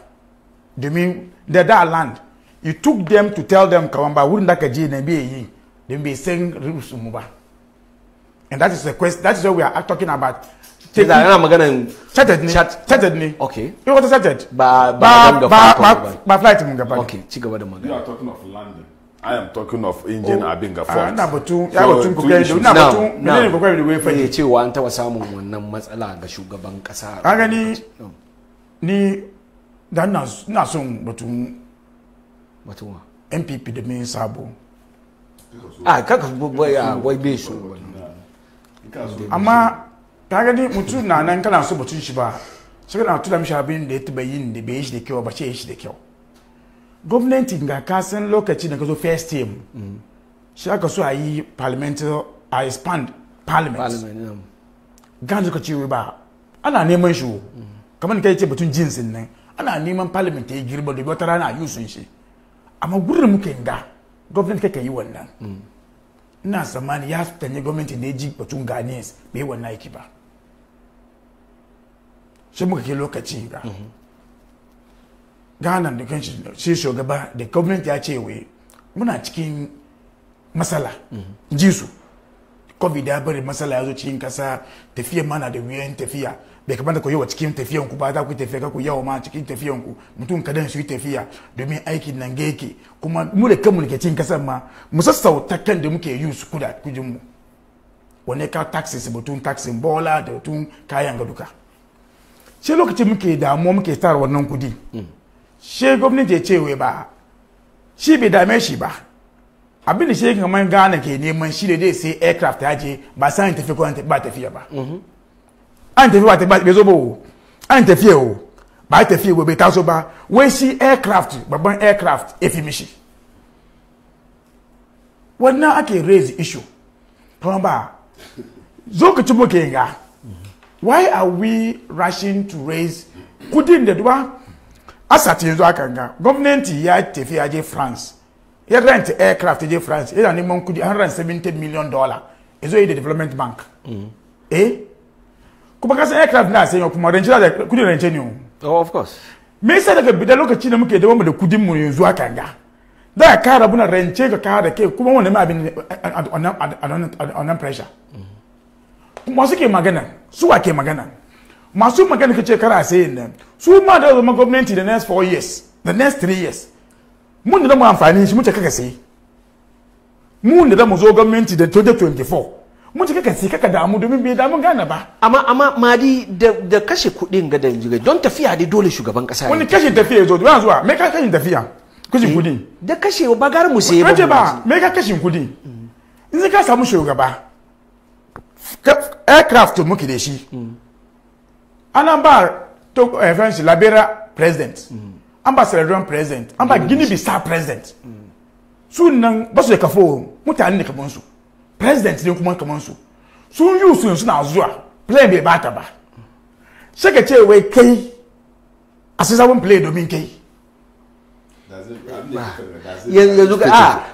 mean they da land you took them to tell them kawamba wouldn't that kaji na be yi them be saying rules muba and that is the quest. that is what we are talking about taking ana magana chartered ni chartered ni okay you want chartered ba ba ba ba flight mun gaba okay ci gaba da you are talking of landing I am talking of engine oh. abin ga ah, fault. Ina batun ya batun ku kai ina batun menene ku kai da wai fanye eh, cewa an taba samun wannan matsala ga shugaban kasa. Ka gani ni da na son batun batun MPP da min sabo. A ah, kaka ya wai be shi. Amma ka gani mutu na nan kana so batun shi ba. Sai kana tuna mishi abin da ya taba yin da bai yi shi da kyau ba ce shi da kyau. gwamnati ga ka san lokaci da ka zo first team mm. shi aka so a yi parliamentary a expand parliament gan suka ce ba ana neman shi mm. kamar da kai ce batun jinsin nan ana neman parliament ta yi girma da wata rana a yi sun shi amma gurin muka ga gwamnati kake yi wannan mm. ina tsammani ya tanyi gwamnati da ya ji batun ghanaians bai wannan aiki ba shi muka ke lokaci ga mm-hmm. ghana da kan shi shugaba da gwamnati ya ce wai muna cikin matsala mhm. jisu su covid ya bari matsala ya zo cikin kasa tafiya mana da wuyan tafiya bai kamata ku yi wa cikin tafiyan ku ba za ku tafiya ku yawa ma cikin tafiyan ku mutum kadan su yi tafiya domin aikin nan ga yake kuma mu da kanmu ke cikin kasar ma mu sassauta kan da muke yi su kuda kujin mu wani ka taxis mutum taxin bola da mutum kayan ga duka sai lokacin muke damuwa muke tara wannan kudi mm. she gwamnati ya ce wai ba shi bai dame shi ba abin da shi kamar gane ke neman shi da dai sai aircraft ya je ba sa yin tafi ko ba tafiya ba an tafi ba tafi bai zo ba wo an tafiya o ba tafiya wo bai taso ba wai shi aircraft babban aircraft ya fi mishi wannan ake raise issue kuma ba zo ka ci muke ga mhm. why are we rushing to raise kudin da duba asati yanzu akanga ga ya tafi aje france ya rent aircraft aje france yana neman kudi 170 million dollar ezo ye yi da development bank eh kuma kasa aircraft na sayan kuma rance da kudi rance ne oh of course me yasa daga bida lokaci da muke dawo mu da kudin mu yanzu aka ga da ka kara buna rance ka ka da ke kuma wannan ma on on on pressure kuma suke magana suwa ke magana masu magana kace kana sayin nan su ma da zama gwamnati the next four years the next three years mun da mu amfani shi mu kaka sai mun da mu zo gwamnati da 2024 mun kaka sai kaka damu domin bai damu gana ba amma amma madi da da kashe kudin ga da jirai don tafiya da dole shugaban kasa wani kashe tafiya zo don zuwa me ka kashe tafiya kashin eh, kudin da kashe ba gar mu sai ba ba me ka kashin kuɗi in ka samu shugaba aircraft muke da shi mm. anambra took uh, eh, french liberia president mm. amba sierra president amba mm. guinea bissau president mm. sun nan su da kafo wurin mutane ne kaman su president ne kuma kaman su sun yi su suna zuwa play bai bata ba shake ka ce kai a sai play domin kai yanzu ka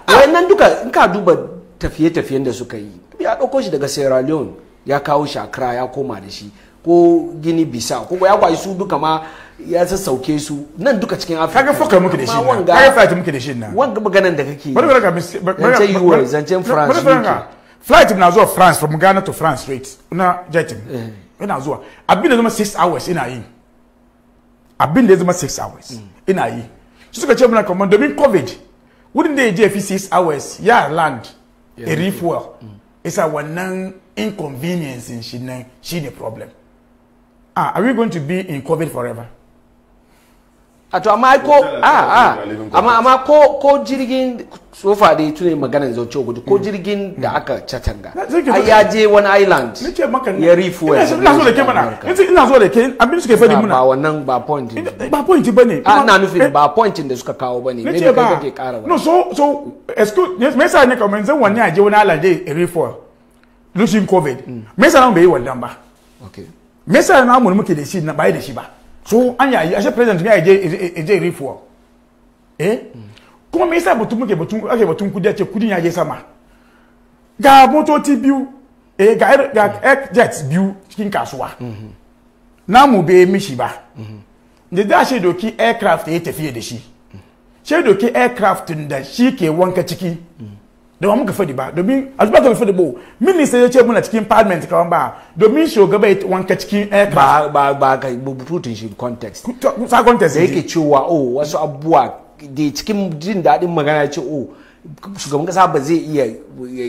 a wayannan duka in ah, ka duba tafiye-tafiyen da suka yi ya shi daga sierra leone ya kawo shi ya koma da shi ko gini bisa ko ya kwashi su duka ma ya sauke su nan duka cikin afirka kaga fuka muke da shi nan kaga flight muke da shi nan wanga maganan da kake bari bari zance yi wa zance france flight na zuwa france from ghana to france straight na jetin eh. ina zuwa abin da zama 6 hours ina yi abin da zama 6 hours mm. ina yi su suka ce muna kamar domin covid wurin da ya je fi 6 hours ya land a well. Mm. isa wannan inconvenience shi ne shine problem ah, are we going to be in COVID forever? Ato ama ko ah ah ama ama ko ko jirgin so sofa dai tune zo zauce gudu ko jirgin hmm. da aka chatanga ai ya je wani island nace maka ya refuel ina so da ke mana ina so da ke abin suke fadi muna ba wannan ba point ba point bane a ah, ina nufin eh, ba point da suka kawo bane ne da kai kake kara ba no so so excuse me yasa ne kamar zan wani aje one island dai refuel lushin covid hmm. me yasa nan bai yi wannan ba okay me yasa na mu muke da shi na bai da shi ba so an yayi ashe president ne je je refuel eh kuma me yasa batun muke batun ake batun kudi ce kudin ya je sama ga motoci biyu eh ga ga jets biyu cikin kasuwa na mu be mishi ba da da shi doki aircraft ya tafiye da shi shi doki aircraft da shi ke wanka ciki da wa muka fadi ba domin azuba zuba ka fadi bo minista ya ce muna cikin parliament kawan ba domin gaba ya wanka cikin ba ba ba ka bututun shi context sa context da yake cewa oh wasu abubuwa da cikin jin daɗin magana ya ce oh shugaban kasa ba zai iya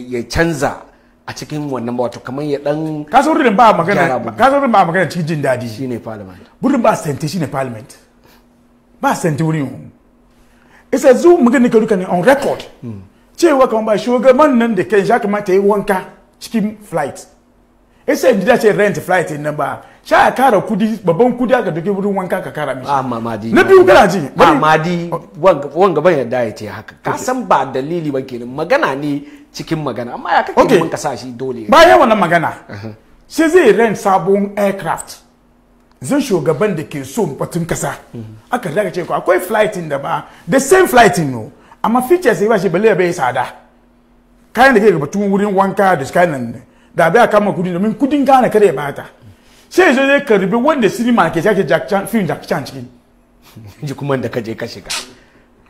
ya canza a cikin wannan wato kamar ya dan kasan rudin ba magana kasan rudin ba magana cikin jin daɗi shine parliament rudin ba sente shine parliament ba sente wurin isa zu magana ka duka ne on record mm. cewa kan ba shugaban nan da kan sha kamata yi wanka cikin flight isa dida ce rent flight nan ba sha a kara kudi babban kudi aka duke wurin wanka ka kara mishi mamadi na biyu gara ji mamadi wanga ban yadda ya ce haka ka san ba dalili ba kenan magana ne cikin magana amma ya kake mun ka sa shi dole bayan wannan magana uh-huh. sai zai rent sabon aircraft zan shugaban da ke so batun kasa mm-hmm. aka daga ce ko akwai flight da ba the same flight no amma features ba shi balle bai tsada kayan da ke ga batun wurin wanka da kayan nan da bai kama kudin domin kudin gane kada ya bata sai zo zai wanda sinima ke Jack Chan film Jack Chan ji kuma da kaje ka shiga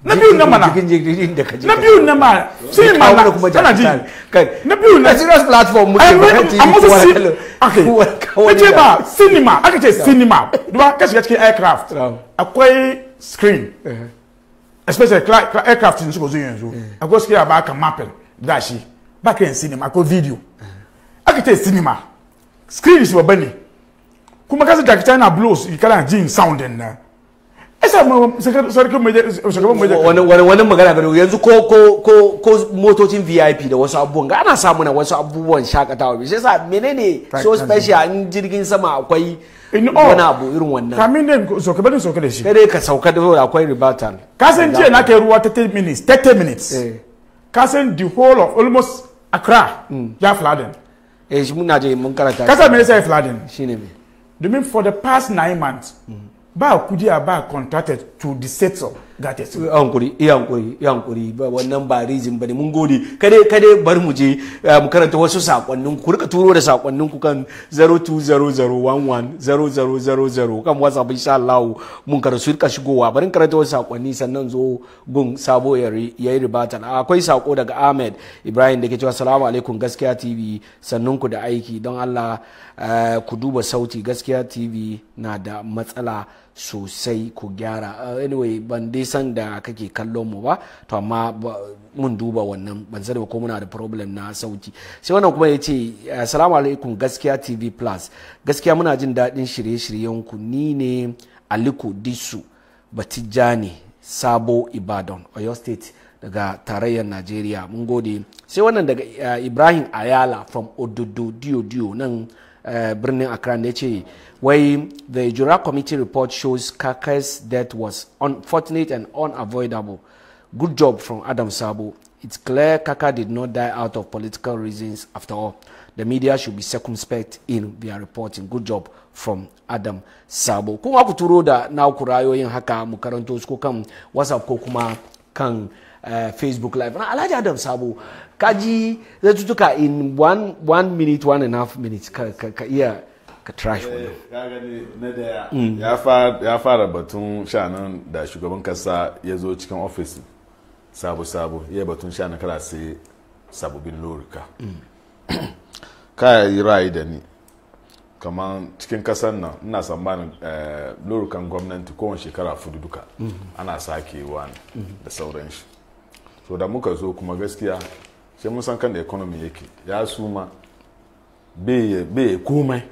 na biyu na mana na biyu na sai ma na kuma ji na biyu na serious platform mu ke ba okay ba cinema aka ce cinema duba ka shiga cikin akwai screen eh. especially cla cla aircraft n sokoso yẹn nso akɔ sikiri aba aka mapping daasi back end cinema ko video mm. akita cinema screen is wɔbɛ ni kumakasi dakita china blows ikala na jean sound na ɛsɛ mɛ sɛkɛrɛ mɛjɛ sɛkɛrɛ mɛjɛ. wani wani wani magana bɛ yanzu ko ko ko ko motocin vip da wasu abubuwan ana samu na wasu abubuwan shakatawa bi sai sa menene so special in jirgin sama akwai. in all wani abu irin wannan kamin din sauka bari sauka da shi kada ka sauka da akwai ribatal ka san jiya na kai ruwa 30 minutes 30 minutes eh. ka san the whole of almost Accra hmm. ya flooding eh shi muna je mun karanta ka san me yasa shine me domin for the past 9 months hmm. ba kudiya ba contracted to the settle gata su iya hankuri iya hankuri iya hankuri wannan ba rizin bane mun gode kade kade bar mu je eh, mu karanta wasu sakonnin ku rika turo da sakonnin ku kan 0200110000 kan WhatsApp insha Allah mun karanta su rika shigowa barin karanta wasu sakonni sannan zo gun sabo yayi ribatan akwai sako daga Ahmed Ibrahim da ke cewa assalamu alaikum gaskiya TV sannun ku da aiki don Allah eh, ku duba sauti gaskiya TV na da matsala sosai ku gyara uh, anyway ban dai san da kake kallon mu ba to amma mun duba wannan ban sani ba ko muna da problem na sauti sai wannan kuma ya ce assalamu alaikum gaskiya tv plus gaskiya muna jin daɗin shirye-shiryen ku ni ne aliko disu batijani sabo ibadan oyo state daga tarayyar nigeria mun gode sai wannan daga uh, ibrahim ayala from ododo diodio nan uh, birnin Where the Jura committee report shows Kaka's death was unfortunate and unavoidable. Good job from Adam Sabo. It's clear Kaka did not die out of political reasons after all. The media should be circumspect in their reporting. Good job from Adam Sabo. Kung ku na ku rayoyin haka mu karanto WhatsApp Eh, facebook live alhaji adam sabo kaji zatutuka in one, one minute one and a half minute ka, ka, ka iya ka trash eh, wani na daya mm. ya fara batun shanan da shugaban kasa ya zo cikin ofis sabo-sabo ya batun shanan kara sai sabobin lorika mm. ka yi ra'ayi da ni kamar cikin kasar nan ina tsammanin eh, lorukan gwamnati kowane shekara fudu duka mm. ana sakewa da sauran shi so da muka zo kuma gaskiya sai mun san kan da economy yake ya suma bai komai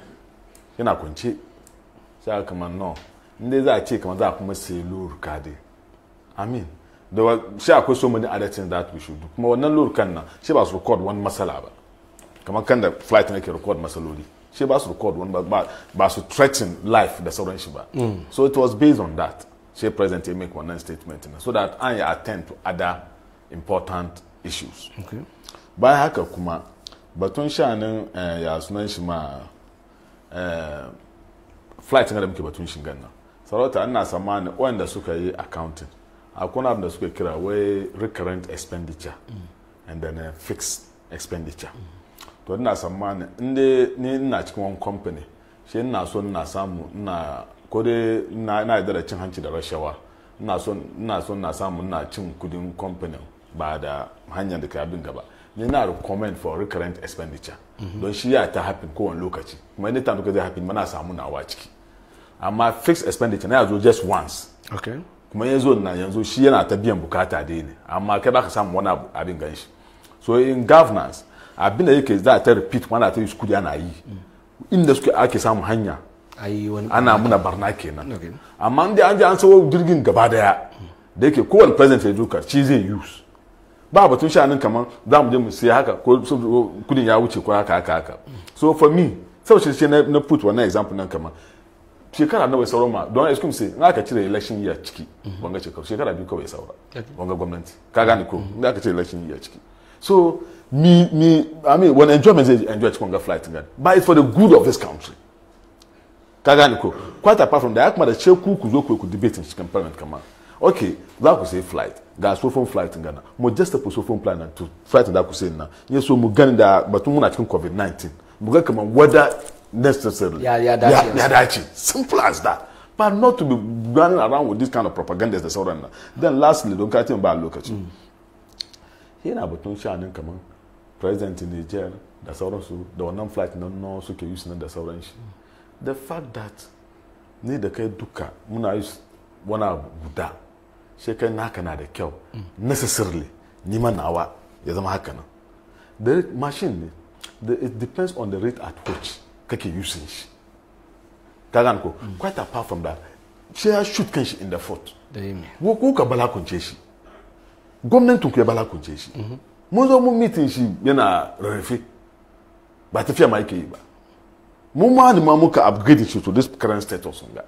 yana kwance sai aka kamar no inda za a ce kamar za a kuma sai lur kade amin da wa shi akwai so many other things that we should do kuma wannan lur kan nan shi ba su record wani masala ba kamar kan da flight na ke record masaloli shi ba su record wani ba su threaten life da sauran shi ba mm. so it was based on that shi president ya make wannan statement so that an ya attend to other important issues okay. bayan haka kuma batun shanin eh, ya sunan shi ma uh, flight da muke batun shingan ganna sarauta ana samani wanda suka yi accounting akwai abin da suka kira wai recurrent expenditure mm. and then eh, fixed expenditure to ina samani inda ni ina cikin wani company shi ina so ina samu ina ko dai ina da cin hanci da rashawa ina so ina samu ina cin kudin company ba da hanyar da ka binka ba ni na recommend for recurrent expenditure mhm. don shi ya ta happen kowane lokaci kuma any time ka zai happen mana samu nawa ciki amma fixed expenditure na yazo just once okay kuma yazo na yanzu shi yana ta biyan bukata dai ne amma kai baka samu wani abin ganshi so in governance abin da yake za ta repeat wani ta yi su ana yi mm. inda suke ake samu hanya ana muna barna kenan amma inda an ji an sawo jirgin gaba daya mm. da yake kowane president ya duka shi zai use ba batun sha'anin kamar za mu je mu sai haka ko kudin ya wuce ko haka haka haka so for me sau shi na na put wannan example nan kamar shekara nawa sauran ma don excuse sai in aka cire election year ciki wanga shekara shekara biyu kawai saura wanga gwamnati ka gane ko in aka cire election year ciki so me me i mean when enjoyment is enjoy cikin wanga flight gan but it's for the good of this country ka gane ko quite apart from that ya kuma da ce ku ku zo ku ku debate cikin parliament kamar okay that ku sai flight so sofon flight in Ghana mo just a tafi sofon plan to flight that ku sai na yes so mu gani da batun muna cikin covid-19 mu ga kamar weather necessarily yeah yeah ya yeah, yeah ya dace simple as that but not to be running around with this kind of propaganda da sauran nan then lastly don't him by look at you ba lokaci mm. yana batun shanin kamar president in Niger the da sauransu da wannan flight no no suke use nan da sauran shi the fact that ni da kai duka muna use wani abu guda sai kai naka na da kyau necessarily ni ma nawa ya zama haka nan da machine ne it depends on the rate at which kake using shi ka gane ko mm. quite apart from that she ya shoot kan shi in the foot ko ka balakunce shi gwamnatin ku ya balakunce shi mm-hmm. mun zo mun meeting shi yana rarrafe ba tafiya ma yake yi ba mun ma ni ma muka upgrade shi to this current status on that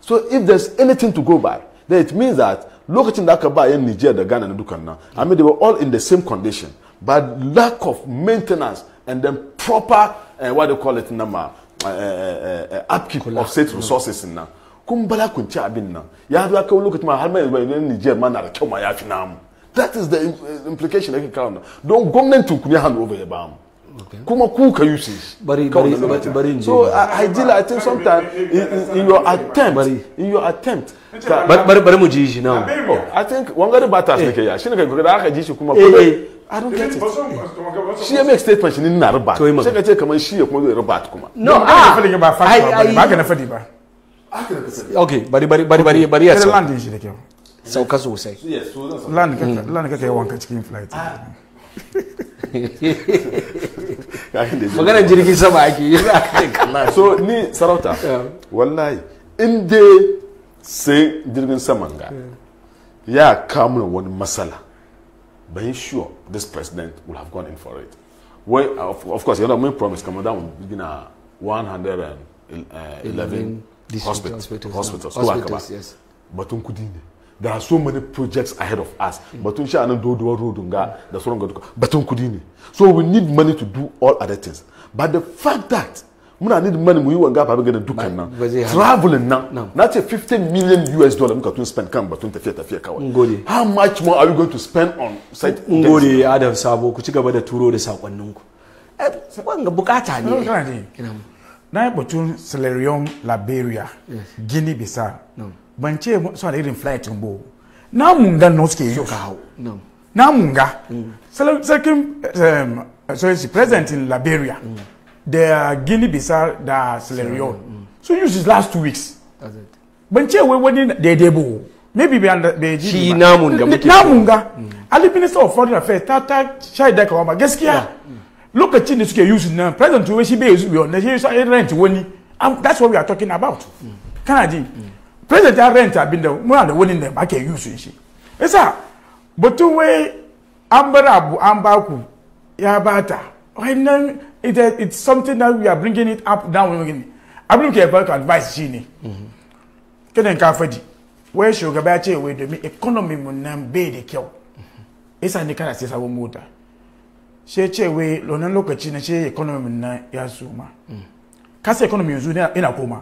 so if there's anything to go by then it means that lokacin da aka ba yan Niger da Ghana na dukan nan I mean they were all in the same condition but lack of maintenance and then proper uh, what they call it nama uh, upkeep of state resources nan kun bala kun ci abin nan ya zo aka lokacin ma har mai yan Niger ma na da kyau ma ya fi namu that is the implication da ke kawo don gwamnatin kun yi hand over ya ba mu kuma ku ka uses bari bari bari so i deal i think sometimes in, your attempt in your attempt bari bari mu ji shi now ah, i think wangare eh. ke ya shine kai da aka ji shi kuma eh, eh. I don't get it. She make statement shi ni na riba. Sai ka ce kamar shi ya kuma zai riba kuma. No, ah. Ba ka na fadi ba. Okay, bari bari bari bari bari ya. Kada Sauka sosai. Hmm. Land kake land kake yawan ka cikin flight. Ah. magana jirgin sama ake yi so ni sarauta wallahi in dai sai jirgin sama. ga ya kawo wani matsala ba yi sure this president will have gone in for it. Wai, of, course, the main promise coming da will gina 111 eh, hospitals. Hospitals, hospitals, hospitals, hospitals there are so many projects ahead of us hmm. batun sha nan doduwar rodun ga da sauran ga duka batun kudi ne so we need money to do all other things but the fact that muna need money mu yi wanga ba ga dukkan nan traveling nan na ce 15 million US dollar muka tun spend kan batun tafiya tafiya kawai how much more are we going to spend on site ngode adam sabo ku ci gaba da turo da sakonninku eh, wanga bukata ne na yi batun Salarium Liberia Guinea Bissau ban ce suna da irin flight bo na munga no suke yi ka hau na munga sarkin sorry president in liberia da guinea bissau da sierra leone use his last two weeks ban ce wai wani daidai bo maybe bai ji shi namun ga muke namun ga ali minister of foreign affairs ta ta shaida da ma gaskiya lokacin da suke use na president wai shi bai use biyo na shi rent wani that's what we are talking about kana ji president ya rent abin da muna da wani da ake yusun shi isa batun wai an bar abu an baku ya bata wannan it, it's something that we are bringing it up down abin ke baka advice shi ne kidan ka fadi wai shugaba ya ce wai domin economy mun nan bai da kyau isa ne kana sai sabon mota She ce wai lonan lokaci na ce economy mun nan ya suma kasa economy yanzu ina koma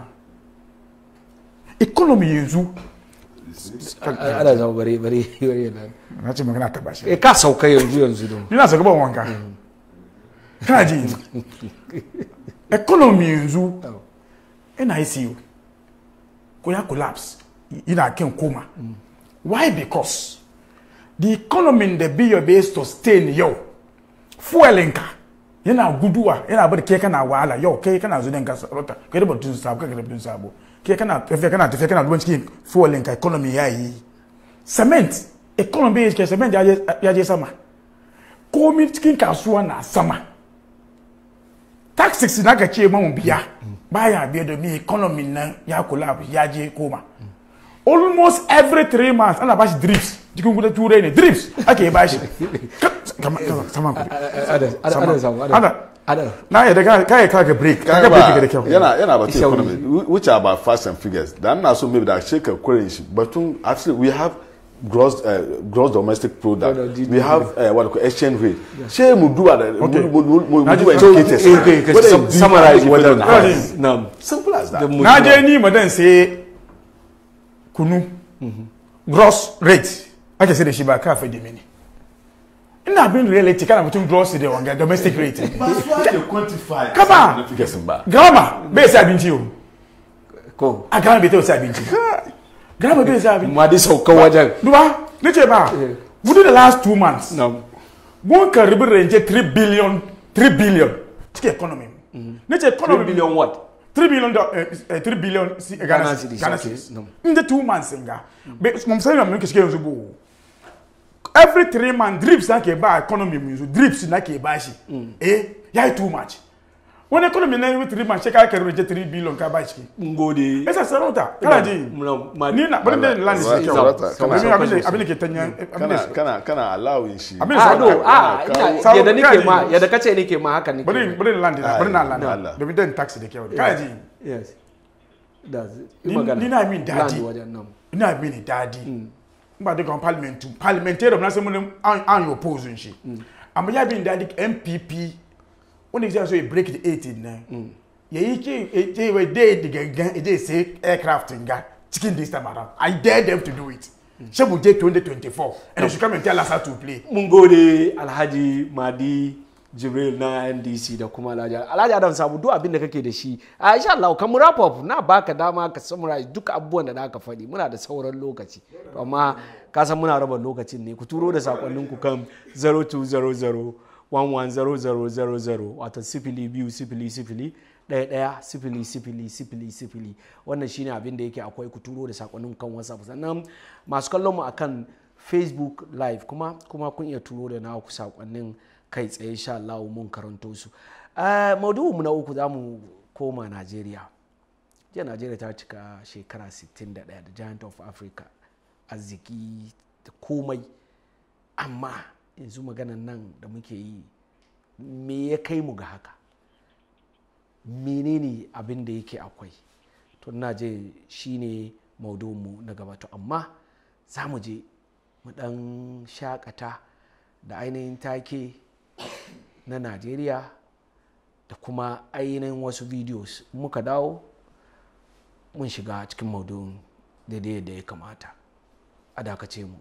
economy yanzu ana zama bare bare bare na ce magana ta bashi eh, ka sauka yanzu yanzu don ina sauka ban wanka kana ji economy yanzu ina ko ya collapse ina kin koma why because the economy da be your be to stay yau fuelinka yana guduwa yana bar ke kana wahala yau kai kana zuwa ka sarauta kai da batun sabo kai da batun sabo ke kana tafiya kana tafiya kana duban cikin fuel ɗinka economy ya yi cement economy ke cement ya je sama komi cikin kasuwa na sama taxes na ka ce mamu biya mm. baya biya domin economy nan ya kula ya je koma mm. almost every three months ana bashi drips cikin kudin turai ne drips ake bashi saman na yadda kayi kaga break kaga break da kyau yana yana ba batun economy which are about fast and figures da na so maybe da shekar kurin shi batun actually we have gross uh, gross domestic product no, no, we have uh, what call exchange rate ṣé mu duba da mu duba indicators whether you summarize whether you simple as that na je ni madan say kunu gross rate ake say da shi ba ka fa da mini ina bin reality kana mutum gross da wanga domestic rate ba su ake quantify kama grama bai sai abinci yo ko a grama bai sai abinci grama bai sai abinci ma dai sauka wajen duba nace ba within the last two months no mun karbi range 3 billion 3 billion cikin economy mm-hmm. nace economy billion what 3 billion uh, eh, 3 eh, billion eh, Ghana cedis in the months nga mun sai yanzu bo every 3 months drips na ke ba economy mun drips na ke ba shi mm. eh yayi too much wani kulu min nayi witiri ma shi ka ka rage 3 ka ba shi ngode esa sarauta kana ji ni na bari da land shi kyau abin abin abin ke tanya kana kana kana allowing shi abin sa do a yadda nake ma yadda kace nake ma haka nake bari bari land na ah, bari na land domin dan tax da kyau kana de yes that's ni na min dadi ina min n ba da kan parliament parliamentarian na sai mun an oppose shi mm. amma ya bin dadi npp. wanda ke so ya break the 18 nan ya yi ki ya yi dai da gangan ya je sai aircraft nga cikin this time around i dare them to do it she will take 2024 and they should come and tell us how to de mun alhaji madi jibril na ndc da kuma alhaji alhaji adam sabu duk abin da kake da shi a insha Allah kan wrap up na baka dama ka summarize duk abubuwan da naka faɗi muna da sauran lokaci amma ka san muna raba lokacin ne ku turo da sakonninku kan 0200 11000 wato sifili biyu sifili sifili ɗaya ɗaya sifili sifili sifili sifili wannan shine abin da yake akwai ku turo da sakonin kan whatsapp sannan masu kallon mu akan facebook live kuma kuma kun iya turo da na ku sakonin kai tsaye sha Allah mun karanto su eh, Maudu mu na uku za mu koma Najeriya jiya Najeriya ta cika shekara 61 da giant of africa arziki da komai amma yanzu maganan nan da muke yi me ya kai mu ga haka menene abin da yake akwai to na je shi ne mu na gaba to amma za mu je mu dan shakata da ainihin take na najeriya da kuma ainihin wasu videos muka dawo mun shiga cikin maudun daidai da ya kamata a dakace mu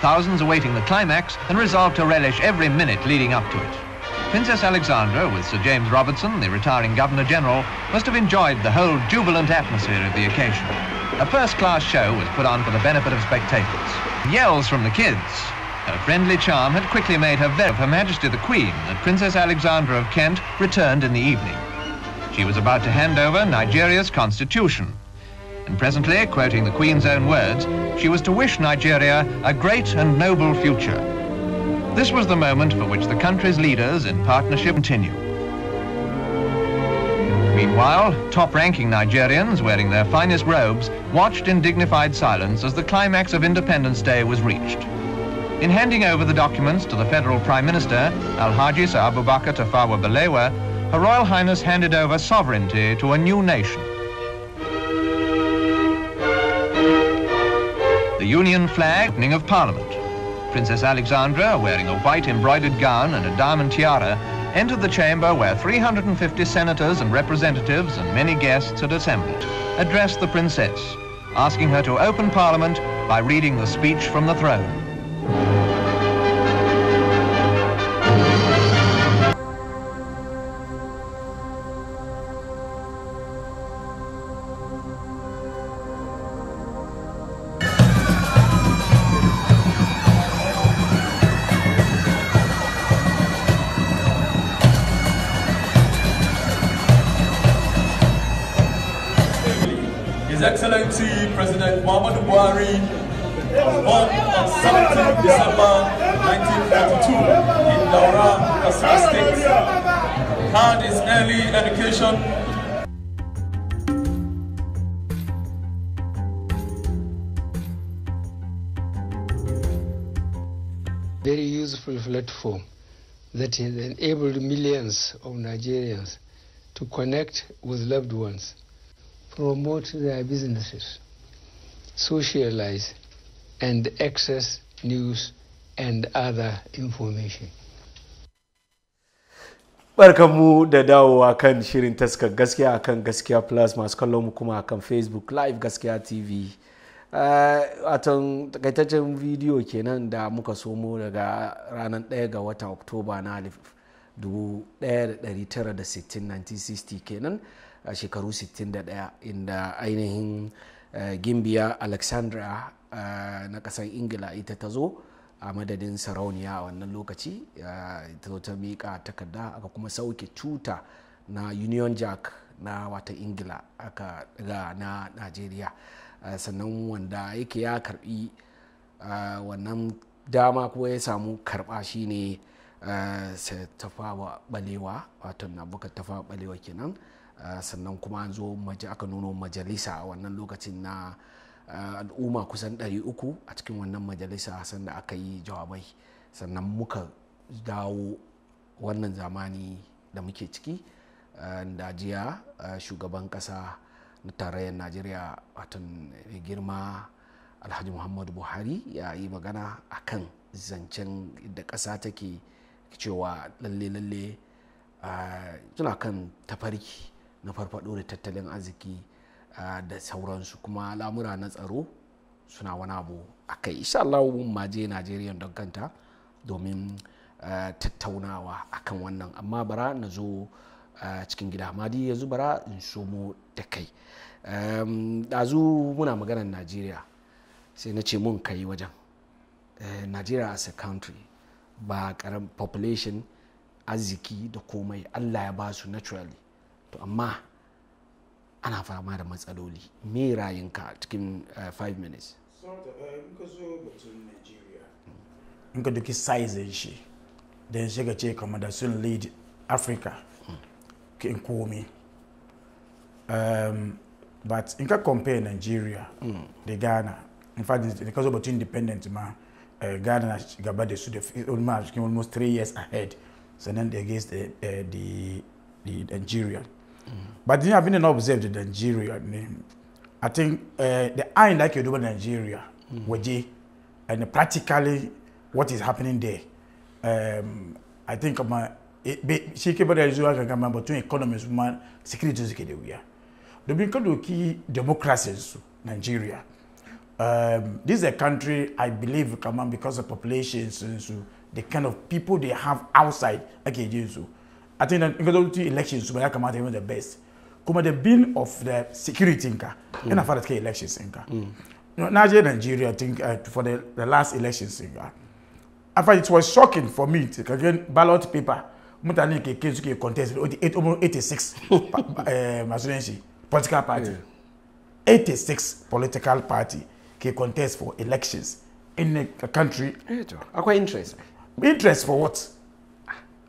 thousands awaiting the climax and resolved to relish every minute leading up to it. Princess Alexandra, with Sir James Robertson, the retiring Governor-General, must have enjoyed the whole jubilant atmosphere of the occasion. A first-class show was put on for the benefit of spectators. Yells from the kids. Her friendly charm had quickly made her very of Her Majesty the Queen that Princess Alexandra of Kent returned in the evening. She was about to hand over Nigeria's constitution, and presently, quoting the Queen's own words, she was to wish Nigeria a great and noble future. This was the moment for which the country's leaders in partnership continue. Meanwhile, top-ranking Nigerians wearing their finest robes watched in dignified silence as the climax of Independence Day was reached. In handing over the documents to the Federal Prime Minister, Alhaji Sa'Abubakar Abubakar Tafawa Balewa, Her Royal Highness handed over sovereignty to a new nation. Union flag opening of Parliament. Princess Alexandra, wearing a white embroidered gown and a diamond tiara, entered the chamber where 350 senators and representatives and many guests had assembled, addressed the princess, asking her to open Parliament by reading the speech from the throne. February on 17 December 1992 in Laura, Kasar State. Had his early education very useful platform that has enabled millions of Nigerians to connect with loved ones, promote their businesses. socialize and access news and other information. barkanmu da dawowa kan shirin taskar gaskiya akan gaskiya plus masu kallon mu kuma kan facebook live gaskiya tv eh, Aton takaitaccen bidiyo kenan da muka somo daga ranar 1 ga watan oktoba na 1960 kenan a shekaru 61 inda ainihin Eh, gimbiya alexandra eh, na kasar ingila ita ta zo a madadin sarauniya a wannan lokaci eh, ta zo ta miƙa takarda aka kuma sauke tuta na union jack na wata ingila aka daga na najeriya sannan wanda yake ya karbi wannan dama kuma ya samu karba shine tafawa balewa wato na buka tafawa balewa kenan Ah, sannan kuma an zo aka nuno majalisa a wannan lokacin na ah, al'umma kusan 300 a cikin wannan majalisa sanda aka yi jawabai sannan muka dawo wannan zamani da muke ciki ah, da jiya shugaban kasa na tarayyar najeriya watan girma alhaji muhammadu buhari ya yi magana akan zancen da ƙasa take cewa lalle-lalle suna kan tafarki na farfado da tattalin arziki da sauransu kuma lamura na tsaro suna wani abu a kai insha Allah ma je Najeriya don kanta domin tattaunawa akan wannan amma bara na zo cikin gida madi ya yanzu bara in somo da kai ɗazu muna maganar Najeriya sai na ce mun kai wajen eh, Najeriya as a country ba karam population arziki da komai Allah ya ba su naturally to amma ana fama da matsaloli me rayinka cikin 5 eh, minutes eh, in ka zo batun nigeria in ka duki size shi da shi ka ce kama da sun lead africa in komi ehm, but in ka compare nigeria da ghana in fact in ka zo batun independent ma eh, ghana na gaba da su da almost 3 years ahead sannan against the, nigerian. the nigeria Mm. But then I've been observed in Nigeria. I think uh, the eye like you do in Nigeria, mm. Waji, and practically what is happening there. Um, I think my eh, she came back to Uganda between economies, man, security is we are. The of key democracies, Nigeria. Um, this is a country I believe come on because of populations and so the kind of people they have outside. Okay, so I think that incredibility elections so ya kamata even the best kuma the bin of the security nka ina fara take elections nka na je Nigeria I think uh, for the, the last elections nka in fact it was shocking for me to again ballot paper mutane ke ke suke contest almost 86 eh masunenshi political party 86 political party ke contest for elections in a country akwai interest interest for what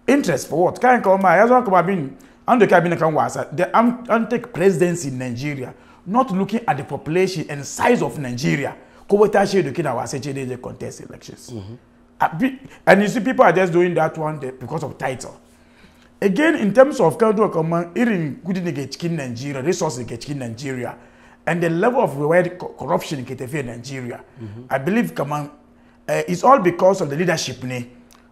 interest for what kayan come ma ya come kuma bin an doki abin kan wasa da an take presidency in nigeria not looking at the population and size of nigeria ko wata shi doki na wasa ce dai contest elections mm -hmm. and you see people are just doing that one because of title again in terms of kan doka irin kudi ne get cikin nigeria resources get cikin nigeria and the level of wide corruption ke tafiya nigeria mm -hmm. i believe kaman uh, it's all because of the leadership ne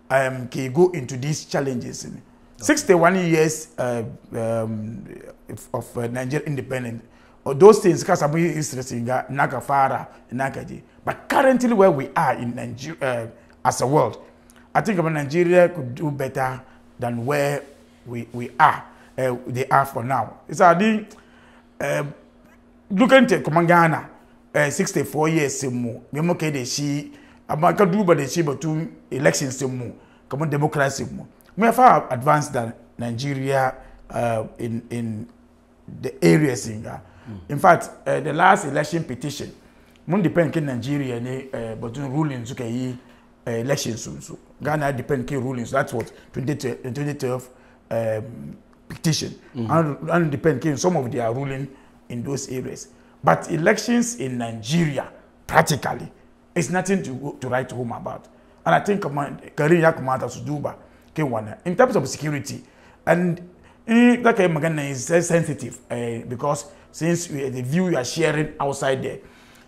um, can go into these challenges. Okay. 61 years uh, um, of uh, Nigerian independence, or those things, because I'm interested in Nakafara, Nakaji. But currently, where we are in Nigeria uh, as a world, I think Nigeria could do better than where we, we are, uh, they are for now. It's already uh, um, looking to Kumangana, uh, 64 years, Memo Kede, she. amma ka duba da ce batun elections din mu kamar democracy mu mu ya fara advance da Nigeria eh, in in the areas in ga in fact uh, the last election petition mun depend kin Nigeria ne uh, batun ruling suka yi uh, elections su so Ghana depend kin rulings that's what 2012, 2012 um, petition mm -hmm. and, and depend kin some of their ruling in those areas but elections in Nigeria practically it's nothing to, to write home about and i think garin ya kamata su do kai in terms of security and in that kind of is very sensitive uh, because since we, the view you are sharing outside there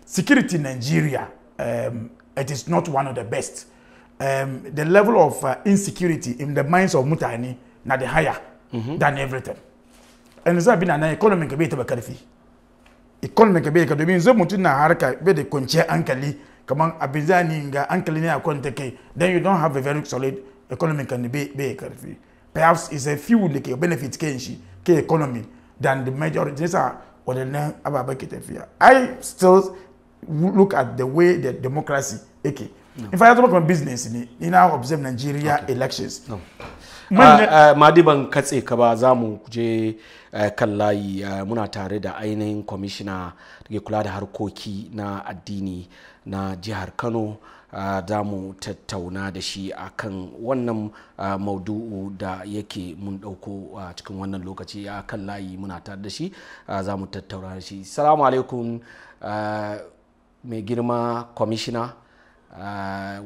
security in nigeria um, it is not one of the best um, the level of uh, insecurity in the minds of mutane na the higher mm -hmm. than everything and it's been an economy ka bai taba karfi economy ka bai a domin zo mutum na harka bai da kwanciyar hankali kaman abinza ni ga hankali ne a kwanta kai then you don't have a very solid economy kan bai karfi perhaps is a few da ke benefit kan shi ke economy than the majority nisa waɗannan ababa ke tafiya i still look at the way the democracy ake in fact business ne ni na observe nigeria elections no. Ah, ah, madi ban katse ka ba za mu je eh, kan layi eh, muna tare da ainihin kwamishina da ke kula da harkoki na addini na jihar kano da mu tattauna da shi akan wannan maudu'u da yake mun dauko a cikin wannan lokaci a kan layi muna tare da shi za mu tattauna da shi salamu alaikum mai girma kwamishina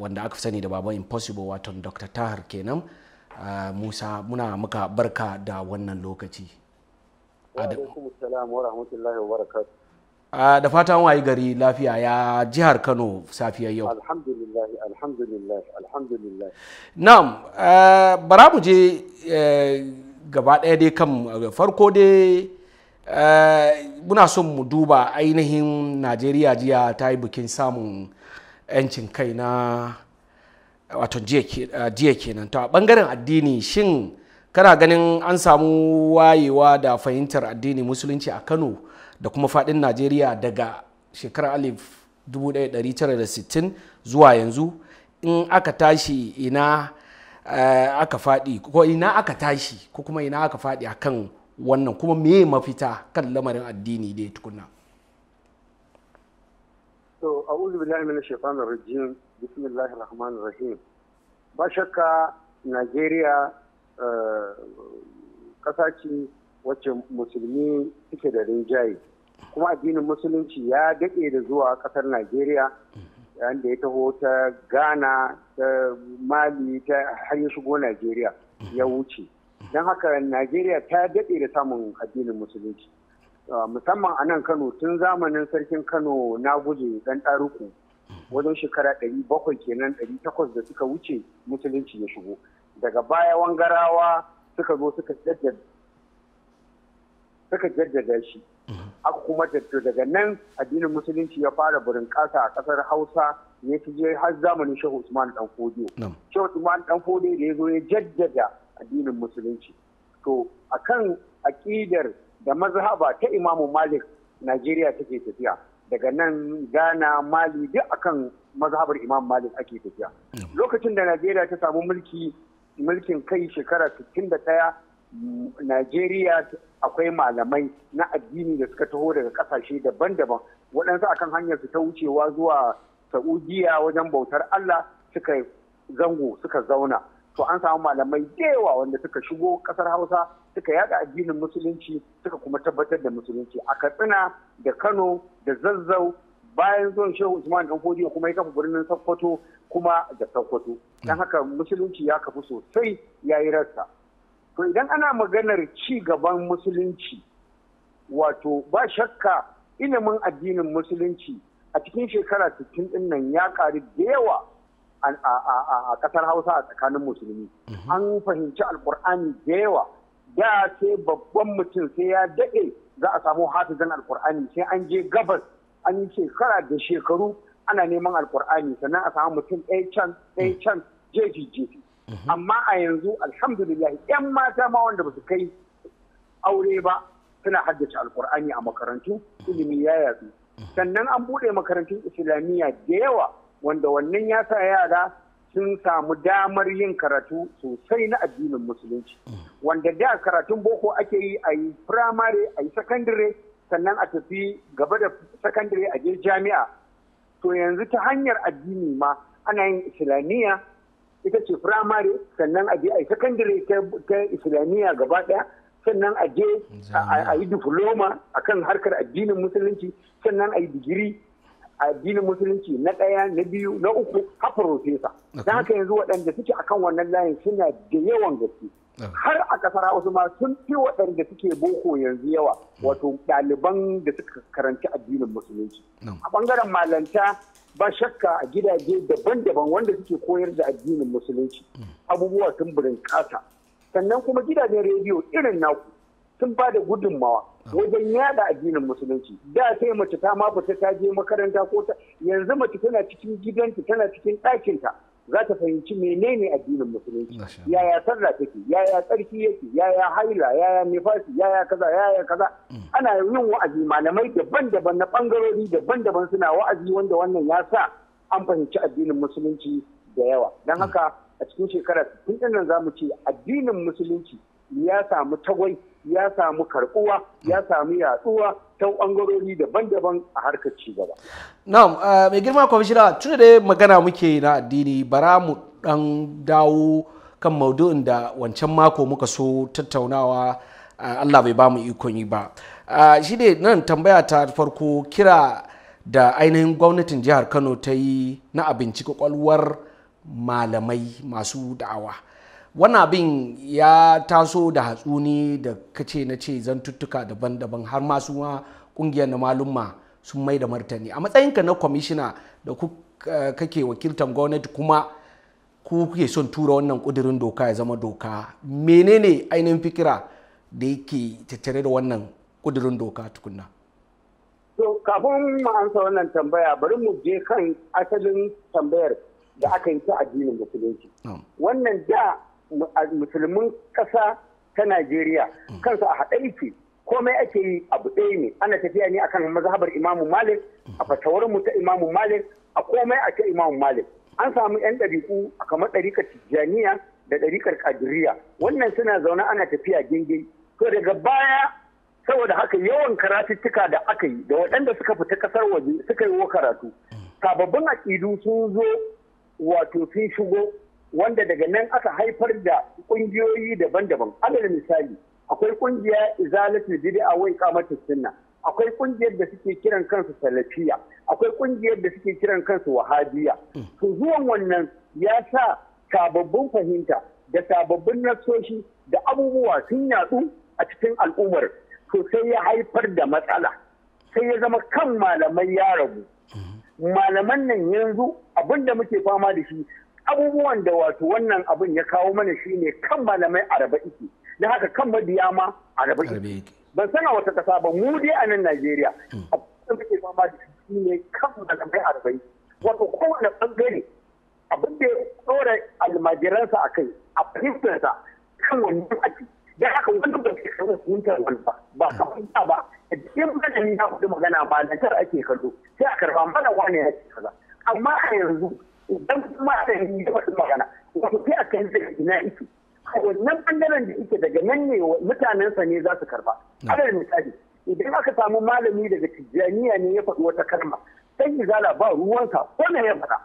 wanda aka fi sani da baban impossible wato dr tahar kenan musa muna muka barka da wannan lokaci wa rahmatullahi wa barakatuh da fatan wayi gari lafiya ya jihar Kano safiyar yau alhamdulillah alhamdulillah alhamdulillah na'am bara mu je e, gaba ɗaya dai kan e, farko dai e, muna son mu duba ainihin najeriya jiya ta yi bikin samun 'yancin kai na wato jiya kenan to a bangaren addini shin kana ganin an samu wayewa da fahimtar addini musulunci a kano da kuma fadin najeriya daga shekarar alif 1960 zuwa yanzu in aka tashi ina uh, aka fadi ko ina aka tashi ko kuma ina aka faɗi akan wannan kuma me mafita kan lamarin addini dai tukunna to a'udhu billahi minash shaitanir rajim bismillahir rahmanir rahim ba shakka Najeriya kasashe. Eh, ce wacce musulmi suke da rinjaye kuma addinin musulunci ya daɗe da zuwa ƙasar najeriya da ya taho ta ghana ta mali ta har ya shigo najeriya ya wuce don haka najeriya ta daɗe da samun addinin musulunci ah, musamman a nan kano tun zamanin sarkin kano na guje ɗan ɗaruku wajen shekara 700 kenan 800 da suka wuce musulunci ya shigo daga baya wangarawa suka zo suka suka jaddada shi mm-hmm. aka kuma tattu daga nan addinin musulunci ya fara burin kasa a kasar hausa ya fi je har zamanin shehu usman dan fodiyo shehu usman dan fodiyo da ya zo ya jaddada addinin musulunci to akan aƙidar da mazhaba ta imamu malik najeriya take tafiya daga nan ghana mali duk akan mazhabar imam malik ake tafiya lokacin da najeriya ta samu mulki mulkin kai shekara 61 Najeriya akwai malamai na addini da suka taho daga kasashe daban-daban waɗansu akan hanyar su ta wucewa zuwa Saudiya wajen bautar Allah suka zango suka zauna to an samu malamai da yawa wanda suka shigo ƙasar Hausa suka yada addinin musulunci suka kuma tabbatar da musulunci a Katsina da Kano da Zazzau bayan zuwan Shehu Usman Dan Fodiyo kuma ya kafa birnin Sokoto kuma da Sokoto dan haka musulunci ya kafi sosai ya yi rasa. to idan ana maganar ci gaban musulunci wato ba shakka ilimin addinin musulunci a cikin shekara 60 dinnan ya ƙari da yawa a ƙasar hausa a tsakanin musulmi mhm. an fahimci alkur'ani da yawa da sai babban mutum sai ya daɗe za a samu hafizan alkur'ani sai an je gabas an yi shekara da shekaru ana neman alkur'ani sannan a samu mutum ɗaya can ɗaya mm. can jeji jeji amma a yanzu alhamdulillah yan mata ma wanda ba su kai aure ba suna haddace alkur'ani a makarantu ilimi ya yatsu sannan an buɗe makarantun islamiyya da yawa wanda wannan ya sa yara sun samu damar yin karatu sosai na addinin musulunci wanda da karatun boko ake yi a yi firamare a yi sakandare sannan a tafi gaba da sakandare a je jami'a to yanzu ta hanyar addini ma ana yin islamiyya ita ce firamare sannan a je a yi sakandare ta islamiyya gaba daya sannan a je a yi diploma kan harkar addinin musulunci sannan a yi digiri addinin musulunci na ɗaya na biyu na uku har profesa don haka yanzu waɗanda suke akan wannan layin suna da yawan gaske Ah. har a kasar hausa ma sun fi waɗanda suke boko yanzu yawa hmm. wato ɗaliban da suka karanci addinin musulunci a ɓangaren malanta ba shakka a gidaje daban-daban wanda suke koyar da addinin musulunci hmm. abubuwa sun birin kasa sannan kuma gidajen rediyo irin naku sun ba da gudunmawa ah. wajen yada addinin musulunci da sai mace ta ma ta je makaranta ko ta yanzu mace tana cikin gidanta tana cikin ɗakinta za ta fahimci menene addinin musulunci yaya sarra take yaya tsarki yake yaya haila yaya nifasi yaya kaza yaya kaza mm. ana yin wa'azi malamai daban-daban na bangarori daban-daban suna wa'azi wanda wannan ya sa an fahimci addinin musulunci da yawa don mm. haka a cikin shekarar tun nan za mu ce addinin musulunci ya samu tagwai ya samu karbuwa ya samu yatsuwa ta bangarori daban-daban a harkar cigaba. Na'am, uh, mai girma kwamishina tun da magana muke na addini bara mu dan dawo kan maudu'in da wancan mako muka so tattaunawa uh, Allah bai ba mu ikon yi ba. Uh, shi ne nan tambaya ta farko kira da ainihin gwamnatin jihar Kano ta yi na abinci kwakwalwar malamai masu da'awa. wannan abin ya taso da hatsuni da kace na ce zan zantuttuka daban-daban har ma kungiyar na malumma sun mai da martani a matsayinka na kwamishina da eh, kake wakiltar gwamnati kuma ku kuke son tura wannan kudirin doka ya zama doka menene ainihin fikira da yake tattare da wannan kudirin doka tukunna kafin mu wannan tambaya bari mu je kan asalin tambayar da aka yi ta addinin musulunci wannan da musulmin ƙasa ta Najeriya mm. kansu a haɗe yake komai ake yi abu ɗaya ne ana tafiya ne akan mazhabar imamu malik mm. a fatawar mu ta imamu malik a komai a ta imamu malik an samu yan ɗariku kamar ɗarikar tijjaniya da ɗarikar kadiriya wannan suna zaune ana tafiya gingin to daga baya saboda haka yawan karatuttuka da aka yi da waɗanda suka fita ƙasar waje suka yi wa karatu mm. sababbin aƙidu sun zo wato sun shigo wanda daga nan aka haifar da kungiyoyi daban-daban alal misali akwai kungiya izalatul bid'a wa iqamatus sunna akwai kungiyar da suke kiran kansu salafiya akwai kungiyar da suke kiran kansu wahabiya to zuwan wannan ya sa sababbin fahimta da sababbin nasoshi da abubuwa sun yatsu a cikin al'ummar to sai ya haifar da matsala sai ya zama kan malamai ya rabu mm-hmm. malaman nan yanzu abin da muke fama da shi abubuwan da wato wannan abin ya kawo mana shine kan malamai araba iki da haka kan mabiya ma araba iki ban sana wata kasa ba mu dai a nan Najeriya hmm. abin da ke fama da shi ne kan malamai araba iki wato kowane bangare abin da ya tsora almajiransa a kai a fahimtarsa kan wani aji da haka wani ba ke kawo fahimtar wani ba ba hmm. kamar da ba idan malami ya faɗi magana ba da ake kallo sai a karba mana wani ya ce kaza amma a yanzu idan kuma a yi da magana wato sai a kan zai ina ito a wannan bangaren da ike daga nan ne sa ne za su karba alal misali idan aka samu malami daga tijjaniya ne ya faɗi wata kalma sai zala ba ruwansa ko na ya faɗa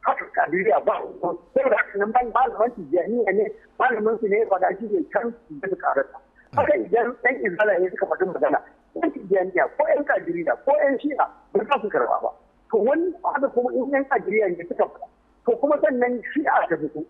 haka kadiriya ba ko sai da haka nan malaman tijjaniya ne malamin su ne ya faɗa shi ne kan da su karata haka idan ɗan izala ne suka faɗi magana ko tijjaniya ko yan kadiriya ko yan shi'a ba za su karba ba to wani haka kuma in yan ajiya ne suka fita to kuma sannan shi'a ta fito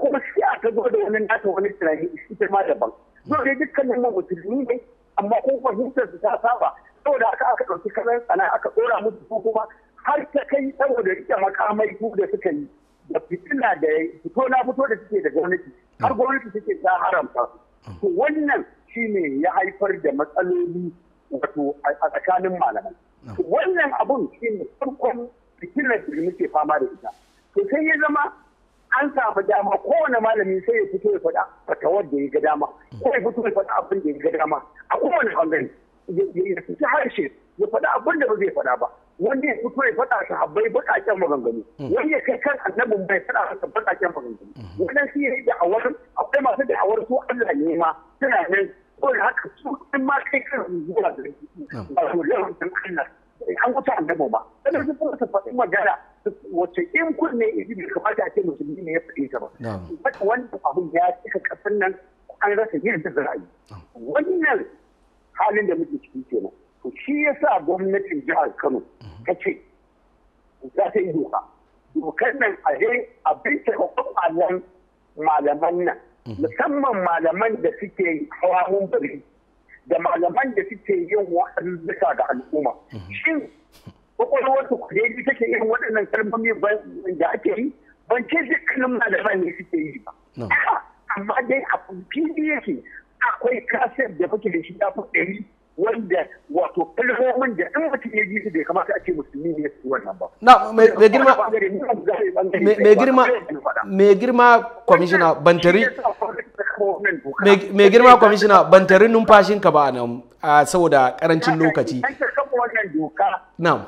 kuma shi'a ta zo da wani nata wani tunani ita ma daban zo dai dukkanin mu musulmi ne amma ko fahimtar su ta saba saboda aka aka ɗauki kalan tsana aka ɗora musu su kuma har ta kai saboda rike makamai su da suka yi da fitina da fito na fito da suke da gwamnati har gwamnati suke ta haramta su to wannan shine ya haifar da matsaloli wato a tsakanin malamai wannan abun shi ne farkon fitilar da muke fama da ita to sai ya zama an samu dama kowane malami sai ya fito ya faɗa fatawar da ya ga dama ko ya fito ya faɗa abin da ya ga dama a kowane bangare ya fita harshe ya faɗa abin da ba zai faɗa ba wanda ya fito ya faɗa habbai baƙaƙen maganganu mm. wanda ya kai kan annabin bai faɗa masa baƙaƙen maganganu mm. wannan shi ne da'awar akwai masu da'awar su Allah ne ma suna nan saboda haka su in ma kai kan zuwa da wato larurin Allah eh, an wuce annabi ba kada su kuma su faɗi magana Wace in kunne ne bai kamata a ce musulmi ne ya faɗi ta ba haka wannan abun ya cika kasan nan an rasa yin da ra'ayi wannan halin da muke ciki kenan to shi yasa gwamnatin jihar Kano ta ce za ta yi doka dokar nan a a bincika kwakwalen malaman nan Mhm. musamman malaman da suke hawa mumbari da malaman da suke yin wa'azi bisa ga al'umma mhm. shin kwakwalwarsu ku daidai take yin waɗannan kalmomi da ake yi ban ce dukkanin malaman ne suke yi ba amma dai a fili yake akwai kasar da muke da shi ya fi ɗari wanda wato kalmomin da in mutum ya ji su bai kamata a ce musulmi ne su wannan ba. Na mai girma mai girma mai girma kwamishina bantari mai girma kwamishina bantari numfashin ka ba a nan saboda karancin lokaci. Na'am.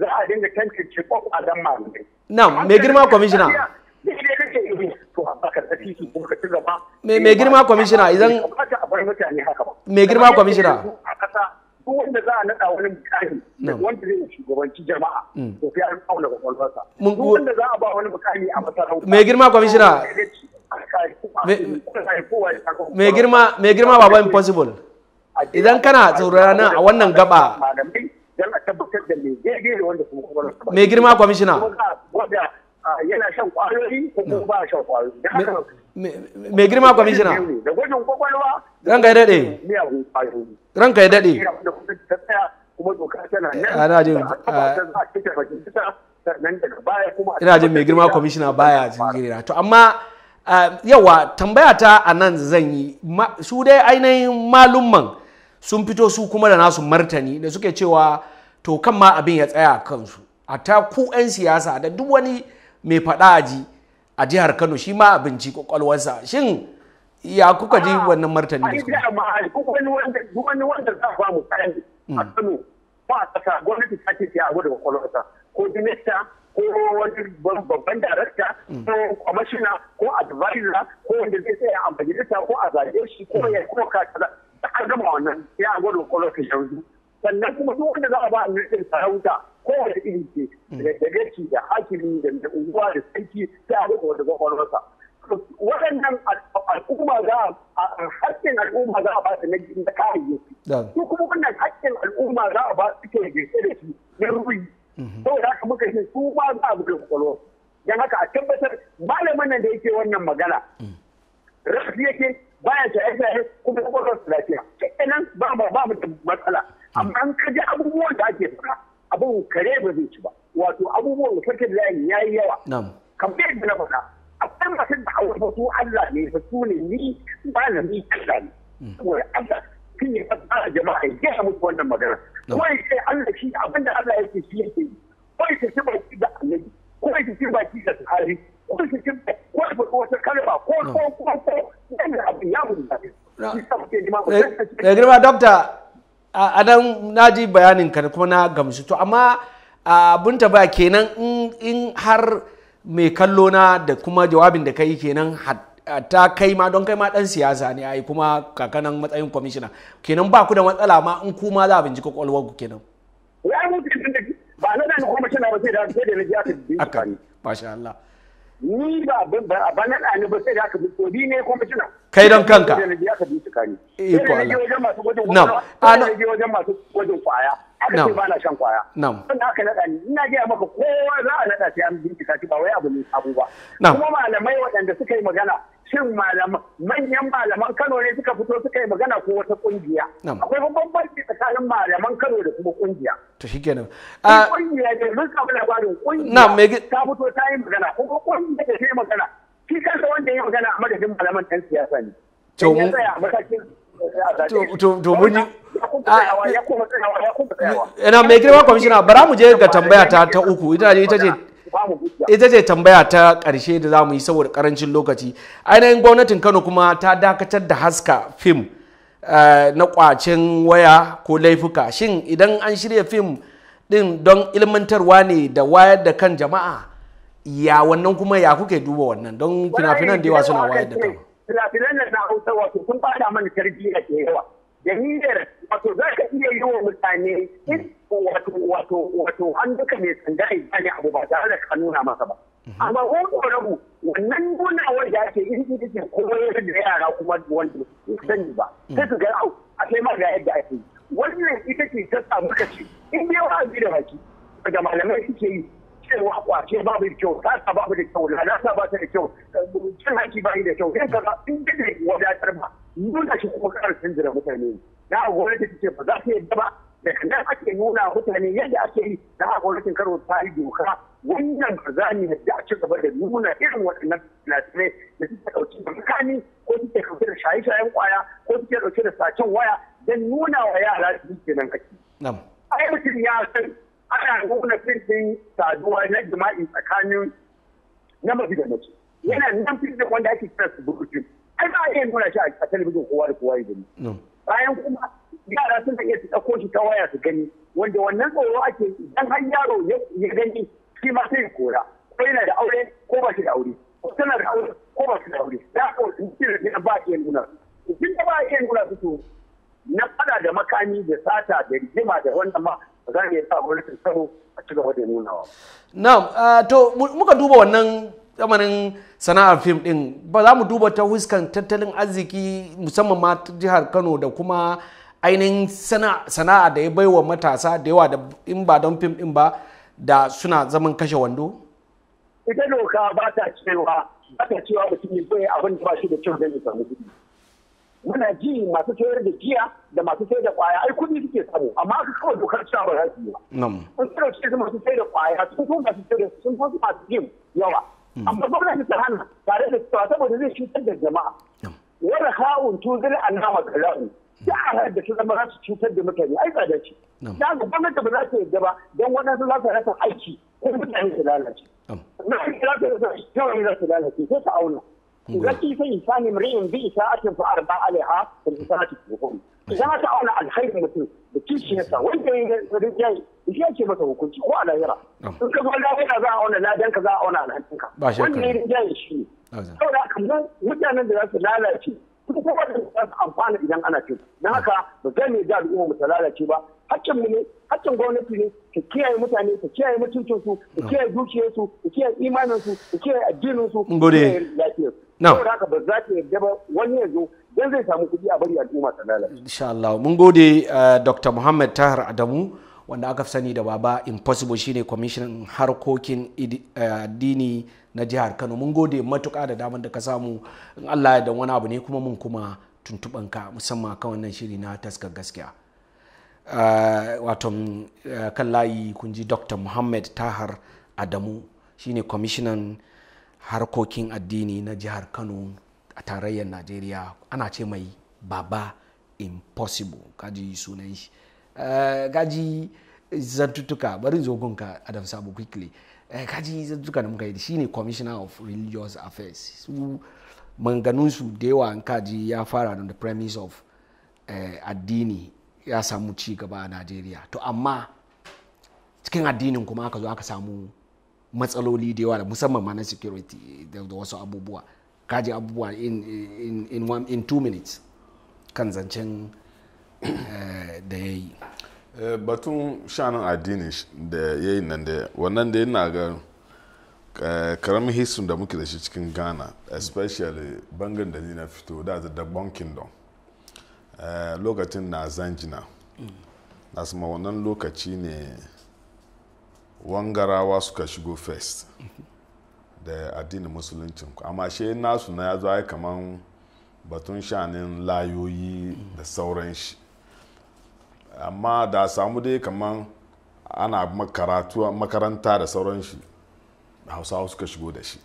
Za a dinga tantance kwakwalen malamai. Na'am mai girma kwamishina. Mai girma kwamishina idan ba girma kwamishina a a a ba wani me girma kwamishina me girma me girma impossible idan kana tsaurara nan a wannan gaba dan a tabbatar da me girma kwamishina yana shan kwayoyi ko kuma ba shan kwayoyi da mai girma kwamishina da gwajin kwakwalwa ranka ya daɗe ranka ya daɗe ana jin ina jin mai girma kwamishina baya jingirina to amma yawa tambaya ta a nan zan yi su dai ainihin malumman sun fito su kuma da nasu martani da suke cewa to kan ma abin ya tsaya a kansu a ta ku 'yan siyasa da duk wani mai faɗa ji a jihar Kano shi ma abinci kwakwalwarsa shin ya kuka ji ah, wannan martani da kuma wani wanda wani wanda za ba mu kayan a hmm. Kano ba saka gwamnati ta ce ya abu da kwakwalwarsa ko minista ko wani babban darakta hmm. ko kwamishina ko advisor ko wanda zai tsaya a majalisa ko a zaɓe shi ko hmm. ya ko ka da an gama wannan ya gwada kwakwalwarsa yanzu sannan kuma duk wanda za a ba a nufin sarauta kowace irin ce mm. da gaci da hakimi da unguwa da sarki ta a rika wata kwakwalwarsa waɗannan al'umma za a haƙƙin al'umma za a ba su na kayayyaki su kuma wannan haƙƙin al'umma za a ba su ke gaishe da shi na mm-hmm. sau da haka muka ce su ma za a buga kwakwalwa don haka a tabbatar malamin nan da yake wannan magana mm. rafi yake baya ta aiki ne kuma kwakwalwarsa lafiya kenan ba ba mu matsala mm. amma an kaji abubuwan da ake faɗa abin kare ba zai ci ba wato abubuwan da sarkin da ya yi yawa kamar da na faɗa akwai masu da aure su Allah ne fa su ne ni ba na ni Allah ne saboda Allah shi ne fata jama'a ya ga mutu wannan magana wai sai Allah shi abin da Allah ya yake shi yake yi wai sai shi baki da annabi wai sai shi baki da sahabi wai sai shi wai fa wata kalma ko ko ko ko dan abin ya mun da shi sai ke ma ko sai girma doctor a nan na ji bayanin ka kuma na gamsu to amma abin ta ba kenan in har mai kallo na da kuma jawabin da kai kenan ta kai ma don kai ma dan siyasa ne ai kuma kakanan matsayin kwamishina kenan ba ku da matsala ma in kuma za a bincika kwalwar ku kenan ba na da ni kwamishina ba sai da sai da ni ji aka bi ba Allah ni ba ba naɗa ni ba sai da aka bi ni ne kwamishina kai don kanka sai na je aka bincika ni na wajen masu gwajin kwaya sai na je wajen masu gwajin kwaya aka ce ba na shan kwaya sannan aka naɗa ni ina gaya maka kowa za a naɗa sai an bincika ba wai abu ne abu ba kuma malamai waɗanda suka yi magana shin manyan malaman Kano ne suka fito suka yi magana ko wata kungiya. Akwai bambanci tsakanin malaman Kano da kuma kungiya. To shi kenan. Kungiya ah, ne mun samu labarin kungiya ta fito ta yi magana ko kungiya ta yi magana. Shi kansa wanda ya yi magana a madadin malaman ɗan siyasa ne. To mun. To mun yi. Ina mai girma kwamishina bara mu je ga tambaya ta uku ita ce ita ce tambaya ta ƙarshe da za mu yi saboda ƙarancin lokaci ainihin gwamnatin kano kuma ta dakatar da haska fim eh, na ƙwacen waya ko laifuka shin idan an shirya fim din don ilmantarwa ne da wayar da kan jama'a ya wannan kuma ya kuke duba wannan don finafinan da yawa suna wayar da kan finafinan nan na hausa wato sun fada mana tarbiyya da yawa da wato za ka iya yi wa mutane in wato wato wato an duka mai sanda a gane abu ba tare da ka nuna masa ba mhm. amma ko rabu wannan nunawar da ake in ji take koyar da yara kuma wanda sani ba mhm. sai su ga au a sai ma ga yadda ake yi wannan ita ce ta samu kace in dai wa'azi da baki da malamai suke yi cewa kwace babu da kyau kasa babu da kyau lalata ba ta da kyau cin haki ba da kyau yan kaza in ne wadatar ba nuna shi kuma karar mutane na gwamnati ta ce ba za ta yadda ba da kan ake nuna mutane yadda ake yi na haka gwamnatin karo ta yi doka wannan ba za mu yadda a ci gaba da nuna irin waɗannan filatinai da suke ɗauke da makami ko suke ɗauke da shaye-shayen kwaya ko suke ɗauke da sacen waya don nuna wa yara su ke nan A Ai mutum ya san ana nuna fitin saduwa na jima'i tsakanin na mafi da mace. Yana nan fitin wanda ake kira su burutun. Ai ba a iya nuna shi a talabijin kowa da kowa ya gani. Bayan kuma yara sun iya su ɗauko shi ta waya su gani wanda wannan tsoro ake idan har yaro ya gani shi ma sai kora ko yana da aure ko ba shi da aure ko tana da aure ko ba shi da aure da ko ci da ba iya nuna idan da ba iya nuna su to na fada da makami da sata da rigima da wannan ma za mu iya sa gwamnatin tsaro a ci gaba da nunawa. Na'am, to muka duba wannan tsamanin sana'ar fim ɗin ba za mu duba ta huskan tattalin arziki musamman ma jihar Kano da kuma ainihin sana'a da ya baiwa matasa da yawa da in ba don fim din ba da suna zaman kashe wando? Ita doka ba ta cewa ba ta cewa mutum ya bai abin da ba shi da kyau zai samu kuɗi. Muna ji masu sayar da giya da masu sayar da kwaya ai kuɗi suke samu amma aka kawo dokar cewa ba za su yi ba. Nam. Sun su masu sayar da kwaya sun kuma masu sayar da sun masu yawa. Mm. Amma gwamnati ta hana tare da cewa saboda zai cutar da jama'a. Wara kawun a annama kala'u da a da ta zama za su cutar da mutane ai tsada ce ya ga gwamnati ba za ta yarda ba don waɗansu za su rasa aiki ko mutane su lalace na aiki za su rasa yawan za su lalace sai ta auna zaki sai insani in bi atin fa arba alaiha fa isa'atin hukum idan aka auna alkhairin mutum da kishiyarsa wanda ya rinjaye shi ce masa hukunci ko a lahira in ka zo lahira za a auna ladan ka za a auna alhakinka wanda ya rinjaye shi ne saboda haka mutanen da za su lalace kuma kowa da za su amfana idan ana cin don haka ba zai ne da al'umma mu ta lalace ba hakkin mu ne hakkin gwamnati ne ta kiyaye mutane ta kiyaye mutuncin su ta kiyaye dukiyar su ta kiyaye imanin su ta kiyaye addinin su ta saboda haka ba za ta yarda ba wani yanzu dan zai samu kuɗi a bari al'umma ta lalace insha Allah mun gode eh, Dr. Muhammad Tahar Adamu wanda aka fi sani da baba impossible shine kwamishinan harkokin eh, addini na jihar kano mun gode matuka da damar da ka samu in allah ya wani abu ne kuma mun kuma ka musamman kan wannan shiri na taskar gaskiya eh, wato eh, kan layi kun ji dr muhammad tahar adamu shine kwamishinan harkokin addini na jihar kano a tarayyar najeriya ana ce mai baba impossible kaji sunan shi gaji eh, zantutuka bari zo gunka adam sabo quickly eh, kaji zantutuka da muka yi shine commissioner of religious affairs su manganunsu da yawa kaji ya fara on the premise of eh, addini ya samu ci gaba a najeriya to amma cikin addinin kuma aka zo aka samu matsaloli da yawa da musamman ma security da wasu abubuwa kaji abubuwa in, in, in, in two minutes kan zancen da ya yi eh, batun shanin addini da ya yi nan da wannan da yana ga eh, karamin hisun da muke da shi cikin ghana especially bangin da ni na fito da the dabon kingdom eh, lokacin na zanjina na sama wannan lokaci ne wangarawa suka shigo first da addinin musuluncin amma shi nasu na ya zo kaman batun shanin layoyi da sauran shi amma da samu dai kaman ana makaratu makaranta da sauran shi hausawa suka shigo da shi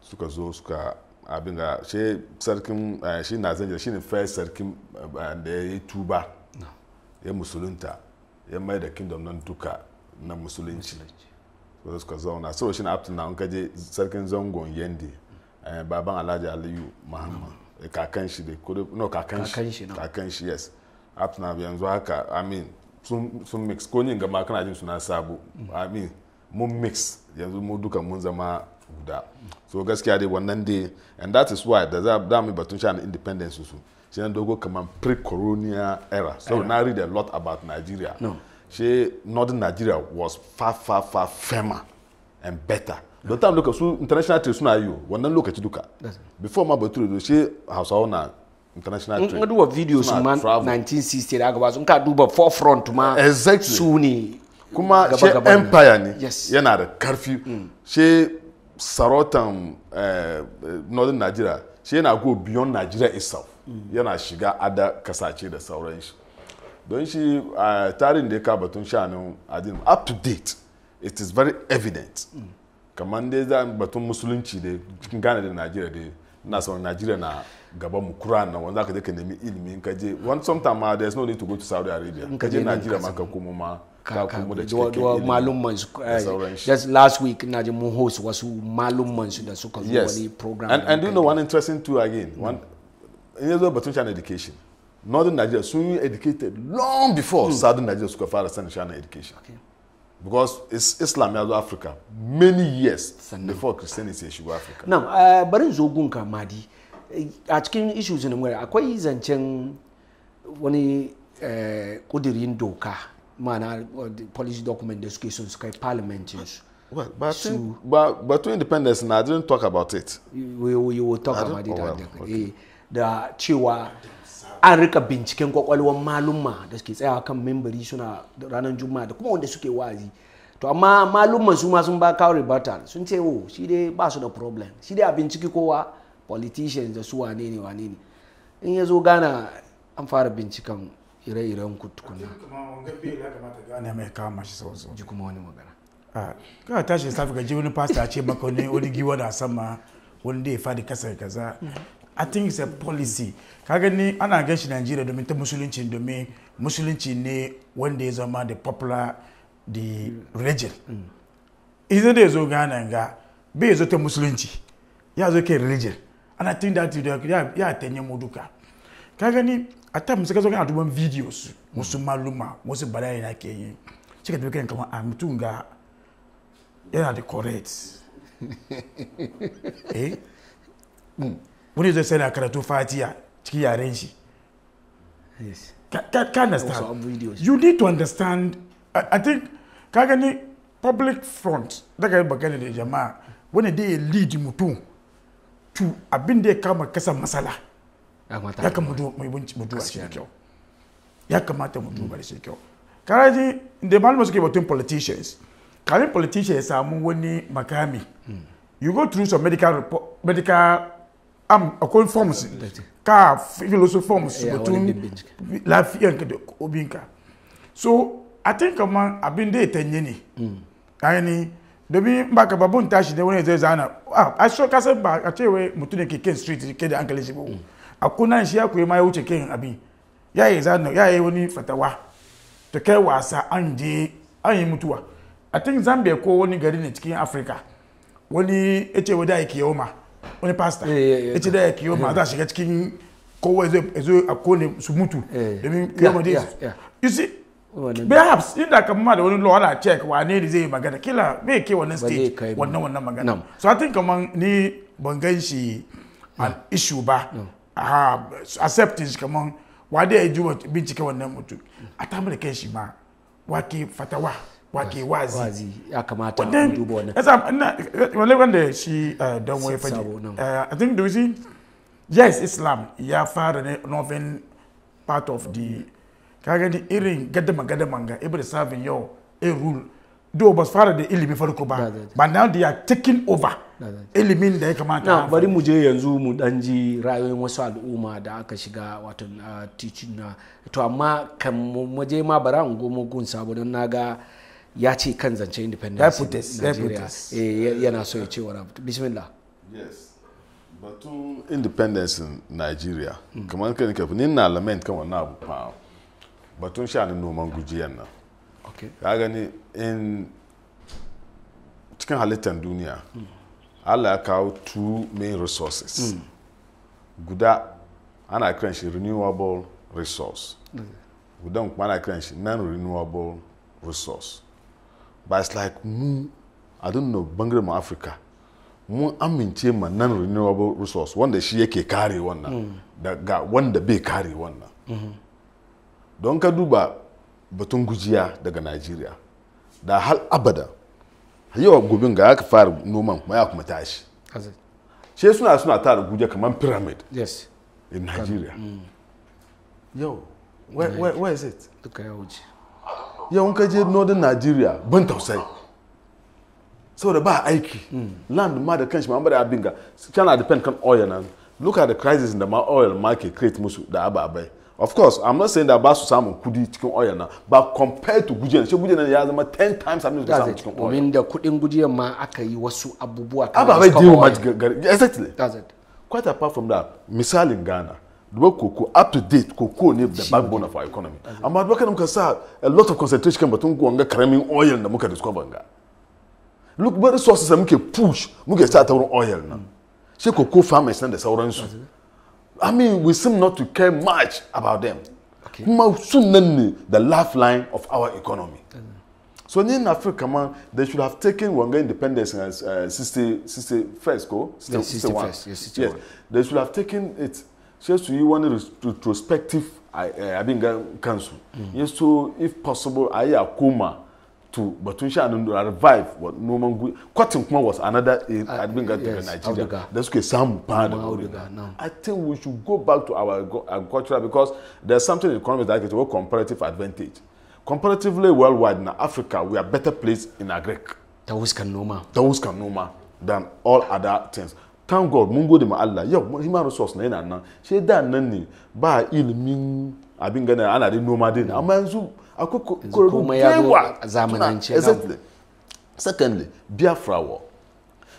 suka zo suka abin da shi sarkin eh, shi na zanjar shi ne first sarkin eh, da ya yi tuba ya musulunta ya mai da kingdom nan duka na musulunci suka zauna so shi na abtun na unkaje sarkin zangon yande eh, baban alhaji aliyu muhammad kakan shi da kudu no kakan shi kakan shi yes up na yanzu haka i mean sun mix ko yin gama kana jin suna sabu i mean mun mix yanzu mu duka mun zama guda so gaskiya dai wannan dai and that is why da za da mu batun sha independence su shi nan dogo kaman pre-colonial era so na read a lot about nigeria no. she northern nigeria was far far far firmer and better don ta lokaci su international trade suna yi wannan lokaci duka before ma bature do she hausawa na international trade in duba videos ma 1960 da aka ba ka duba forefront ma exactly su ne kuma she empire ne yana da karfi mm. she sarautan eh, eh, northern nigeria she yana go beyond nigeria itself mm. yana shiga ada kasace da sauran shi don shi tarihin da ya ka batun shanin adin up to date it is very evident mm. kamar dai za batun musulunci da cikin ghana da nigeria dai na sauran nigeria na gaban mu kuran nan wanda aka je ka nemi ilimi in kaje one sometime ma there's no need to go to Saudi Arabia in kaje je Najeriya ma ka komo ma ka komo da cikakken malumman su eh, just last week na je mun host wasu malumman su da suka zo wani program and, and you know one interesting too again mm. one in yanzu batun shan education northern Nigeria sun yi educated long before hmm. southern Nigeria suka fara sanin shan education okay. because is islam ya zo africa many years before christianity ya shigo africa now barin eh, bari zo gunka madi a cikin issues na mura akwai zancen wani kudirin eh, doka mana policy document da suke sun suka kai parliamentin su ba but, to independence, na I didn't talk about it. We, we will talk about it. Oh, eh, da cewa an rika binciken kwakwalwar malumma da suke tsayawa kan membari suna ranar juma'a da kuma wanda suke wazi. To amma malumma su ma sun ba kawo rebuttal sun ce wo oh, shi dai ba su da problem shi dai a binciki kowa politicians da su wane ne wane ne in ya zo gana an fara binciken ire-iren kutukuna ji kuma wani magana ka tashi safi ga wani pastor ce maka wani giwa da sama wani da ya fadi kasar kaza i think it's a policy ka gani ana gan shi nigeria domin ta musulunci domin musulunci ne wanda ya zama the popular the religion mm. idan da ya zo gana ga bai zo ta musulunci ya zo kai religion and da think da ya ta nye mu duka ka gani a ta musu kazo kana video videos musu maluma musu bala'i na ke ye shi ka tafi kiran kamar a ah, mutum ga yana da correct eh hmm. wani zai sai na karatu fatiya cikin yaren shi ka understand you need to understand i, I think ka gani public front daga yi bagana da jama'a wani dai lead mutum tu abin da ya kama kasa masala ya kamata mu duba shi da kyau ya kamata mu duba shi da kyau karaji da malama suke batun politicians kamin politician ya samu wani makami hmm. you go through some medical report, medical am um, akwai forms ka philosophy forms batun lafiyanka da obinka so a tinka man abin da ya tanye ne hmm. ainihin domin ba ka babun tashi da wani zai zana a shi kasar ba a ce wai mutum ne ke kin street ke da hankali shi mm. bugu a kuna shi ya kuwa ma ya wuce kin abi ya yi zana ya yi wani fatawa ta kai wasa an je an yi mutuwa a tun zambia ko wani gari ne cikin afirka wani ya ce wadda ya kiyo ma wani pasta ya ce da ya kiyo ma za a shiga cikin kowai zai a kone su mutu domin ma dai perhaps inda ka ma da wani law ana check wane ne zai magana kila bai ke wannan stage wannan wannan magana so i think kaman ni ban gan shi an issue ba a acceptance kaman wade ya ji bincike wannan mutum a ta da kai shi ma wake fatawa wake wazi ya kamata a duba wannan yasa ina wani wanda shi dan waye faji i think do you see yes islam ya fara ne northern part of the ka gani irin gadama gadaman ga ibn sabin yau a rule do ba su fara da ilimi farko ba ba now they are taking over ilimin da ya kamata na bari mu je yanzu mu dan ji ra'ayoyin wasu al'umma da aka shiga wato teaching na to amma kan mu je ma bara ungo mu gun sabo na ga ya ce kan zance independence Nigeria eh, yana so ya ce wa abu bismillah yes batun independence Nigeria hmm. kamar kan ka ni na lament kan wannan abu batun shanin noman gujiyan nan ya gani in cikin halittar duniya allah ya kawo two main resources hmm. guda ana kiran shi renewable resource guda kuma ana kiran shi non-renewable resource but it's like mu i don't know bangare mu africa mun amince ma non-renewable resource wanda shi yake kare wannan hmm. daga wanda bai kare wannan hmm. don ka duba batun gujiya daga najeriya da hal abada yawa gobin ga aka fara noman ma ya kuma tashi shi suna suna tara gujiya kamar pyramid yes in nigeria mm. yau where is it duka ya wuce yau ka je northern nigeria ban tausayi saboda ba aiki mm. land ma da kanshi ma ba abin ga kana depend kan oil na look at the crisis in the oil market create musu da ababai of course i'm not saying that basu samu samun kudi cikin oil na but compared to gujiyan shi gujiyan ya zama 10 times abin da samu cikin oil domin da kudin gujiyan ma aka yi wasu abubuwa kamar ababai da yawa gari exactly quite apart from that misalin ghana duba koko up to date koko ne the backbone of our economy amma duba kan muka sa a lot of concentration kan batun wanga karamin oil da muka discover ga look ba resources da muke push muke sa ta wurin oil nan mm. sai koko farmers nan da sauransu I mean, we seem not to care much about them. Okay. The lifeline of our economy. So in Africa, man, they should have taken Wanga independence as uh, 60, 60 first, go? 60, yes, 60 first. Yes, 60 yes. They should have taken it. Just to you want one retrospective, I, uh, I mean, council. Mm. Yes, so if possible, I Akuma. to batun sha'anin revive wa noman cotton kuma was another eh, abin ah, ga daga Nigeria da suke samu fa da auduga I think we should go back to our agriculture because there's something in economics that gets a comparative advantage comparatively worldwide na Africa we are better placed in agric ta huskan noma ta huskan noma than all other things thank God mun gode ma Allah yau human resource na yana nan shi da nan ne ba ilimin abin gana ana da noma din amma yanzu akwai korafin yawa zamanance exactly secondly biafra war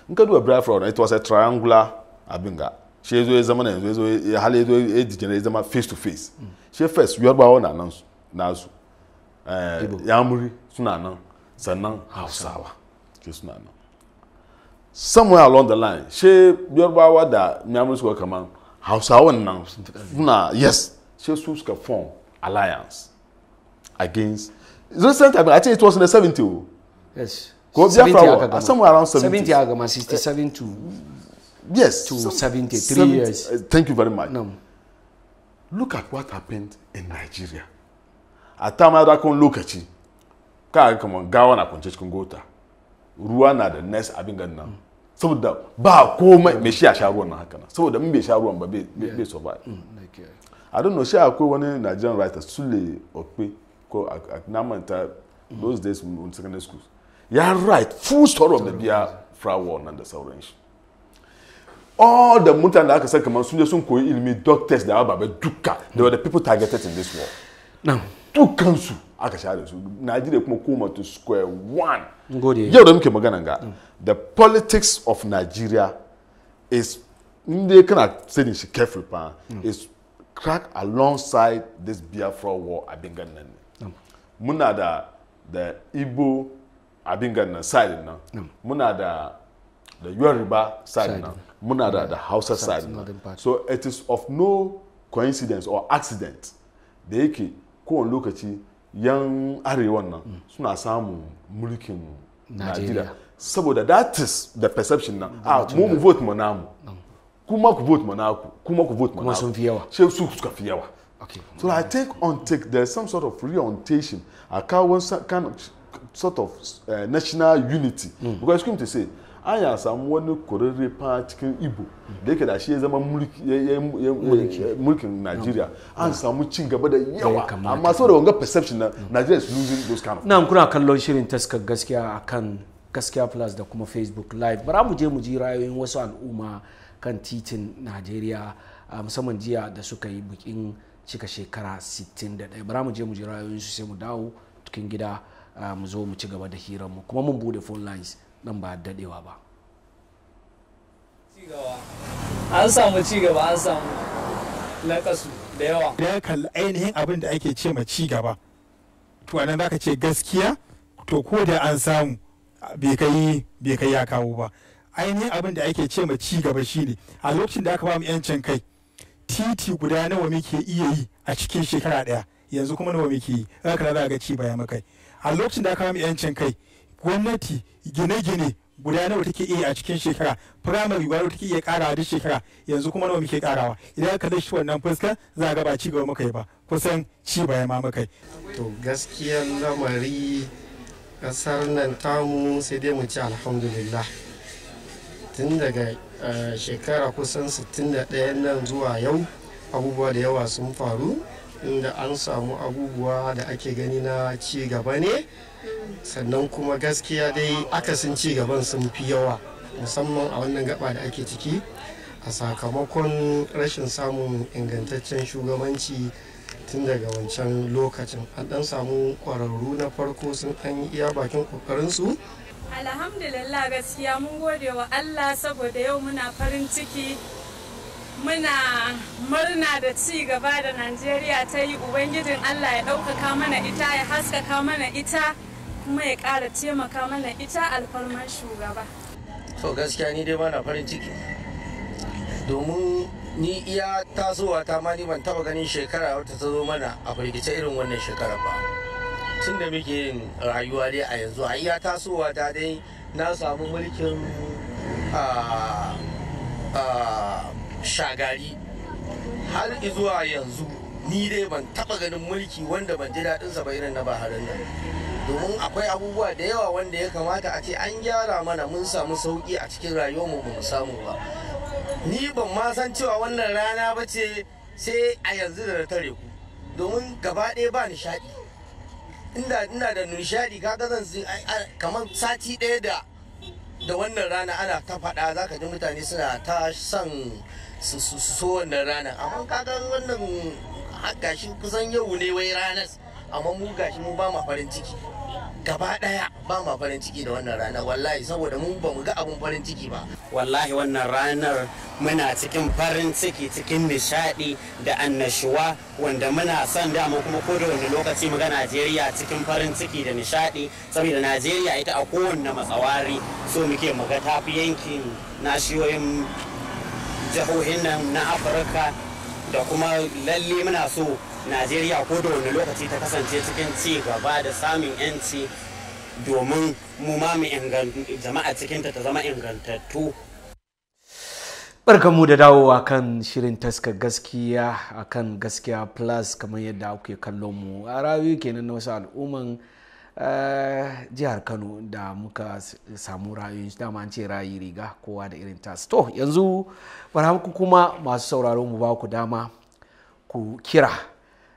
in ka duba biafra war it was a triangular abin ga shi ya zo ya zama na yanzu ya hali ya zo ya dijina zama face to face mm. shi first yarbawa na nan nasu eh, yamuri suna nan sannan hausawa ke suna nan somewhere along the line she yarbawa da yamuri suka kaman hausawan nan suna yes she su suka form alliance against recent time i think it was in the 70 yes ko biafra war somewhere around 70 70 agama 67 eh, to yes to 73 70, eh, years uh, thank you very much no. look at what happened in nigeria a da kun lokaci ka kamar gawa na kwance cikin gota ruwa na mm. da nes abin gan nan saboda ba komai mai shi a sha ruwan nan haka nan saboda in bai sha ruwan ba bai survive mm, i don't know shi akwai wani nigerian writer sule okpe ko na manta those days in secondary school ya write full story of the biya war nan da sauran shi all the mutane da aka san kamar sun je sun koyi ilimi doctors da ababe duka they were the people targeted in this war now dukansu aka share su najeriya kuma koma to square one yau da muke magana ga the politics of nigeria is inda kana sani shi careful fa is crack alongside this biafra war a bingan muna da da igbo abin gannan sa'in nan muna da da yoruba sa'in nan muna da da hausa sa'in nan so it is of no coincidence or accident da yake kowane lokaci yan arewan nan mm. suna samun mulkin Nigeria. saboda that is the perception nan a ah, mu mu vote mu namu kuma ku vote mu naku kuma ku vote mu naku kuma sun fi yawa sai su suka fi yawa Okay. So I take on take there's some sort of reorientation. I can some kind of sort of uh, national unity. Mm. Because going to say an yi samu wani kurere fa cikin ibo. da yake da shi ya zama mulkin nigeria an samu cin gaba da yawa amma saboda wanga perception na hmm. nigeria is losing those kind of na kuna kallon shirin taska gaskiya akan gaskiya plus da kuma facebook live bara mu je mu ji ra'ayoyin wasu al'umma kan titin nigeria musamman um, jiya da suka yi bikin cika shekara 61 bara mu je mu ji ra'ayoyinsu sai mu dawo cikin gida ah, mu zo mu ci gaba da hiranmu kuma mun bude phone lines nan ba dadewa ba an samu cigaba an samu kasu da yawa da ya kalli ainihin abin da ake ce ma cigaba to anan zaka ce gaskiya to ko da an samu bai kai bai kai ya kawo ba ainihin abin da ake ce ma cigaba shine a lokacin da aka ba mu yancin kai titi guda nawa muke iya yi a cikin shekara ɗaya yanzu kuma nawa muke yi haka za ga ci baya makai a lokacin da aka mu yancin kai gwamnati gine-gine guda nawa take iya a cikin shekara firamare guda take iya kara duk shekara yanzu kuma nawa muke karawa idan ka shi wannan fuska za ga ba ci gaba maka yi ba kusan ci baya ma maka. to gaskiyar lamari kasar nan tamu sai dai mu ci alhamdulillah tun daga shekara kusan 61 nan zuwa yau abubuwa da yawa sun faru inda an samu abubuwa da ake gani na ci gaba ne sannan kuma gaskiya dai aka sun ci gaban sun fi yawa musamman a wannan gaba da ake ciki a sakamakon rashin samun ingantaccen shugabanci tun daga wancan lokacin an dan samu kwararru na farko sun an iya bakin kokarin su alhamdulillah gaskiya mun gode wa allah saboda yau muna farin ciki muna murna da ci gaba da najeriya ta yi ubangijin allah ya ɗaukaka mana ita ya haskaka mana ita kuma ya ƙara taimaka mana ita alfarman shugaba to gaskiya ni dai bana farin ciki domin ni iya tasowa ta ma ban taba ganin shekara wata ta zo mana a firgice irin wannan shekarar ba tun da muke yin rayuwa dai a yanzu a iya tasowa ta dai na samu mulkin shagari har zuwa yanzu ni dai ban taba ganin mulki wanda ban ji daɗinsa ba irin na baharin nan domin akwai abubuwa da yawa wanda ya kamata a ce an gyara mana mun samu sauƙi a cikin rayuwarmu mu samu ba ni ban ma san cewa wannan rana ba ce sai a yanzu da na tare ku domin gaba ɗaya ba nishaɗi inda ina da nishadi kaga zan kamar sati ɗaya da da wannan rana ana ta faɗa za ka ji mutane suna ta son su so wannan rana amma kaga wannan gashi kusan yau ne wai ranar amma mu gashi mu ba ma farin ciki gaba daya ba ma farin ciki da wannan rana wallahi saboda mu ba mu ga abun farin ciki ba wallahi wannan ranar muna cikin farin ciki cikin nishadi da annashuwa wanda muna son dama kuma ko da wani lokaci mu ga Najeriya cikin farin ciki da nishadi saboda Najeriya ita a kowanne matsawari so muke mu ga tafi yankin nashiyoyin jihohin nan na Afirka da kuma lalle muna so najeriya ko da wani lokaci ta kasance cikin ci gaba da samun yanci domin mu ma mu jama'a cikinta ta zama ingantattu barkanmu da dawowa kan shirin taska gaskiya akan gaskiya plus kamar yadda kuke kallon mu a rayu kenan na wasu al'umman eh, jihar kano da muka samu rayu shi dama an ce rayu riga kowa da irin tas to yanzu barhamku kuma masu sauraron mu ba ku dama ku kira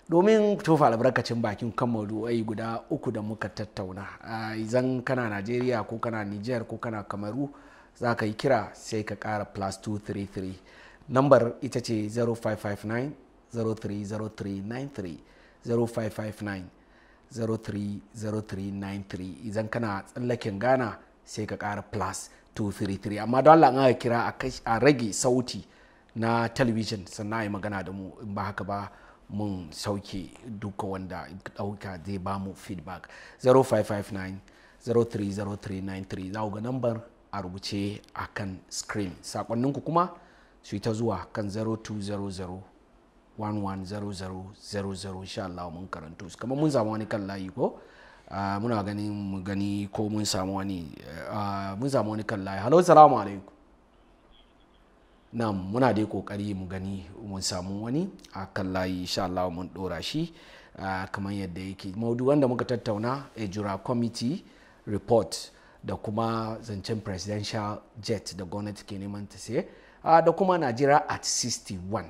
domin tofa albarkacin bakin kan maudu'ai guda uku da muka tattauna a zan kana najeriya ko kana niger ko kana kamaru za ka yi kira sai ka kara plus 233 nambar ita ce 0559 030393 0559 idan kana tsallaken ghana sai ka kara plus 233 amma don Allah kira a rage sauti na talabijin sannan a yi magana da mu in ba haka ba mun sauke duka wanda ɗauka zai ba mu feedback 0559-030393 za ga nambar a rubuce a kan screen sakonninku kuma su yi ta zuwa kan 0200 110000 sha Allah mun karanto su kamar mun zama wani kan layi ko ah, muna gani mu gani ko mun samu wani eh, ah, mun wani kan layi hallo salamu alaikum na muna da kokari mu gani mun samu wani a kan layi sha Allah mun dora shi kamar yadda yake maudu wanda muka tattauna ejura committee report da kuma zancen presidential jet da gwamnati ke neman ta sai da kuma najira at 61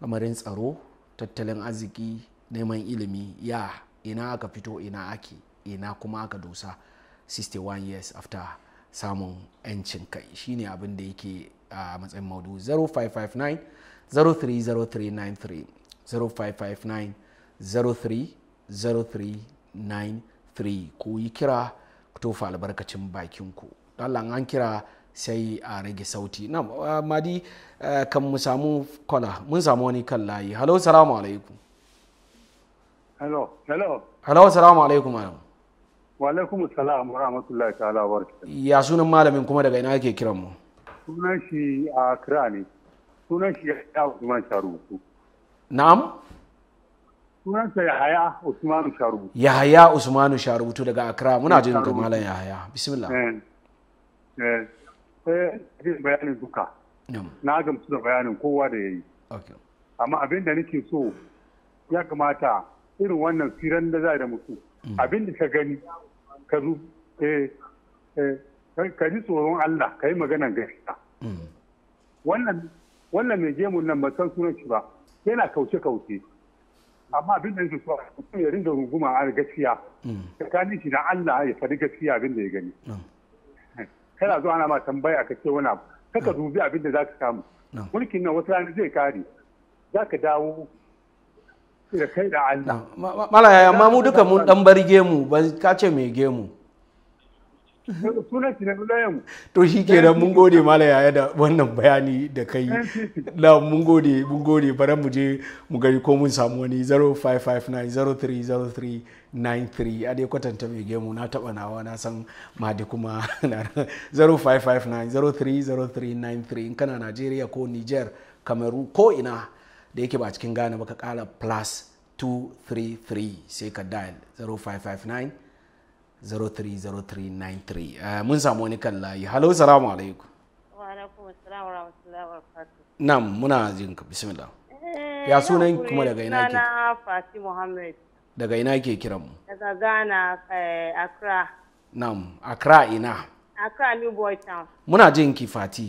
lamarin tsaro tattalin arziki neman ilimi ya ina aka fito ina ake ina kuma aka dosa 61 years after samun 'yancin kai shine abin da yake a matsayin maudu 0559 030393 0559 030393 ku yi kira ku tofa albarkacin bakinku Allah an kira sai a rage sauti na madi kan mu samu kwana, mun samu wani kan layi halo salamu alaikum halo halo halo salamu alaikum malam wa alaikum salam wa rahmatullahi ta'ala wa barakatuh ya sunan malamin kuma daga ina ake kiran mu sunan shi a kira ne sunan shi ya usman sharuku na'am sunansa yahaya usmanu sharubutu yahaya usmanu sharubutu daga akra muna eh, jin ka malam yahaya bismillah eh eh bayanin duka na gamsu da bayanin kowa da yayi amma abin da nake so ya kamata irin wannan firan da za da mutu mm. abin da ka gani ka zo eh eh ka ji tsoron Allah ka yi maganan gaskiya wannan mai gemun nan ba san sunan shi ba yana kauce kauce amma abin da yake so mutum ya rinda ruguma a gaskiya tsakanin shi na Allah ya faɗi gaskiya abin da ya gani kana zuwa ana ma tambaya ka ce wani abu kaka dubi abin da za ka samu mulkin nan wata rana zai kare za ka dawo da kai da Allah. Malaya, amma mu duka mun ɗan bar gemu, ka ce mai gemu. to shi na mu to shi kenan mun gode mala yaya da wannan bayani da kai na mun gode mun gode bari mu je mu gari ko mun samu wani 0559030393 a dai kwatanta mai gemu na taba nawa na san ma madi kuma 0559030393 in kana Najeriya ko Niger Kamaru ko ina da yake ba cikin Ghana ba ka kala plus 233 sai ka dial 0559 030393 eh, mun samu wani kan layi halau salamu alaikum wa na'am muna jin ka bismillah eh, ya sunan kuma daga ina ke Fati Muhammad daga ina ke kiran mu daga Ghana eh, Accra na'am Accra ina Accra New Boy Town muna jin ki Fati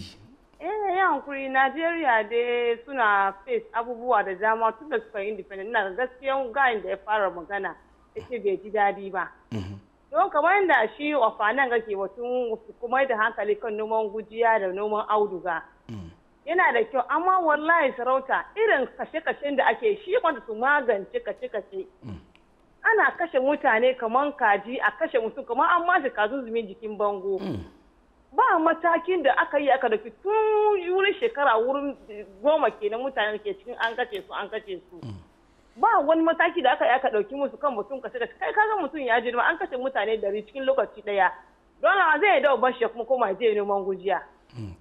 eh hankuri Najeriya de suna face abubuwa da dama tun da suka independent na gaskiyan gayin da ya fara magana ce bai ji daɗi ba mhm. don kamar da shi wafanan gake wasu kuma da hankali kan noman gujiya da noman auduga mm. yana da kyau amma wallahi sarauta irin kashe-kashen da ake shi wanda su magance kashe-kashe mm. ana kashe mutane kamar kaji a kashe mutum kamar an mace kazu zumin jikin bango mm. ba matakin da aka yi aka dafi tun wurin shekara wurin goma kenan mutane ke cikin an kace su an kace su ba wani mataki da aka yi aka ɗauki musu kan mutum kashe da kai kaga mutum ya jirma an kashe mutane dari cikin lokaci ɗaya dole zai dawo bashi ya kuma koma je noman gujiya mm.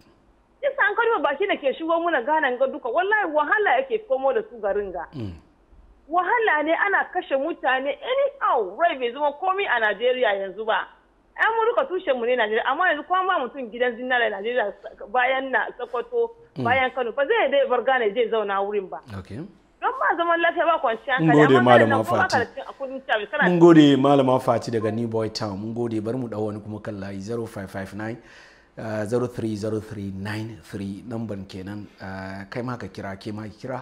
san an ba baki da ke shigo muna ganan ga duka wallahi wahala yake komo da su garin ga. Mm. Wahala ne ana kashe mutane how rai bai zama komi a Najeriya yanzu ba. An muruka duka tushen mu ne Najeriya amma yanzu kuma ba mutum gidan zina da Najeriya bayan na Sokoto mm. bayan Kano ba zai dai bar gane zai zauna wurin ba. kan ba zaman lafiya ba kwanciyar hankali gode malama fati mun gode malama fati daga new boy town mun gode bari mu dau wani kuma kan layi 0559 030393 uh, namban kenan uh, kai ma ka kira ke ma kira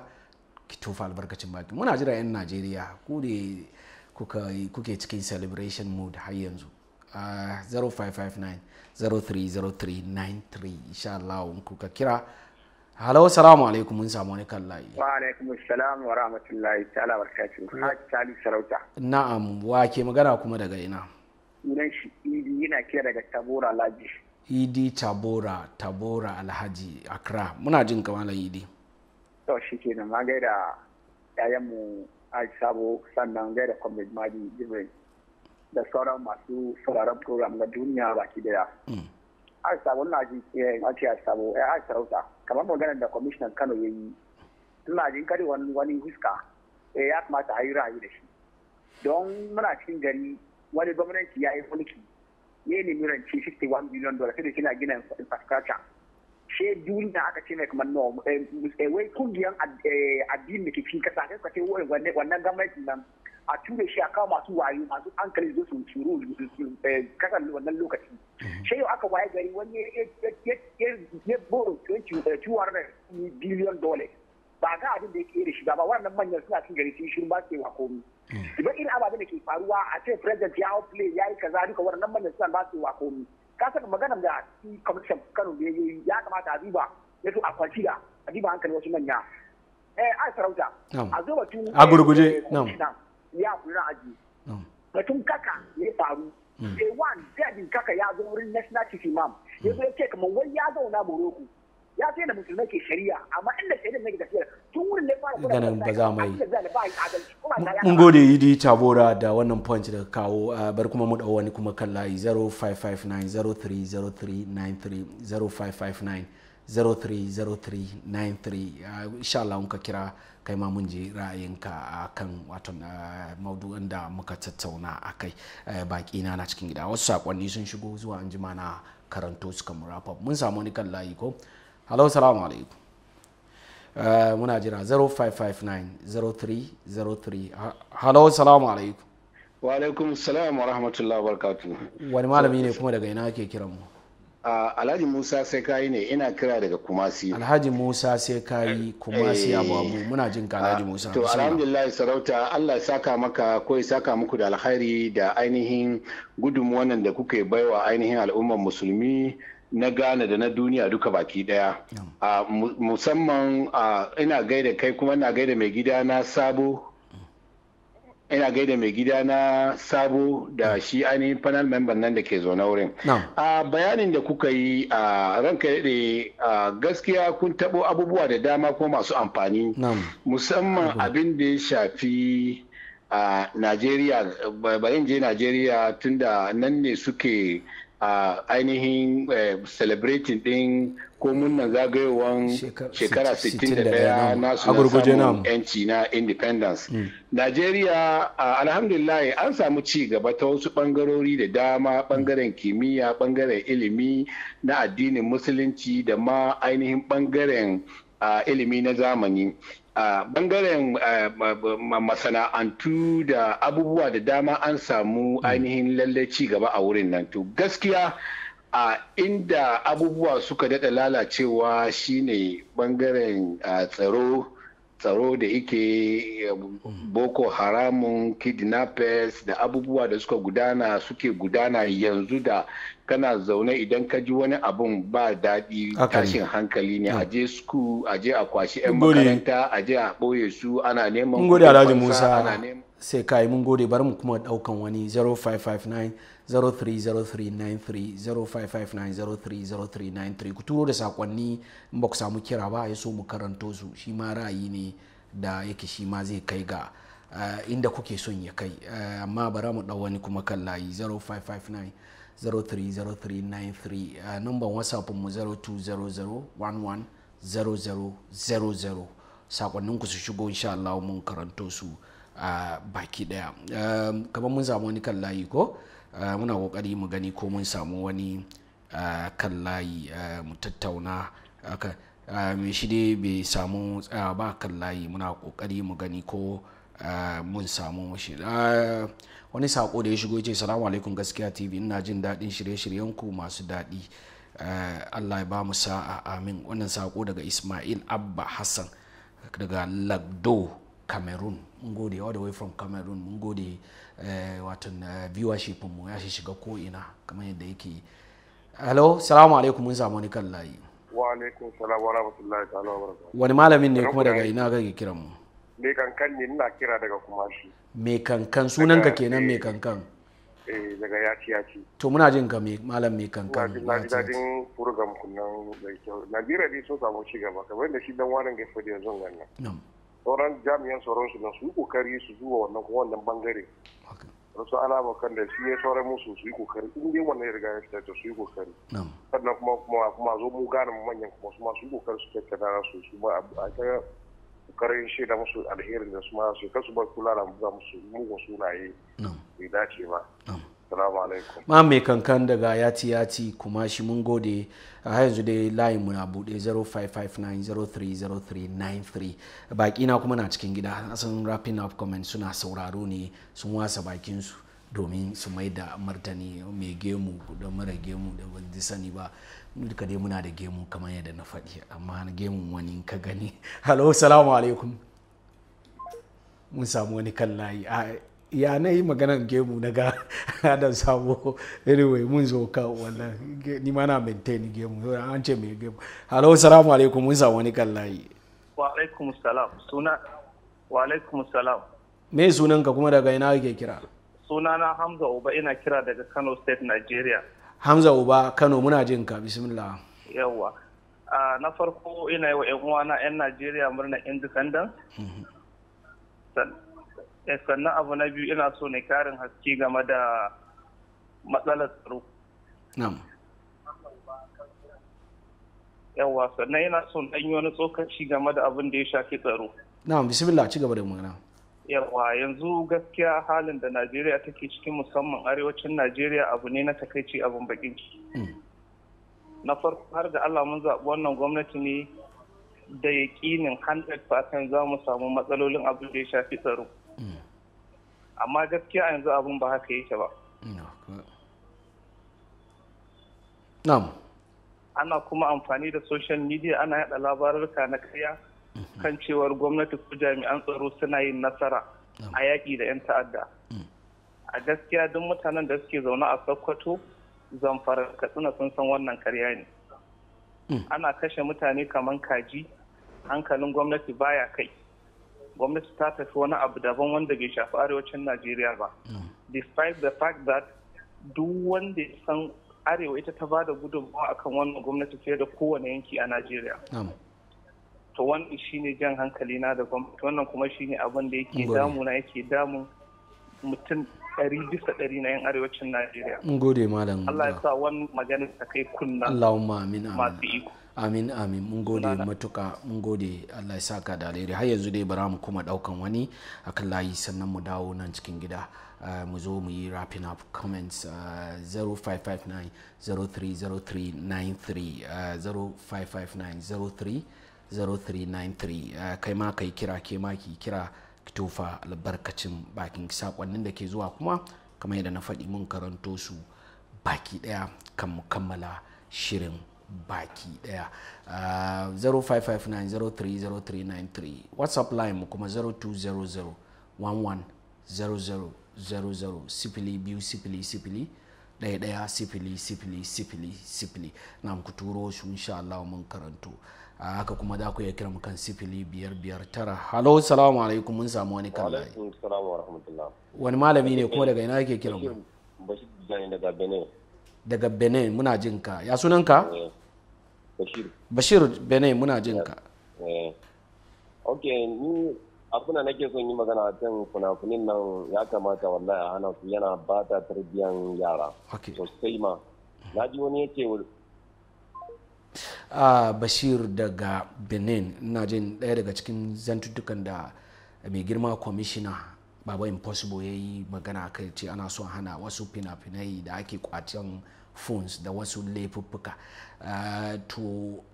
ki tofa albarkacin baki muna jira yan najeriya ku ne kuke cikin celebration mood har yanzu 0559 uh, 030393 insha Allah ka kira halawa salamu alaikum mun samu wani kan layi wa alaikum salam wa rahmatullahi ta'ala barkatu hajjali sarauta na'am wa ke magana kuma daga ina sunan shi idi yana kira daga tabora alhaji idi tabora tabora alhaji accra muna jin kamalan idi to shi ke nan ma gaida yayanmu aji sabo sannan gaida comrade madi jibril da sauran masu sauraron program na duniya baki daya mm. aka samu eh, na ji a ce ya samu ya eh, sarauta kamar magana da kwamishinan kano ya yi suna jin kare wani huska eh, ya kamata a yi rayu da shi don muna cikin gari wani gwamnati ya yi mulki ya yi nemi ce 61 billion dola sai da kina gina infrastructure she duniya aka ce mai kamar nawa wai kungiyan addini da ke cikin kasa sai ka ce wannan gwamnati nan a tura shi a kawo masu wayo masu hankali zo su turo eh, kasar wannan lokaci mhm. shi yau aka waye gari wani ya boro 200 biliyon dole ba ga abin da ya kere shi ba wannan manyan suna cin gari sun shirin ba su wa komi mm. ba irin ababen da ke faruwa a ce president ya hau play ya yi kaza duka wannan manyan suna ba su wa komi ka saka magana da shi commission kano da ya ya kamata a duba ya so a kwanci da a duba hankali wasu manya eh ai sarauta a zo batun a gurguje eh, na'am ya kuri aji batun kaka ya faru mm. day one jajin kaka ya zo wurin national chief imam mm. ya zo ya ce kamar wai ya zauna morocco ya ce da musulmai ke shari'a amma inda shari'a ne ke tafiya tun wurin ne fara ganin ba za mu yi mun gode di tabora da wannan point da kawo bar kuma mu da wani kuma kan layi 0559030393 0559 93 insha Allah ka kira kai ma mun ji ra'ayinka a kan watan ah, maudu'in da muka tattauna a kai eh, baki na cikin gida wasu sakonni sun shigo zuwa an jima na karanto suka murafa mun samu wani kan layi ko halo salamu alaikum eh, muna jira 0559-0303 halo salamu alaikum wa alaikum salam wa rahmatullahi wa barakatuhu wani malami ne kuma daga ina ake kiran mu alhaji musa sai kayi ne ina kira daga kumasi alhaji musa sai kayi eh. kumasi abu muna jin ka alhaji musa to alhamdulillah sarauta allah saka maka ko ya saka muku da alkhairi da ainihin gudunmuwan da kuke baiwa ainihin al'ummar musulmi na Ghana da na duniya duka baki daya. Musamman ina gaida kai kuma ina gaida mai gida na sabo ina gaida mai gida na sabo da mm. shi ainihin panel member nan da ke zaune wurin a bayanin da kuka yi a ranka daɗe gaskiya kun taɓo abubuwa da dama ko masu amfani musamman abin da ya shafi a najeriya bayan je najeriya tunda nan ne suke a ainihin eh, celebrating din ko munnan zagayowar shekara 61 na su samun yanci na independence hmm. nigeria alhamdulillah an samu ci gaba ta wasu bangarori da dama bangaren hmm. kimiyya bangaren ilimi na addinin musulunci da ma ainihin bangaren ilimi na zamani a bangaren masana'antu da abubuwa da dama an samu hmm. ainihin lallai ci gaba a wurin nan to gaskiya a inda abubuwa suka daɗa lalacewa shine bangaren tsaro tsaro da yake um, hmm. boko haramun kidnappers da abubuwa da suka gudana suke gudana yanzu da kana zaune idan ka ji wani abun ba daɗi tashin hankali ne a sku aje a kwashi 'yan makaranta a je a ɓoye su ana neman gode alhaji musa sai yi mun gode bari mu kuma ɗaukan wani 0559 030393 ku turo da sakonni in ba ku samu kira ba yi so mu karanto su shi ma ra'ayi ne da yake shi ma zai kai ga eh, inda kuke son ya kai eh, amma bara mu ɗau wani kuma kan layi 0559 0303 a numban whatsapp mu 0200110000 sakonninku su shigo insha Allah mun karanto su a uh, baki daya um, kamar mun samu wani kan layi ko uh, muna kokari mu gani ko mun samu wani uh, kan layi mu tattauna mai shi dai bai samu ba kan layi muna kokari mu gani ko mun samu shi wani sako da ya shigo ce salamu alaikum gaskiya tv ina jin daɗin shirye-shiryenku masu daɗi eh, allah ya ba mu sa'a amin wannan sako daga ismail abba hassan daga lagdo cameroon mun gode all the way from cameroon mun gode eh, watan eh, viewership mu ya shi shiga ko ina kamar yadda yake hello salamu alaikum mun samu wani kan layi wa alaikum salam wa rahmatullahi ta'ala wa barakatuh wani malamin ne kuma daga ina ga kiran mu ne kan kan ne ina kira daga kuma shi mai kankan sunan ka kenan mai eh, kankan eh daga yaci yaci to muna jin ka malam mai kankan na da din program ku nan da kyau Najeriya dai sun samu ci gaba kamar da shi dan wannan ga fadi yanzu nan sauran jami'an tsaron su na su kokari su zuwa wannan ko wannan bangare wasu alamokan da shi ya sauran musu su yi kokari in dai wannan ya riga ya fita su yi kokari sannan kuma kuma kuma zo mu gane manyan kuma su ma su yi kokari su tattara su su ma a kokarin shaida musu alherin da su ma su kasu bar kula da buga musu mugun sunaye bai dace ba salamu alaikum ma mai kankan daga yati yati kuma shi mun gode a yanzu dai layin mu na bude 0559030393 baki na kuma na cikin gida sun wrapping up comment suna sauraro ne sun wasa bakin su domin su mai da martani mai gemu da mara gemu da ban sani ba duka dai muna da gemu kamar yadda na faɗi amma gemun wani ka gani halo salamu alaikum mun samu wani kan layi ya na yi maganar gemu na ga da samu anyway mun zo ka wannan ni ma na maintain gemu an ce mai gemu halo salamu alaikum mun samu wani kan layi wa alaikum salam suna wa alaikum salam me sunanka kuma daga ina kake kira sunana hamza uba ina kira daga kano state nigeria hamza uba kano muna jin ka bismillah yawwa ah, na farko ina yi wa yan uwana yan najeriya murnar independence eh, sannan abu na biyu ina so ne karin haske game da matsalar tsaro yawwa sannan ina son ɗanyo wani tsokaci game da abin da ya shafi tsaro na bismillah ci gaba da magana yawa yanzu gaskiya halin da najeriya take cikin musamman arewacin najeriya abu ne na takaici abin bakin ciki hmm. na farko har da allah mun zaɓi wannan gwamnati ne da yaƙinin 100% za mu samu matsalolin abin da ya shafi tsaro hmm. amma gaskiya yanzu abin ba haka yake ba hmm, ana kuma amfani da social media ana yada labarurka na karya kan cewar gwamnati ko jami'an tsaro suna yin nasara a yaƙi da 'yan ta'adda a gaskiya duk mutanen da suke zaune a sokoto zamfara katsina sun san wannan karya ne ana kashe mutane kamar kaji hankalin gwamnati baya kai gwamnati ta tafi wani abu daban wanda bai shafi arewacin najeriya ba despite the fact that duk wanda ya san arewa ita ta ba da gudunmawa akan wannan gwamnati fiye da kowane yanki a najeriya to wannan shine jan hankali na da gwamnati wannan kuma shine abin da yake damu na yake damun mutum ɗari bisa ɗari na 'yan arewacin Najeriya. gode malam. Allah ya sa wani magana ta kai kunna. Allahumma amin amin. Masu iko. Amin amin mun gode matuka mun gode Allah ya sa ka da alheri har yanzu dai bara mu kuma daukan wani akan layi sannan mu dawo nan cikin gida. Eh, mu zo mu yi wrapping up comments 0559 0303 93 0559 03 0393 eh, kai ma kai kira ke ma ki kira ki tofa albarkacin bakin sakonnin da ke zuwa kuma kamar yadda na faɗi mun karanto su baki ɗaya kan mu kammala shirin baki daya uh, 0559030393 whatsapp line mu kuma 0200110000 sifili biyu sifili sifili ɗaya ɗaya sifili sifili sifili sifili na ku turo su insha Allah mun karanto a haka kuma za ku iya kira mu kan sifili biyar biyar tara halo salamu alaikum mun samu wani kan layi wani malami ne kuma daga ina ke kira mu daga benin daga benin muna jin ka ya sunan ka eh, bashir benin muna jin ka eh, eh. ok ni abuna nake son yi magana a can kunakunin nan ya kamata wallahi a hana su yana ba ta tarbiyyar yara sosai ma na ji wani ya ce bashir daga benin ina jin ɗaya daga cikin zantuttukan da mai girma kwamishina baba impossible ya yi magana kai ce ana son hana wasu fina-finai da ake kwacen phones da wasu laifuffuka to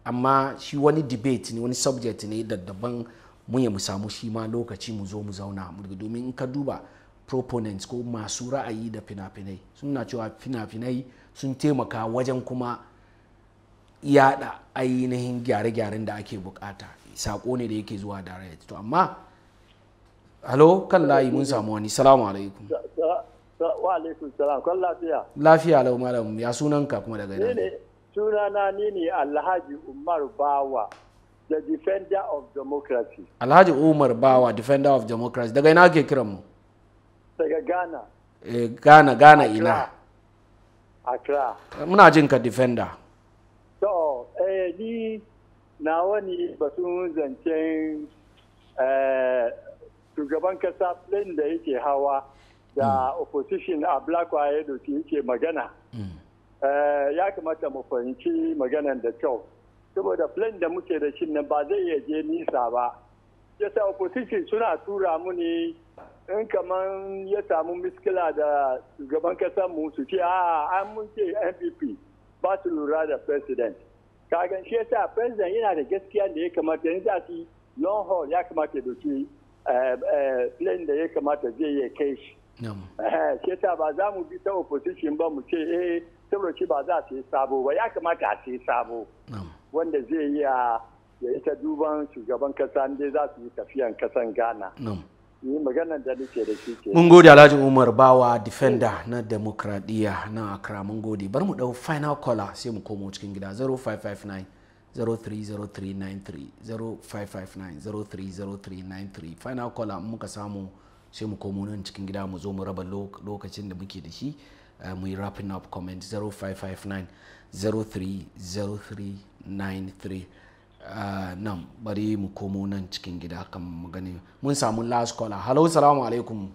amma shi wani debate ne wani subject ne da daban mun mu samu shi ma lokaci mu zo mu zauna domin in ka duba proponents ko masu ra'ayi da fina-finai suna cewa fina-finai sun taimaka wajen kuma yada ainihin gyare-gyaren da ake bukata sako ne da yake zuwa direct to amma halo kan layi mun samu wani salamu alaikum wa kan lafiya lafiya lau malam ya sunan ka kuma daga nan? sunana ni ne alhaji umar bawa the defender of democracy alhaji umar bawa defender of democracy daga ina ke kiran mu daga ghana eh ghana ghana ina accra muna jin ka defender To, eh, ni na wani batun zancen eh, shugaban kasa ɗin da yake hawa da hmm. opposition a blakwa da doki yake magana. Hmm. Eh, ya kamata mu fahimci maganan da kyau. Saboda plan da muke da shi nan ba zai iya je nisa ba. ya sa opposition suna tura mu ne in kaman ya samu miskila da shugaban kasa mu su ce a an mun ce NPP. ba su lura da president kaga shi yasa president yana da gaskiya da ya kamata yanzu a su long haul ya kamata da doki eh, eh, plane da ya kamata zai ya kai shi eh, shi yasa ba za mu bi ta opposition ba mu ce eh saboda shi ba za su yi sabo ba ya kamata a yi sabo wanda zai yi a ya ita duban shugaban kasa dai za su yi tafiyan kasan ghana mun gode alhaji umar bawa defender na demokradiyya na accra mun gode bar mu dau final caller sai mu komo cikin gida 0559 030393 0559 030393 final caller ka samu sai mu komo nan cikin gida mu zo mu raba lokacin da muke da shi eh, mu yi wrapping up comment 0559 030393 Ah, nan bari mu komo nan cikin gida kan mu gani mun samu last caller hello salamu alaikum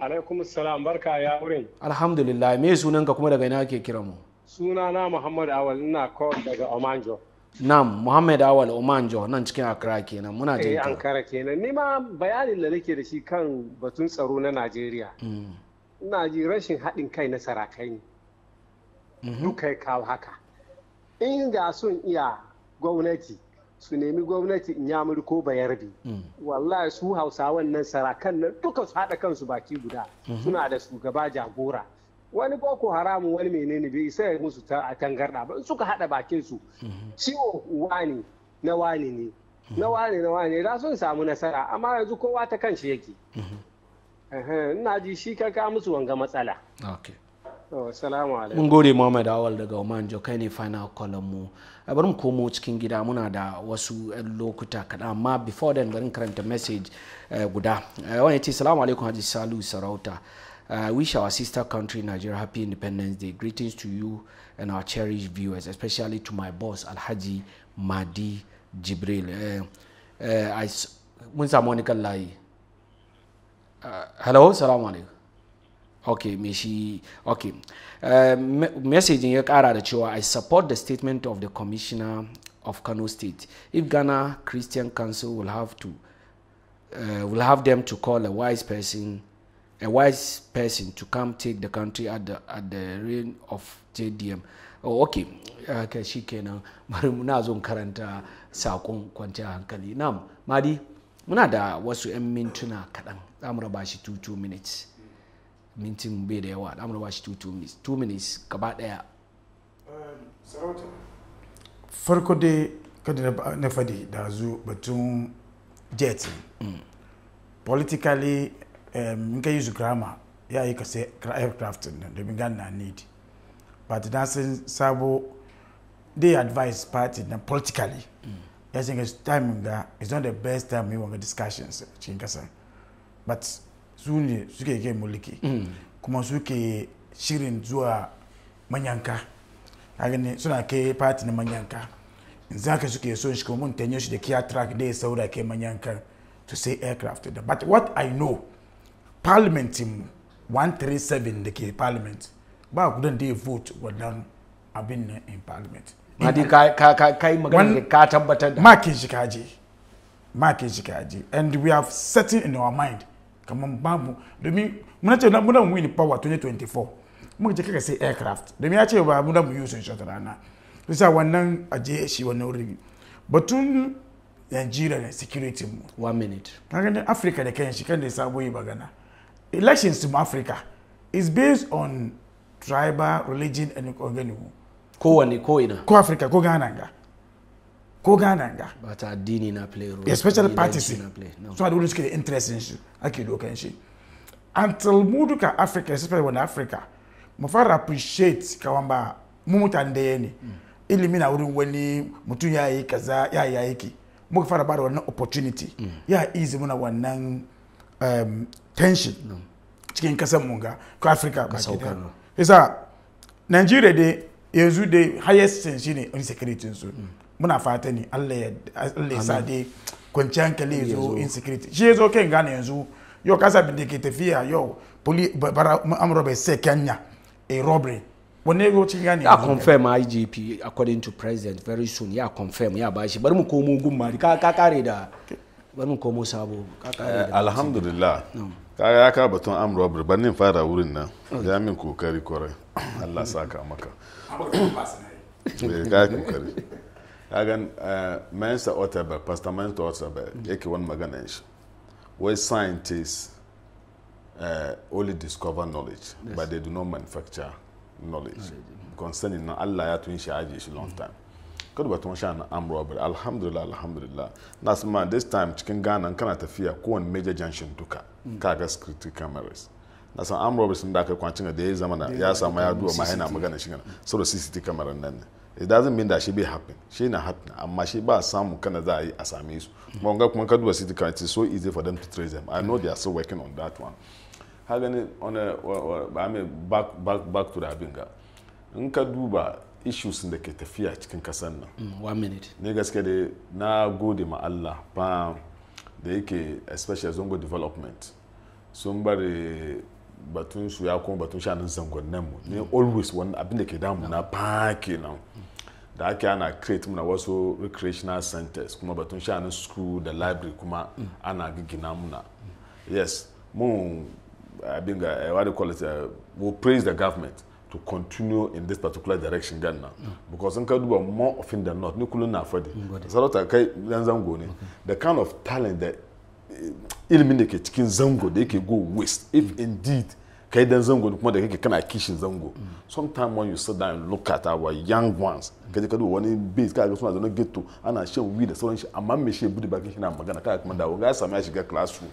alaikum salam barka ya wurin alhamdulillah me sunanka kuma daga ina ke kira mu sunana muhammad awal ina call daga omanjo Nam Muhammad Awal Omanjo nan cikin Accra kenan muna jin eh, ka. Ankara kenan ni ma bayanin da nake da shi kan batun tsaro na Najeriya. Mm. Ina ji rashin haɗin kai na sarakai ne. Mm-hmm. Duka ya kawo haka. In ga sun iya gwamnati su nemi gwamnati in inyamuri ko bayarbi mm. wallahi su hausawan nan sarakan nan duka su haɗa kansu baki guda mm-hmm. suna da shugaba jagora wani boko haramun wani menene bai isa ya musu ta tangarda ba suka haɗa bakin su mm-hmm. ciwo wani na wani ne mm-hmm. na wani na wani da sun samu nasara amma yanzu kowa ta kan shi yake ina ji shi ka musu wanga matsala okay. mun gode muhammad awal daga oman jokai ne final column mu a bari mu komo cikin gida muna da wasu lokuta kaɗan amma before then bari karanta message eh, guda eh, wani ce salamu alaikum haji salu sarauta I eh, wish our sister country Nigeria happy Independence Day. Greetings to you and our cherished viewers, especially to my boss Alhaji Madi Jibril. Uh, uh, I mun Hello, salamu alaikum. Okay, me shi ok eh, messaging ya kara da cewa i support the statement of the commissioner of kano state if ghana christian council will have to uh, will have them to call a wise person a wise person to come take the country at the at the reign of jdm oh, okay okay shi kenan bari muna zo karanta sakon kwanciyar hankali na'am madi muna da wasu 'yan mintuna kaɗan za mu raba shi 2 minutes minti bai da yawa al'amura ba shi 2 minutes 2 minutes gaba daya um, farko dai kada na fadi da zu batun jet mm. politically um, in ka use grammar ya yi ka sai aircraft din domin gan na need but na san sabo they advise party na politically mm. ya ce ga time ga is not the best time we wanga discussions cikin kasan but su suke kai mulki kuma suke shirin zuwa manyanka ne suna ke fati na manyanka za ka suke son shi kuma mun tanyo shi da kiya track da ya saura ke manyanka to say aircraft da but what i know parliament 137 da ke parliament ba kudin da ya vote wadannan abin na in parliament madi ka yi magana da ka tabbatar da. Makin shi kaje. Makin shi kaje. And we have certain in our mind kama babu domin muna ce muna ni power 2024 muka je kaka sai aircraft domin ya ce ba muna mu yi sun shata rana bisa wannan aje shi wannan wuri batun Nigeria ne security mu one minute na ganin Africa da kan shi kan da sabo yi magana elections mu Africa is based on tribal religion and organic wani ko ina ko Africa ko Ghana ga ko gana ga ba ta addini na play role special parties no. so i suke get interest in shi ake dokan shi until mu duka africa especially wani africa mu fara appreciate kawan ba mu mutan da ne mm. ilimi na wurin wani mutum ya yi kaza ya yi yake mu fara ba da wannan opportunity mm. ya easy muna wannan um, tension cikin kasan mu ga ko africa ba ke da yasa nigeria dai yanzu dai highest sin shine security su muna fata ne Allah ya sa dai kwanci hankali ya zo insecurity shi ya zo kan gane yanzu yau kasa bin da ke tafiya yau poli bara amuro bai sai kenya a eh, robbery wani yau cikin gane ya confirm igp according to president very soon ya confirm ya bashi bari mu komo gumma ka kare da bari mu komo sabo ka kare da eh, alhamdulillah ka ya ka batun am robbery bari fara wurin nan oh. ya min kokari kwarai Allah saka maka eh, ka kokari kagan eh, mensa otabel pastor mensa otabel mm. yake wani magana shi wai scientists uh, only discover knowledge yes. but they do not manufacture knowledge mm. concerning na allah ya tun shi aji shi long mm. time kada ba tun shan na am robert alhamdulillah alhamdulillah na ma this time cikin ghana kana tafiya kowane major junction duka mm. kaga security cameras na san am robert sun da aka kwancin da ya zama ya samu ya duwa ma yana magana shi gana saboda cct camera nan ne it doesn't mean that she be happen she na happen amma she ba samu kana za a yi a same su kuma ga kuma ka duba city card it's so easy for them to trace them i know they are still working on that one ha gani on a ba me back back back to the abin ga in ka duba issues da ke tafiya cikin kasan nan mm, one minute ne gaske da na gode ma Allah ba da yake especially zongo development sun bari batun su ya kuma batun shanin zangonnan mu ne always wani abin da ke damu na ba kenan da ake ana create muna wasu recreational centers kuma batun shanin school da library kuma ana gina muna yes mun abin ga uh, what do you uh, we praise the government to continue in this particular direction gan na because in ka duba more often than not ni kullum na fadi sarauta kai dan zango ne the kind of talent that eh, ilimin da ke cikin zango da yake go waste if mm. indeed kai dan zango kuma da kake kana kishin zango sometimes when you sit down and look at our young ones kaje ka wani base ka ga suna zaune ghetto ana shan wi da sauran shi amma me shi budi bakin na magana kaga kuma da wanga sama ya shiga classroom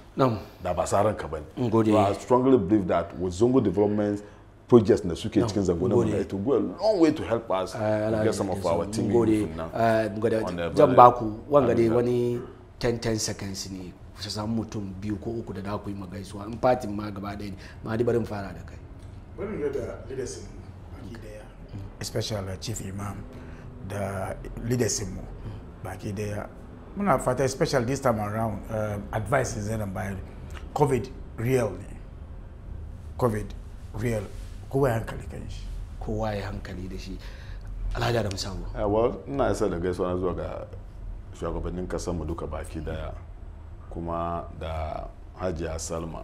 da ba saran ka bane gode i strongly believe that with zongo development projects da suke cikin zango na mai to go a long way to help us ah, get some of our team gode ngode ah, zan baku wanga dai wani 10 10 seconds ne ka samu mutum biyu ko uku da ku magaisuwa in fatin ma gaba ɗaya ne ma di barin fara da kai barin da leadership baki daya especially chief imam da leadership mu baki daya muna fata especially this time around uh, advice is zan bayar covid real ne covid real kowa ya hankali kan shi kowa ya hankali da shi alhaji da musamman eh, well ina isa da gaisuwa zuwa ga shugabannin kasar mu duka baki daya kuma da hajiya salma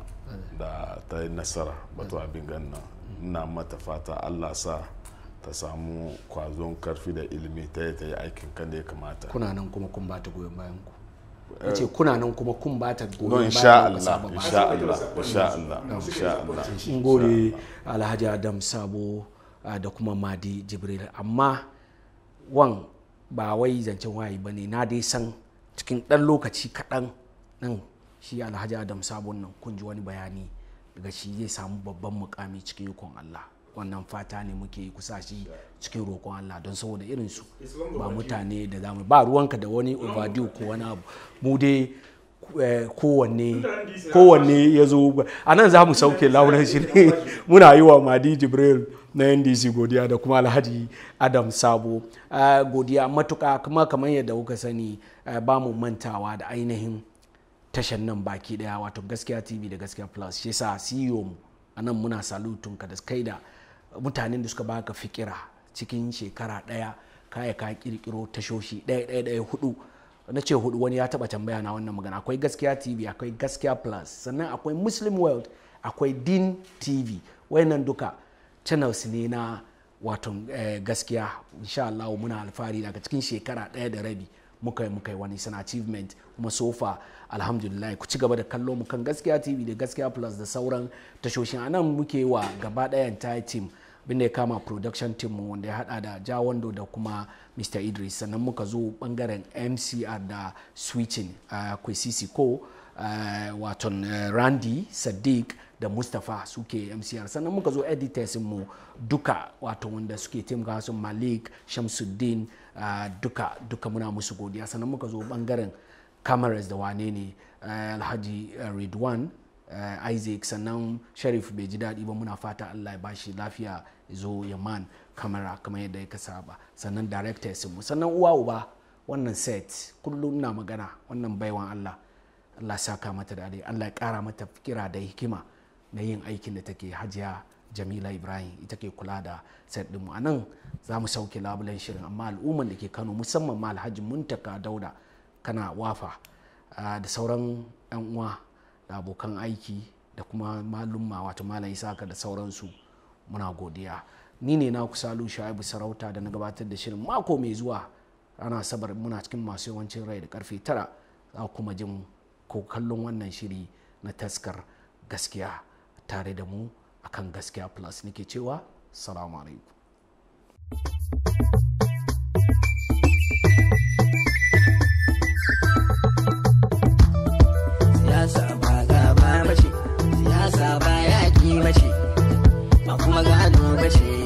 da ta yi nasara batu mm. abin ganna ina mata fata allah sa ta samu kwazon karfi da ilimi ta yi ta yi aikin kan da ya kamata kuna nan kuma kun bata goyon bayan ku ya eh, ce kuna nan kuma kun ba ta goyon bayan ku insha Allah insha Allah insha Allah insha Allah in gode Alhaji Adam Sabo ah, da kuma Madi Jibril amma wan ba wai zancen wayi bane na dai san cikin dan lokaci kaɗan nan shi alhaji adam sabon nan kun ji wani bayani daga shi zai samu babban mukami cikin ikon allah wannan fata ne muke kusa shi cikin roƙon allah don saboda irin su ba mutane da zamu ba ruwanka da wani overdue ko wani abu mu dai eh, kowanne kowanne ya zo a nan za mu sauke launar shi ne muna yi wa madi jibril na ndc godiya da kuma alhaji adam sabo ah, godiya matuka kuma kamar yadda kuka sani eh, ba mu mantawa da ainihin tashan nan baki daya wato gaskiya tv da gaskiya plus shi yasa ceo mu anan muna salutun ka da kai da mutanen da suka baka fikira cikin shekara daya kaya ka kirkiro tashoshi daya daya daya hudu na ce hudu wani ya taba tambaya na wannan magana akwai gaskiya tv akwai gaskiya plus sannan akwai muslim world akwai din tv wayannan duka channels ne na wato eh, gaskiya insha Allah muna alfahari daga cikin shekara daya da rabi muka yi muka yi wani sana achievement kuma sofa alhamdulillah ku ci gaba da kallo mu kan gaskiya tv da gaskiya plus da sauran tashoshin anan muke wa gaba ɗayan ta team abinda ya kama production team mu wanda ya hada da wando da kuma mr idris sannan muka zo bangaren mcr da switching uh, eh, kwesisi ko uh, waton uh, randy sadiq da mustapha suke mcr sannan muka zo editors mu duka wato wanda suke taimaka su malik shamsuddin Ah, duka duka muna musu godiya sannan muka zo bangaren cameras da wane ne eh, alhaji eh, Redwan. Eh, isaac sannan sharif bai ji daɗi ba muna fata allah ya bashi lafiya zo man kamera kamar yadda ya kasa ba sannan ya mu sannan uwa uba wannan set kullum na magana wannan baiwan allah allah saka mata da allah ya kara mata fikira da hikima na yin aikin da take hajiya jamila ibrahim ita ke kula da set ɗinmu a nan za mu sauke labulen shirin amma al'umman da ke kano musamman ma alhaji muntaka dauda kana wafa ah, da sauran 'yan uwa da abokan aiki da kuma malumma wato malam ka da sauransu muna godiya ni ne na kusalu shaibu sarauta da na gabatar da shirin mako mai zuwa ana sabar muna cikin masu yawancin rai da karfe tara za kuma jin ko kallon wannan shiri na taskar gaskiya tare da mu akan gaskiya plus nake cewa salamu alaikum siyasa ba yaƙi ba ce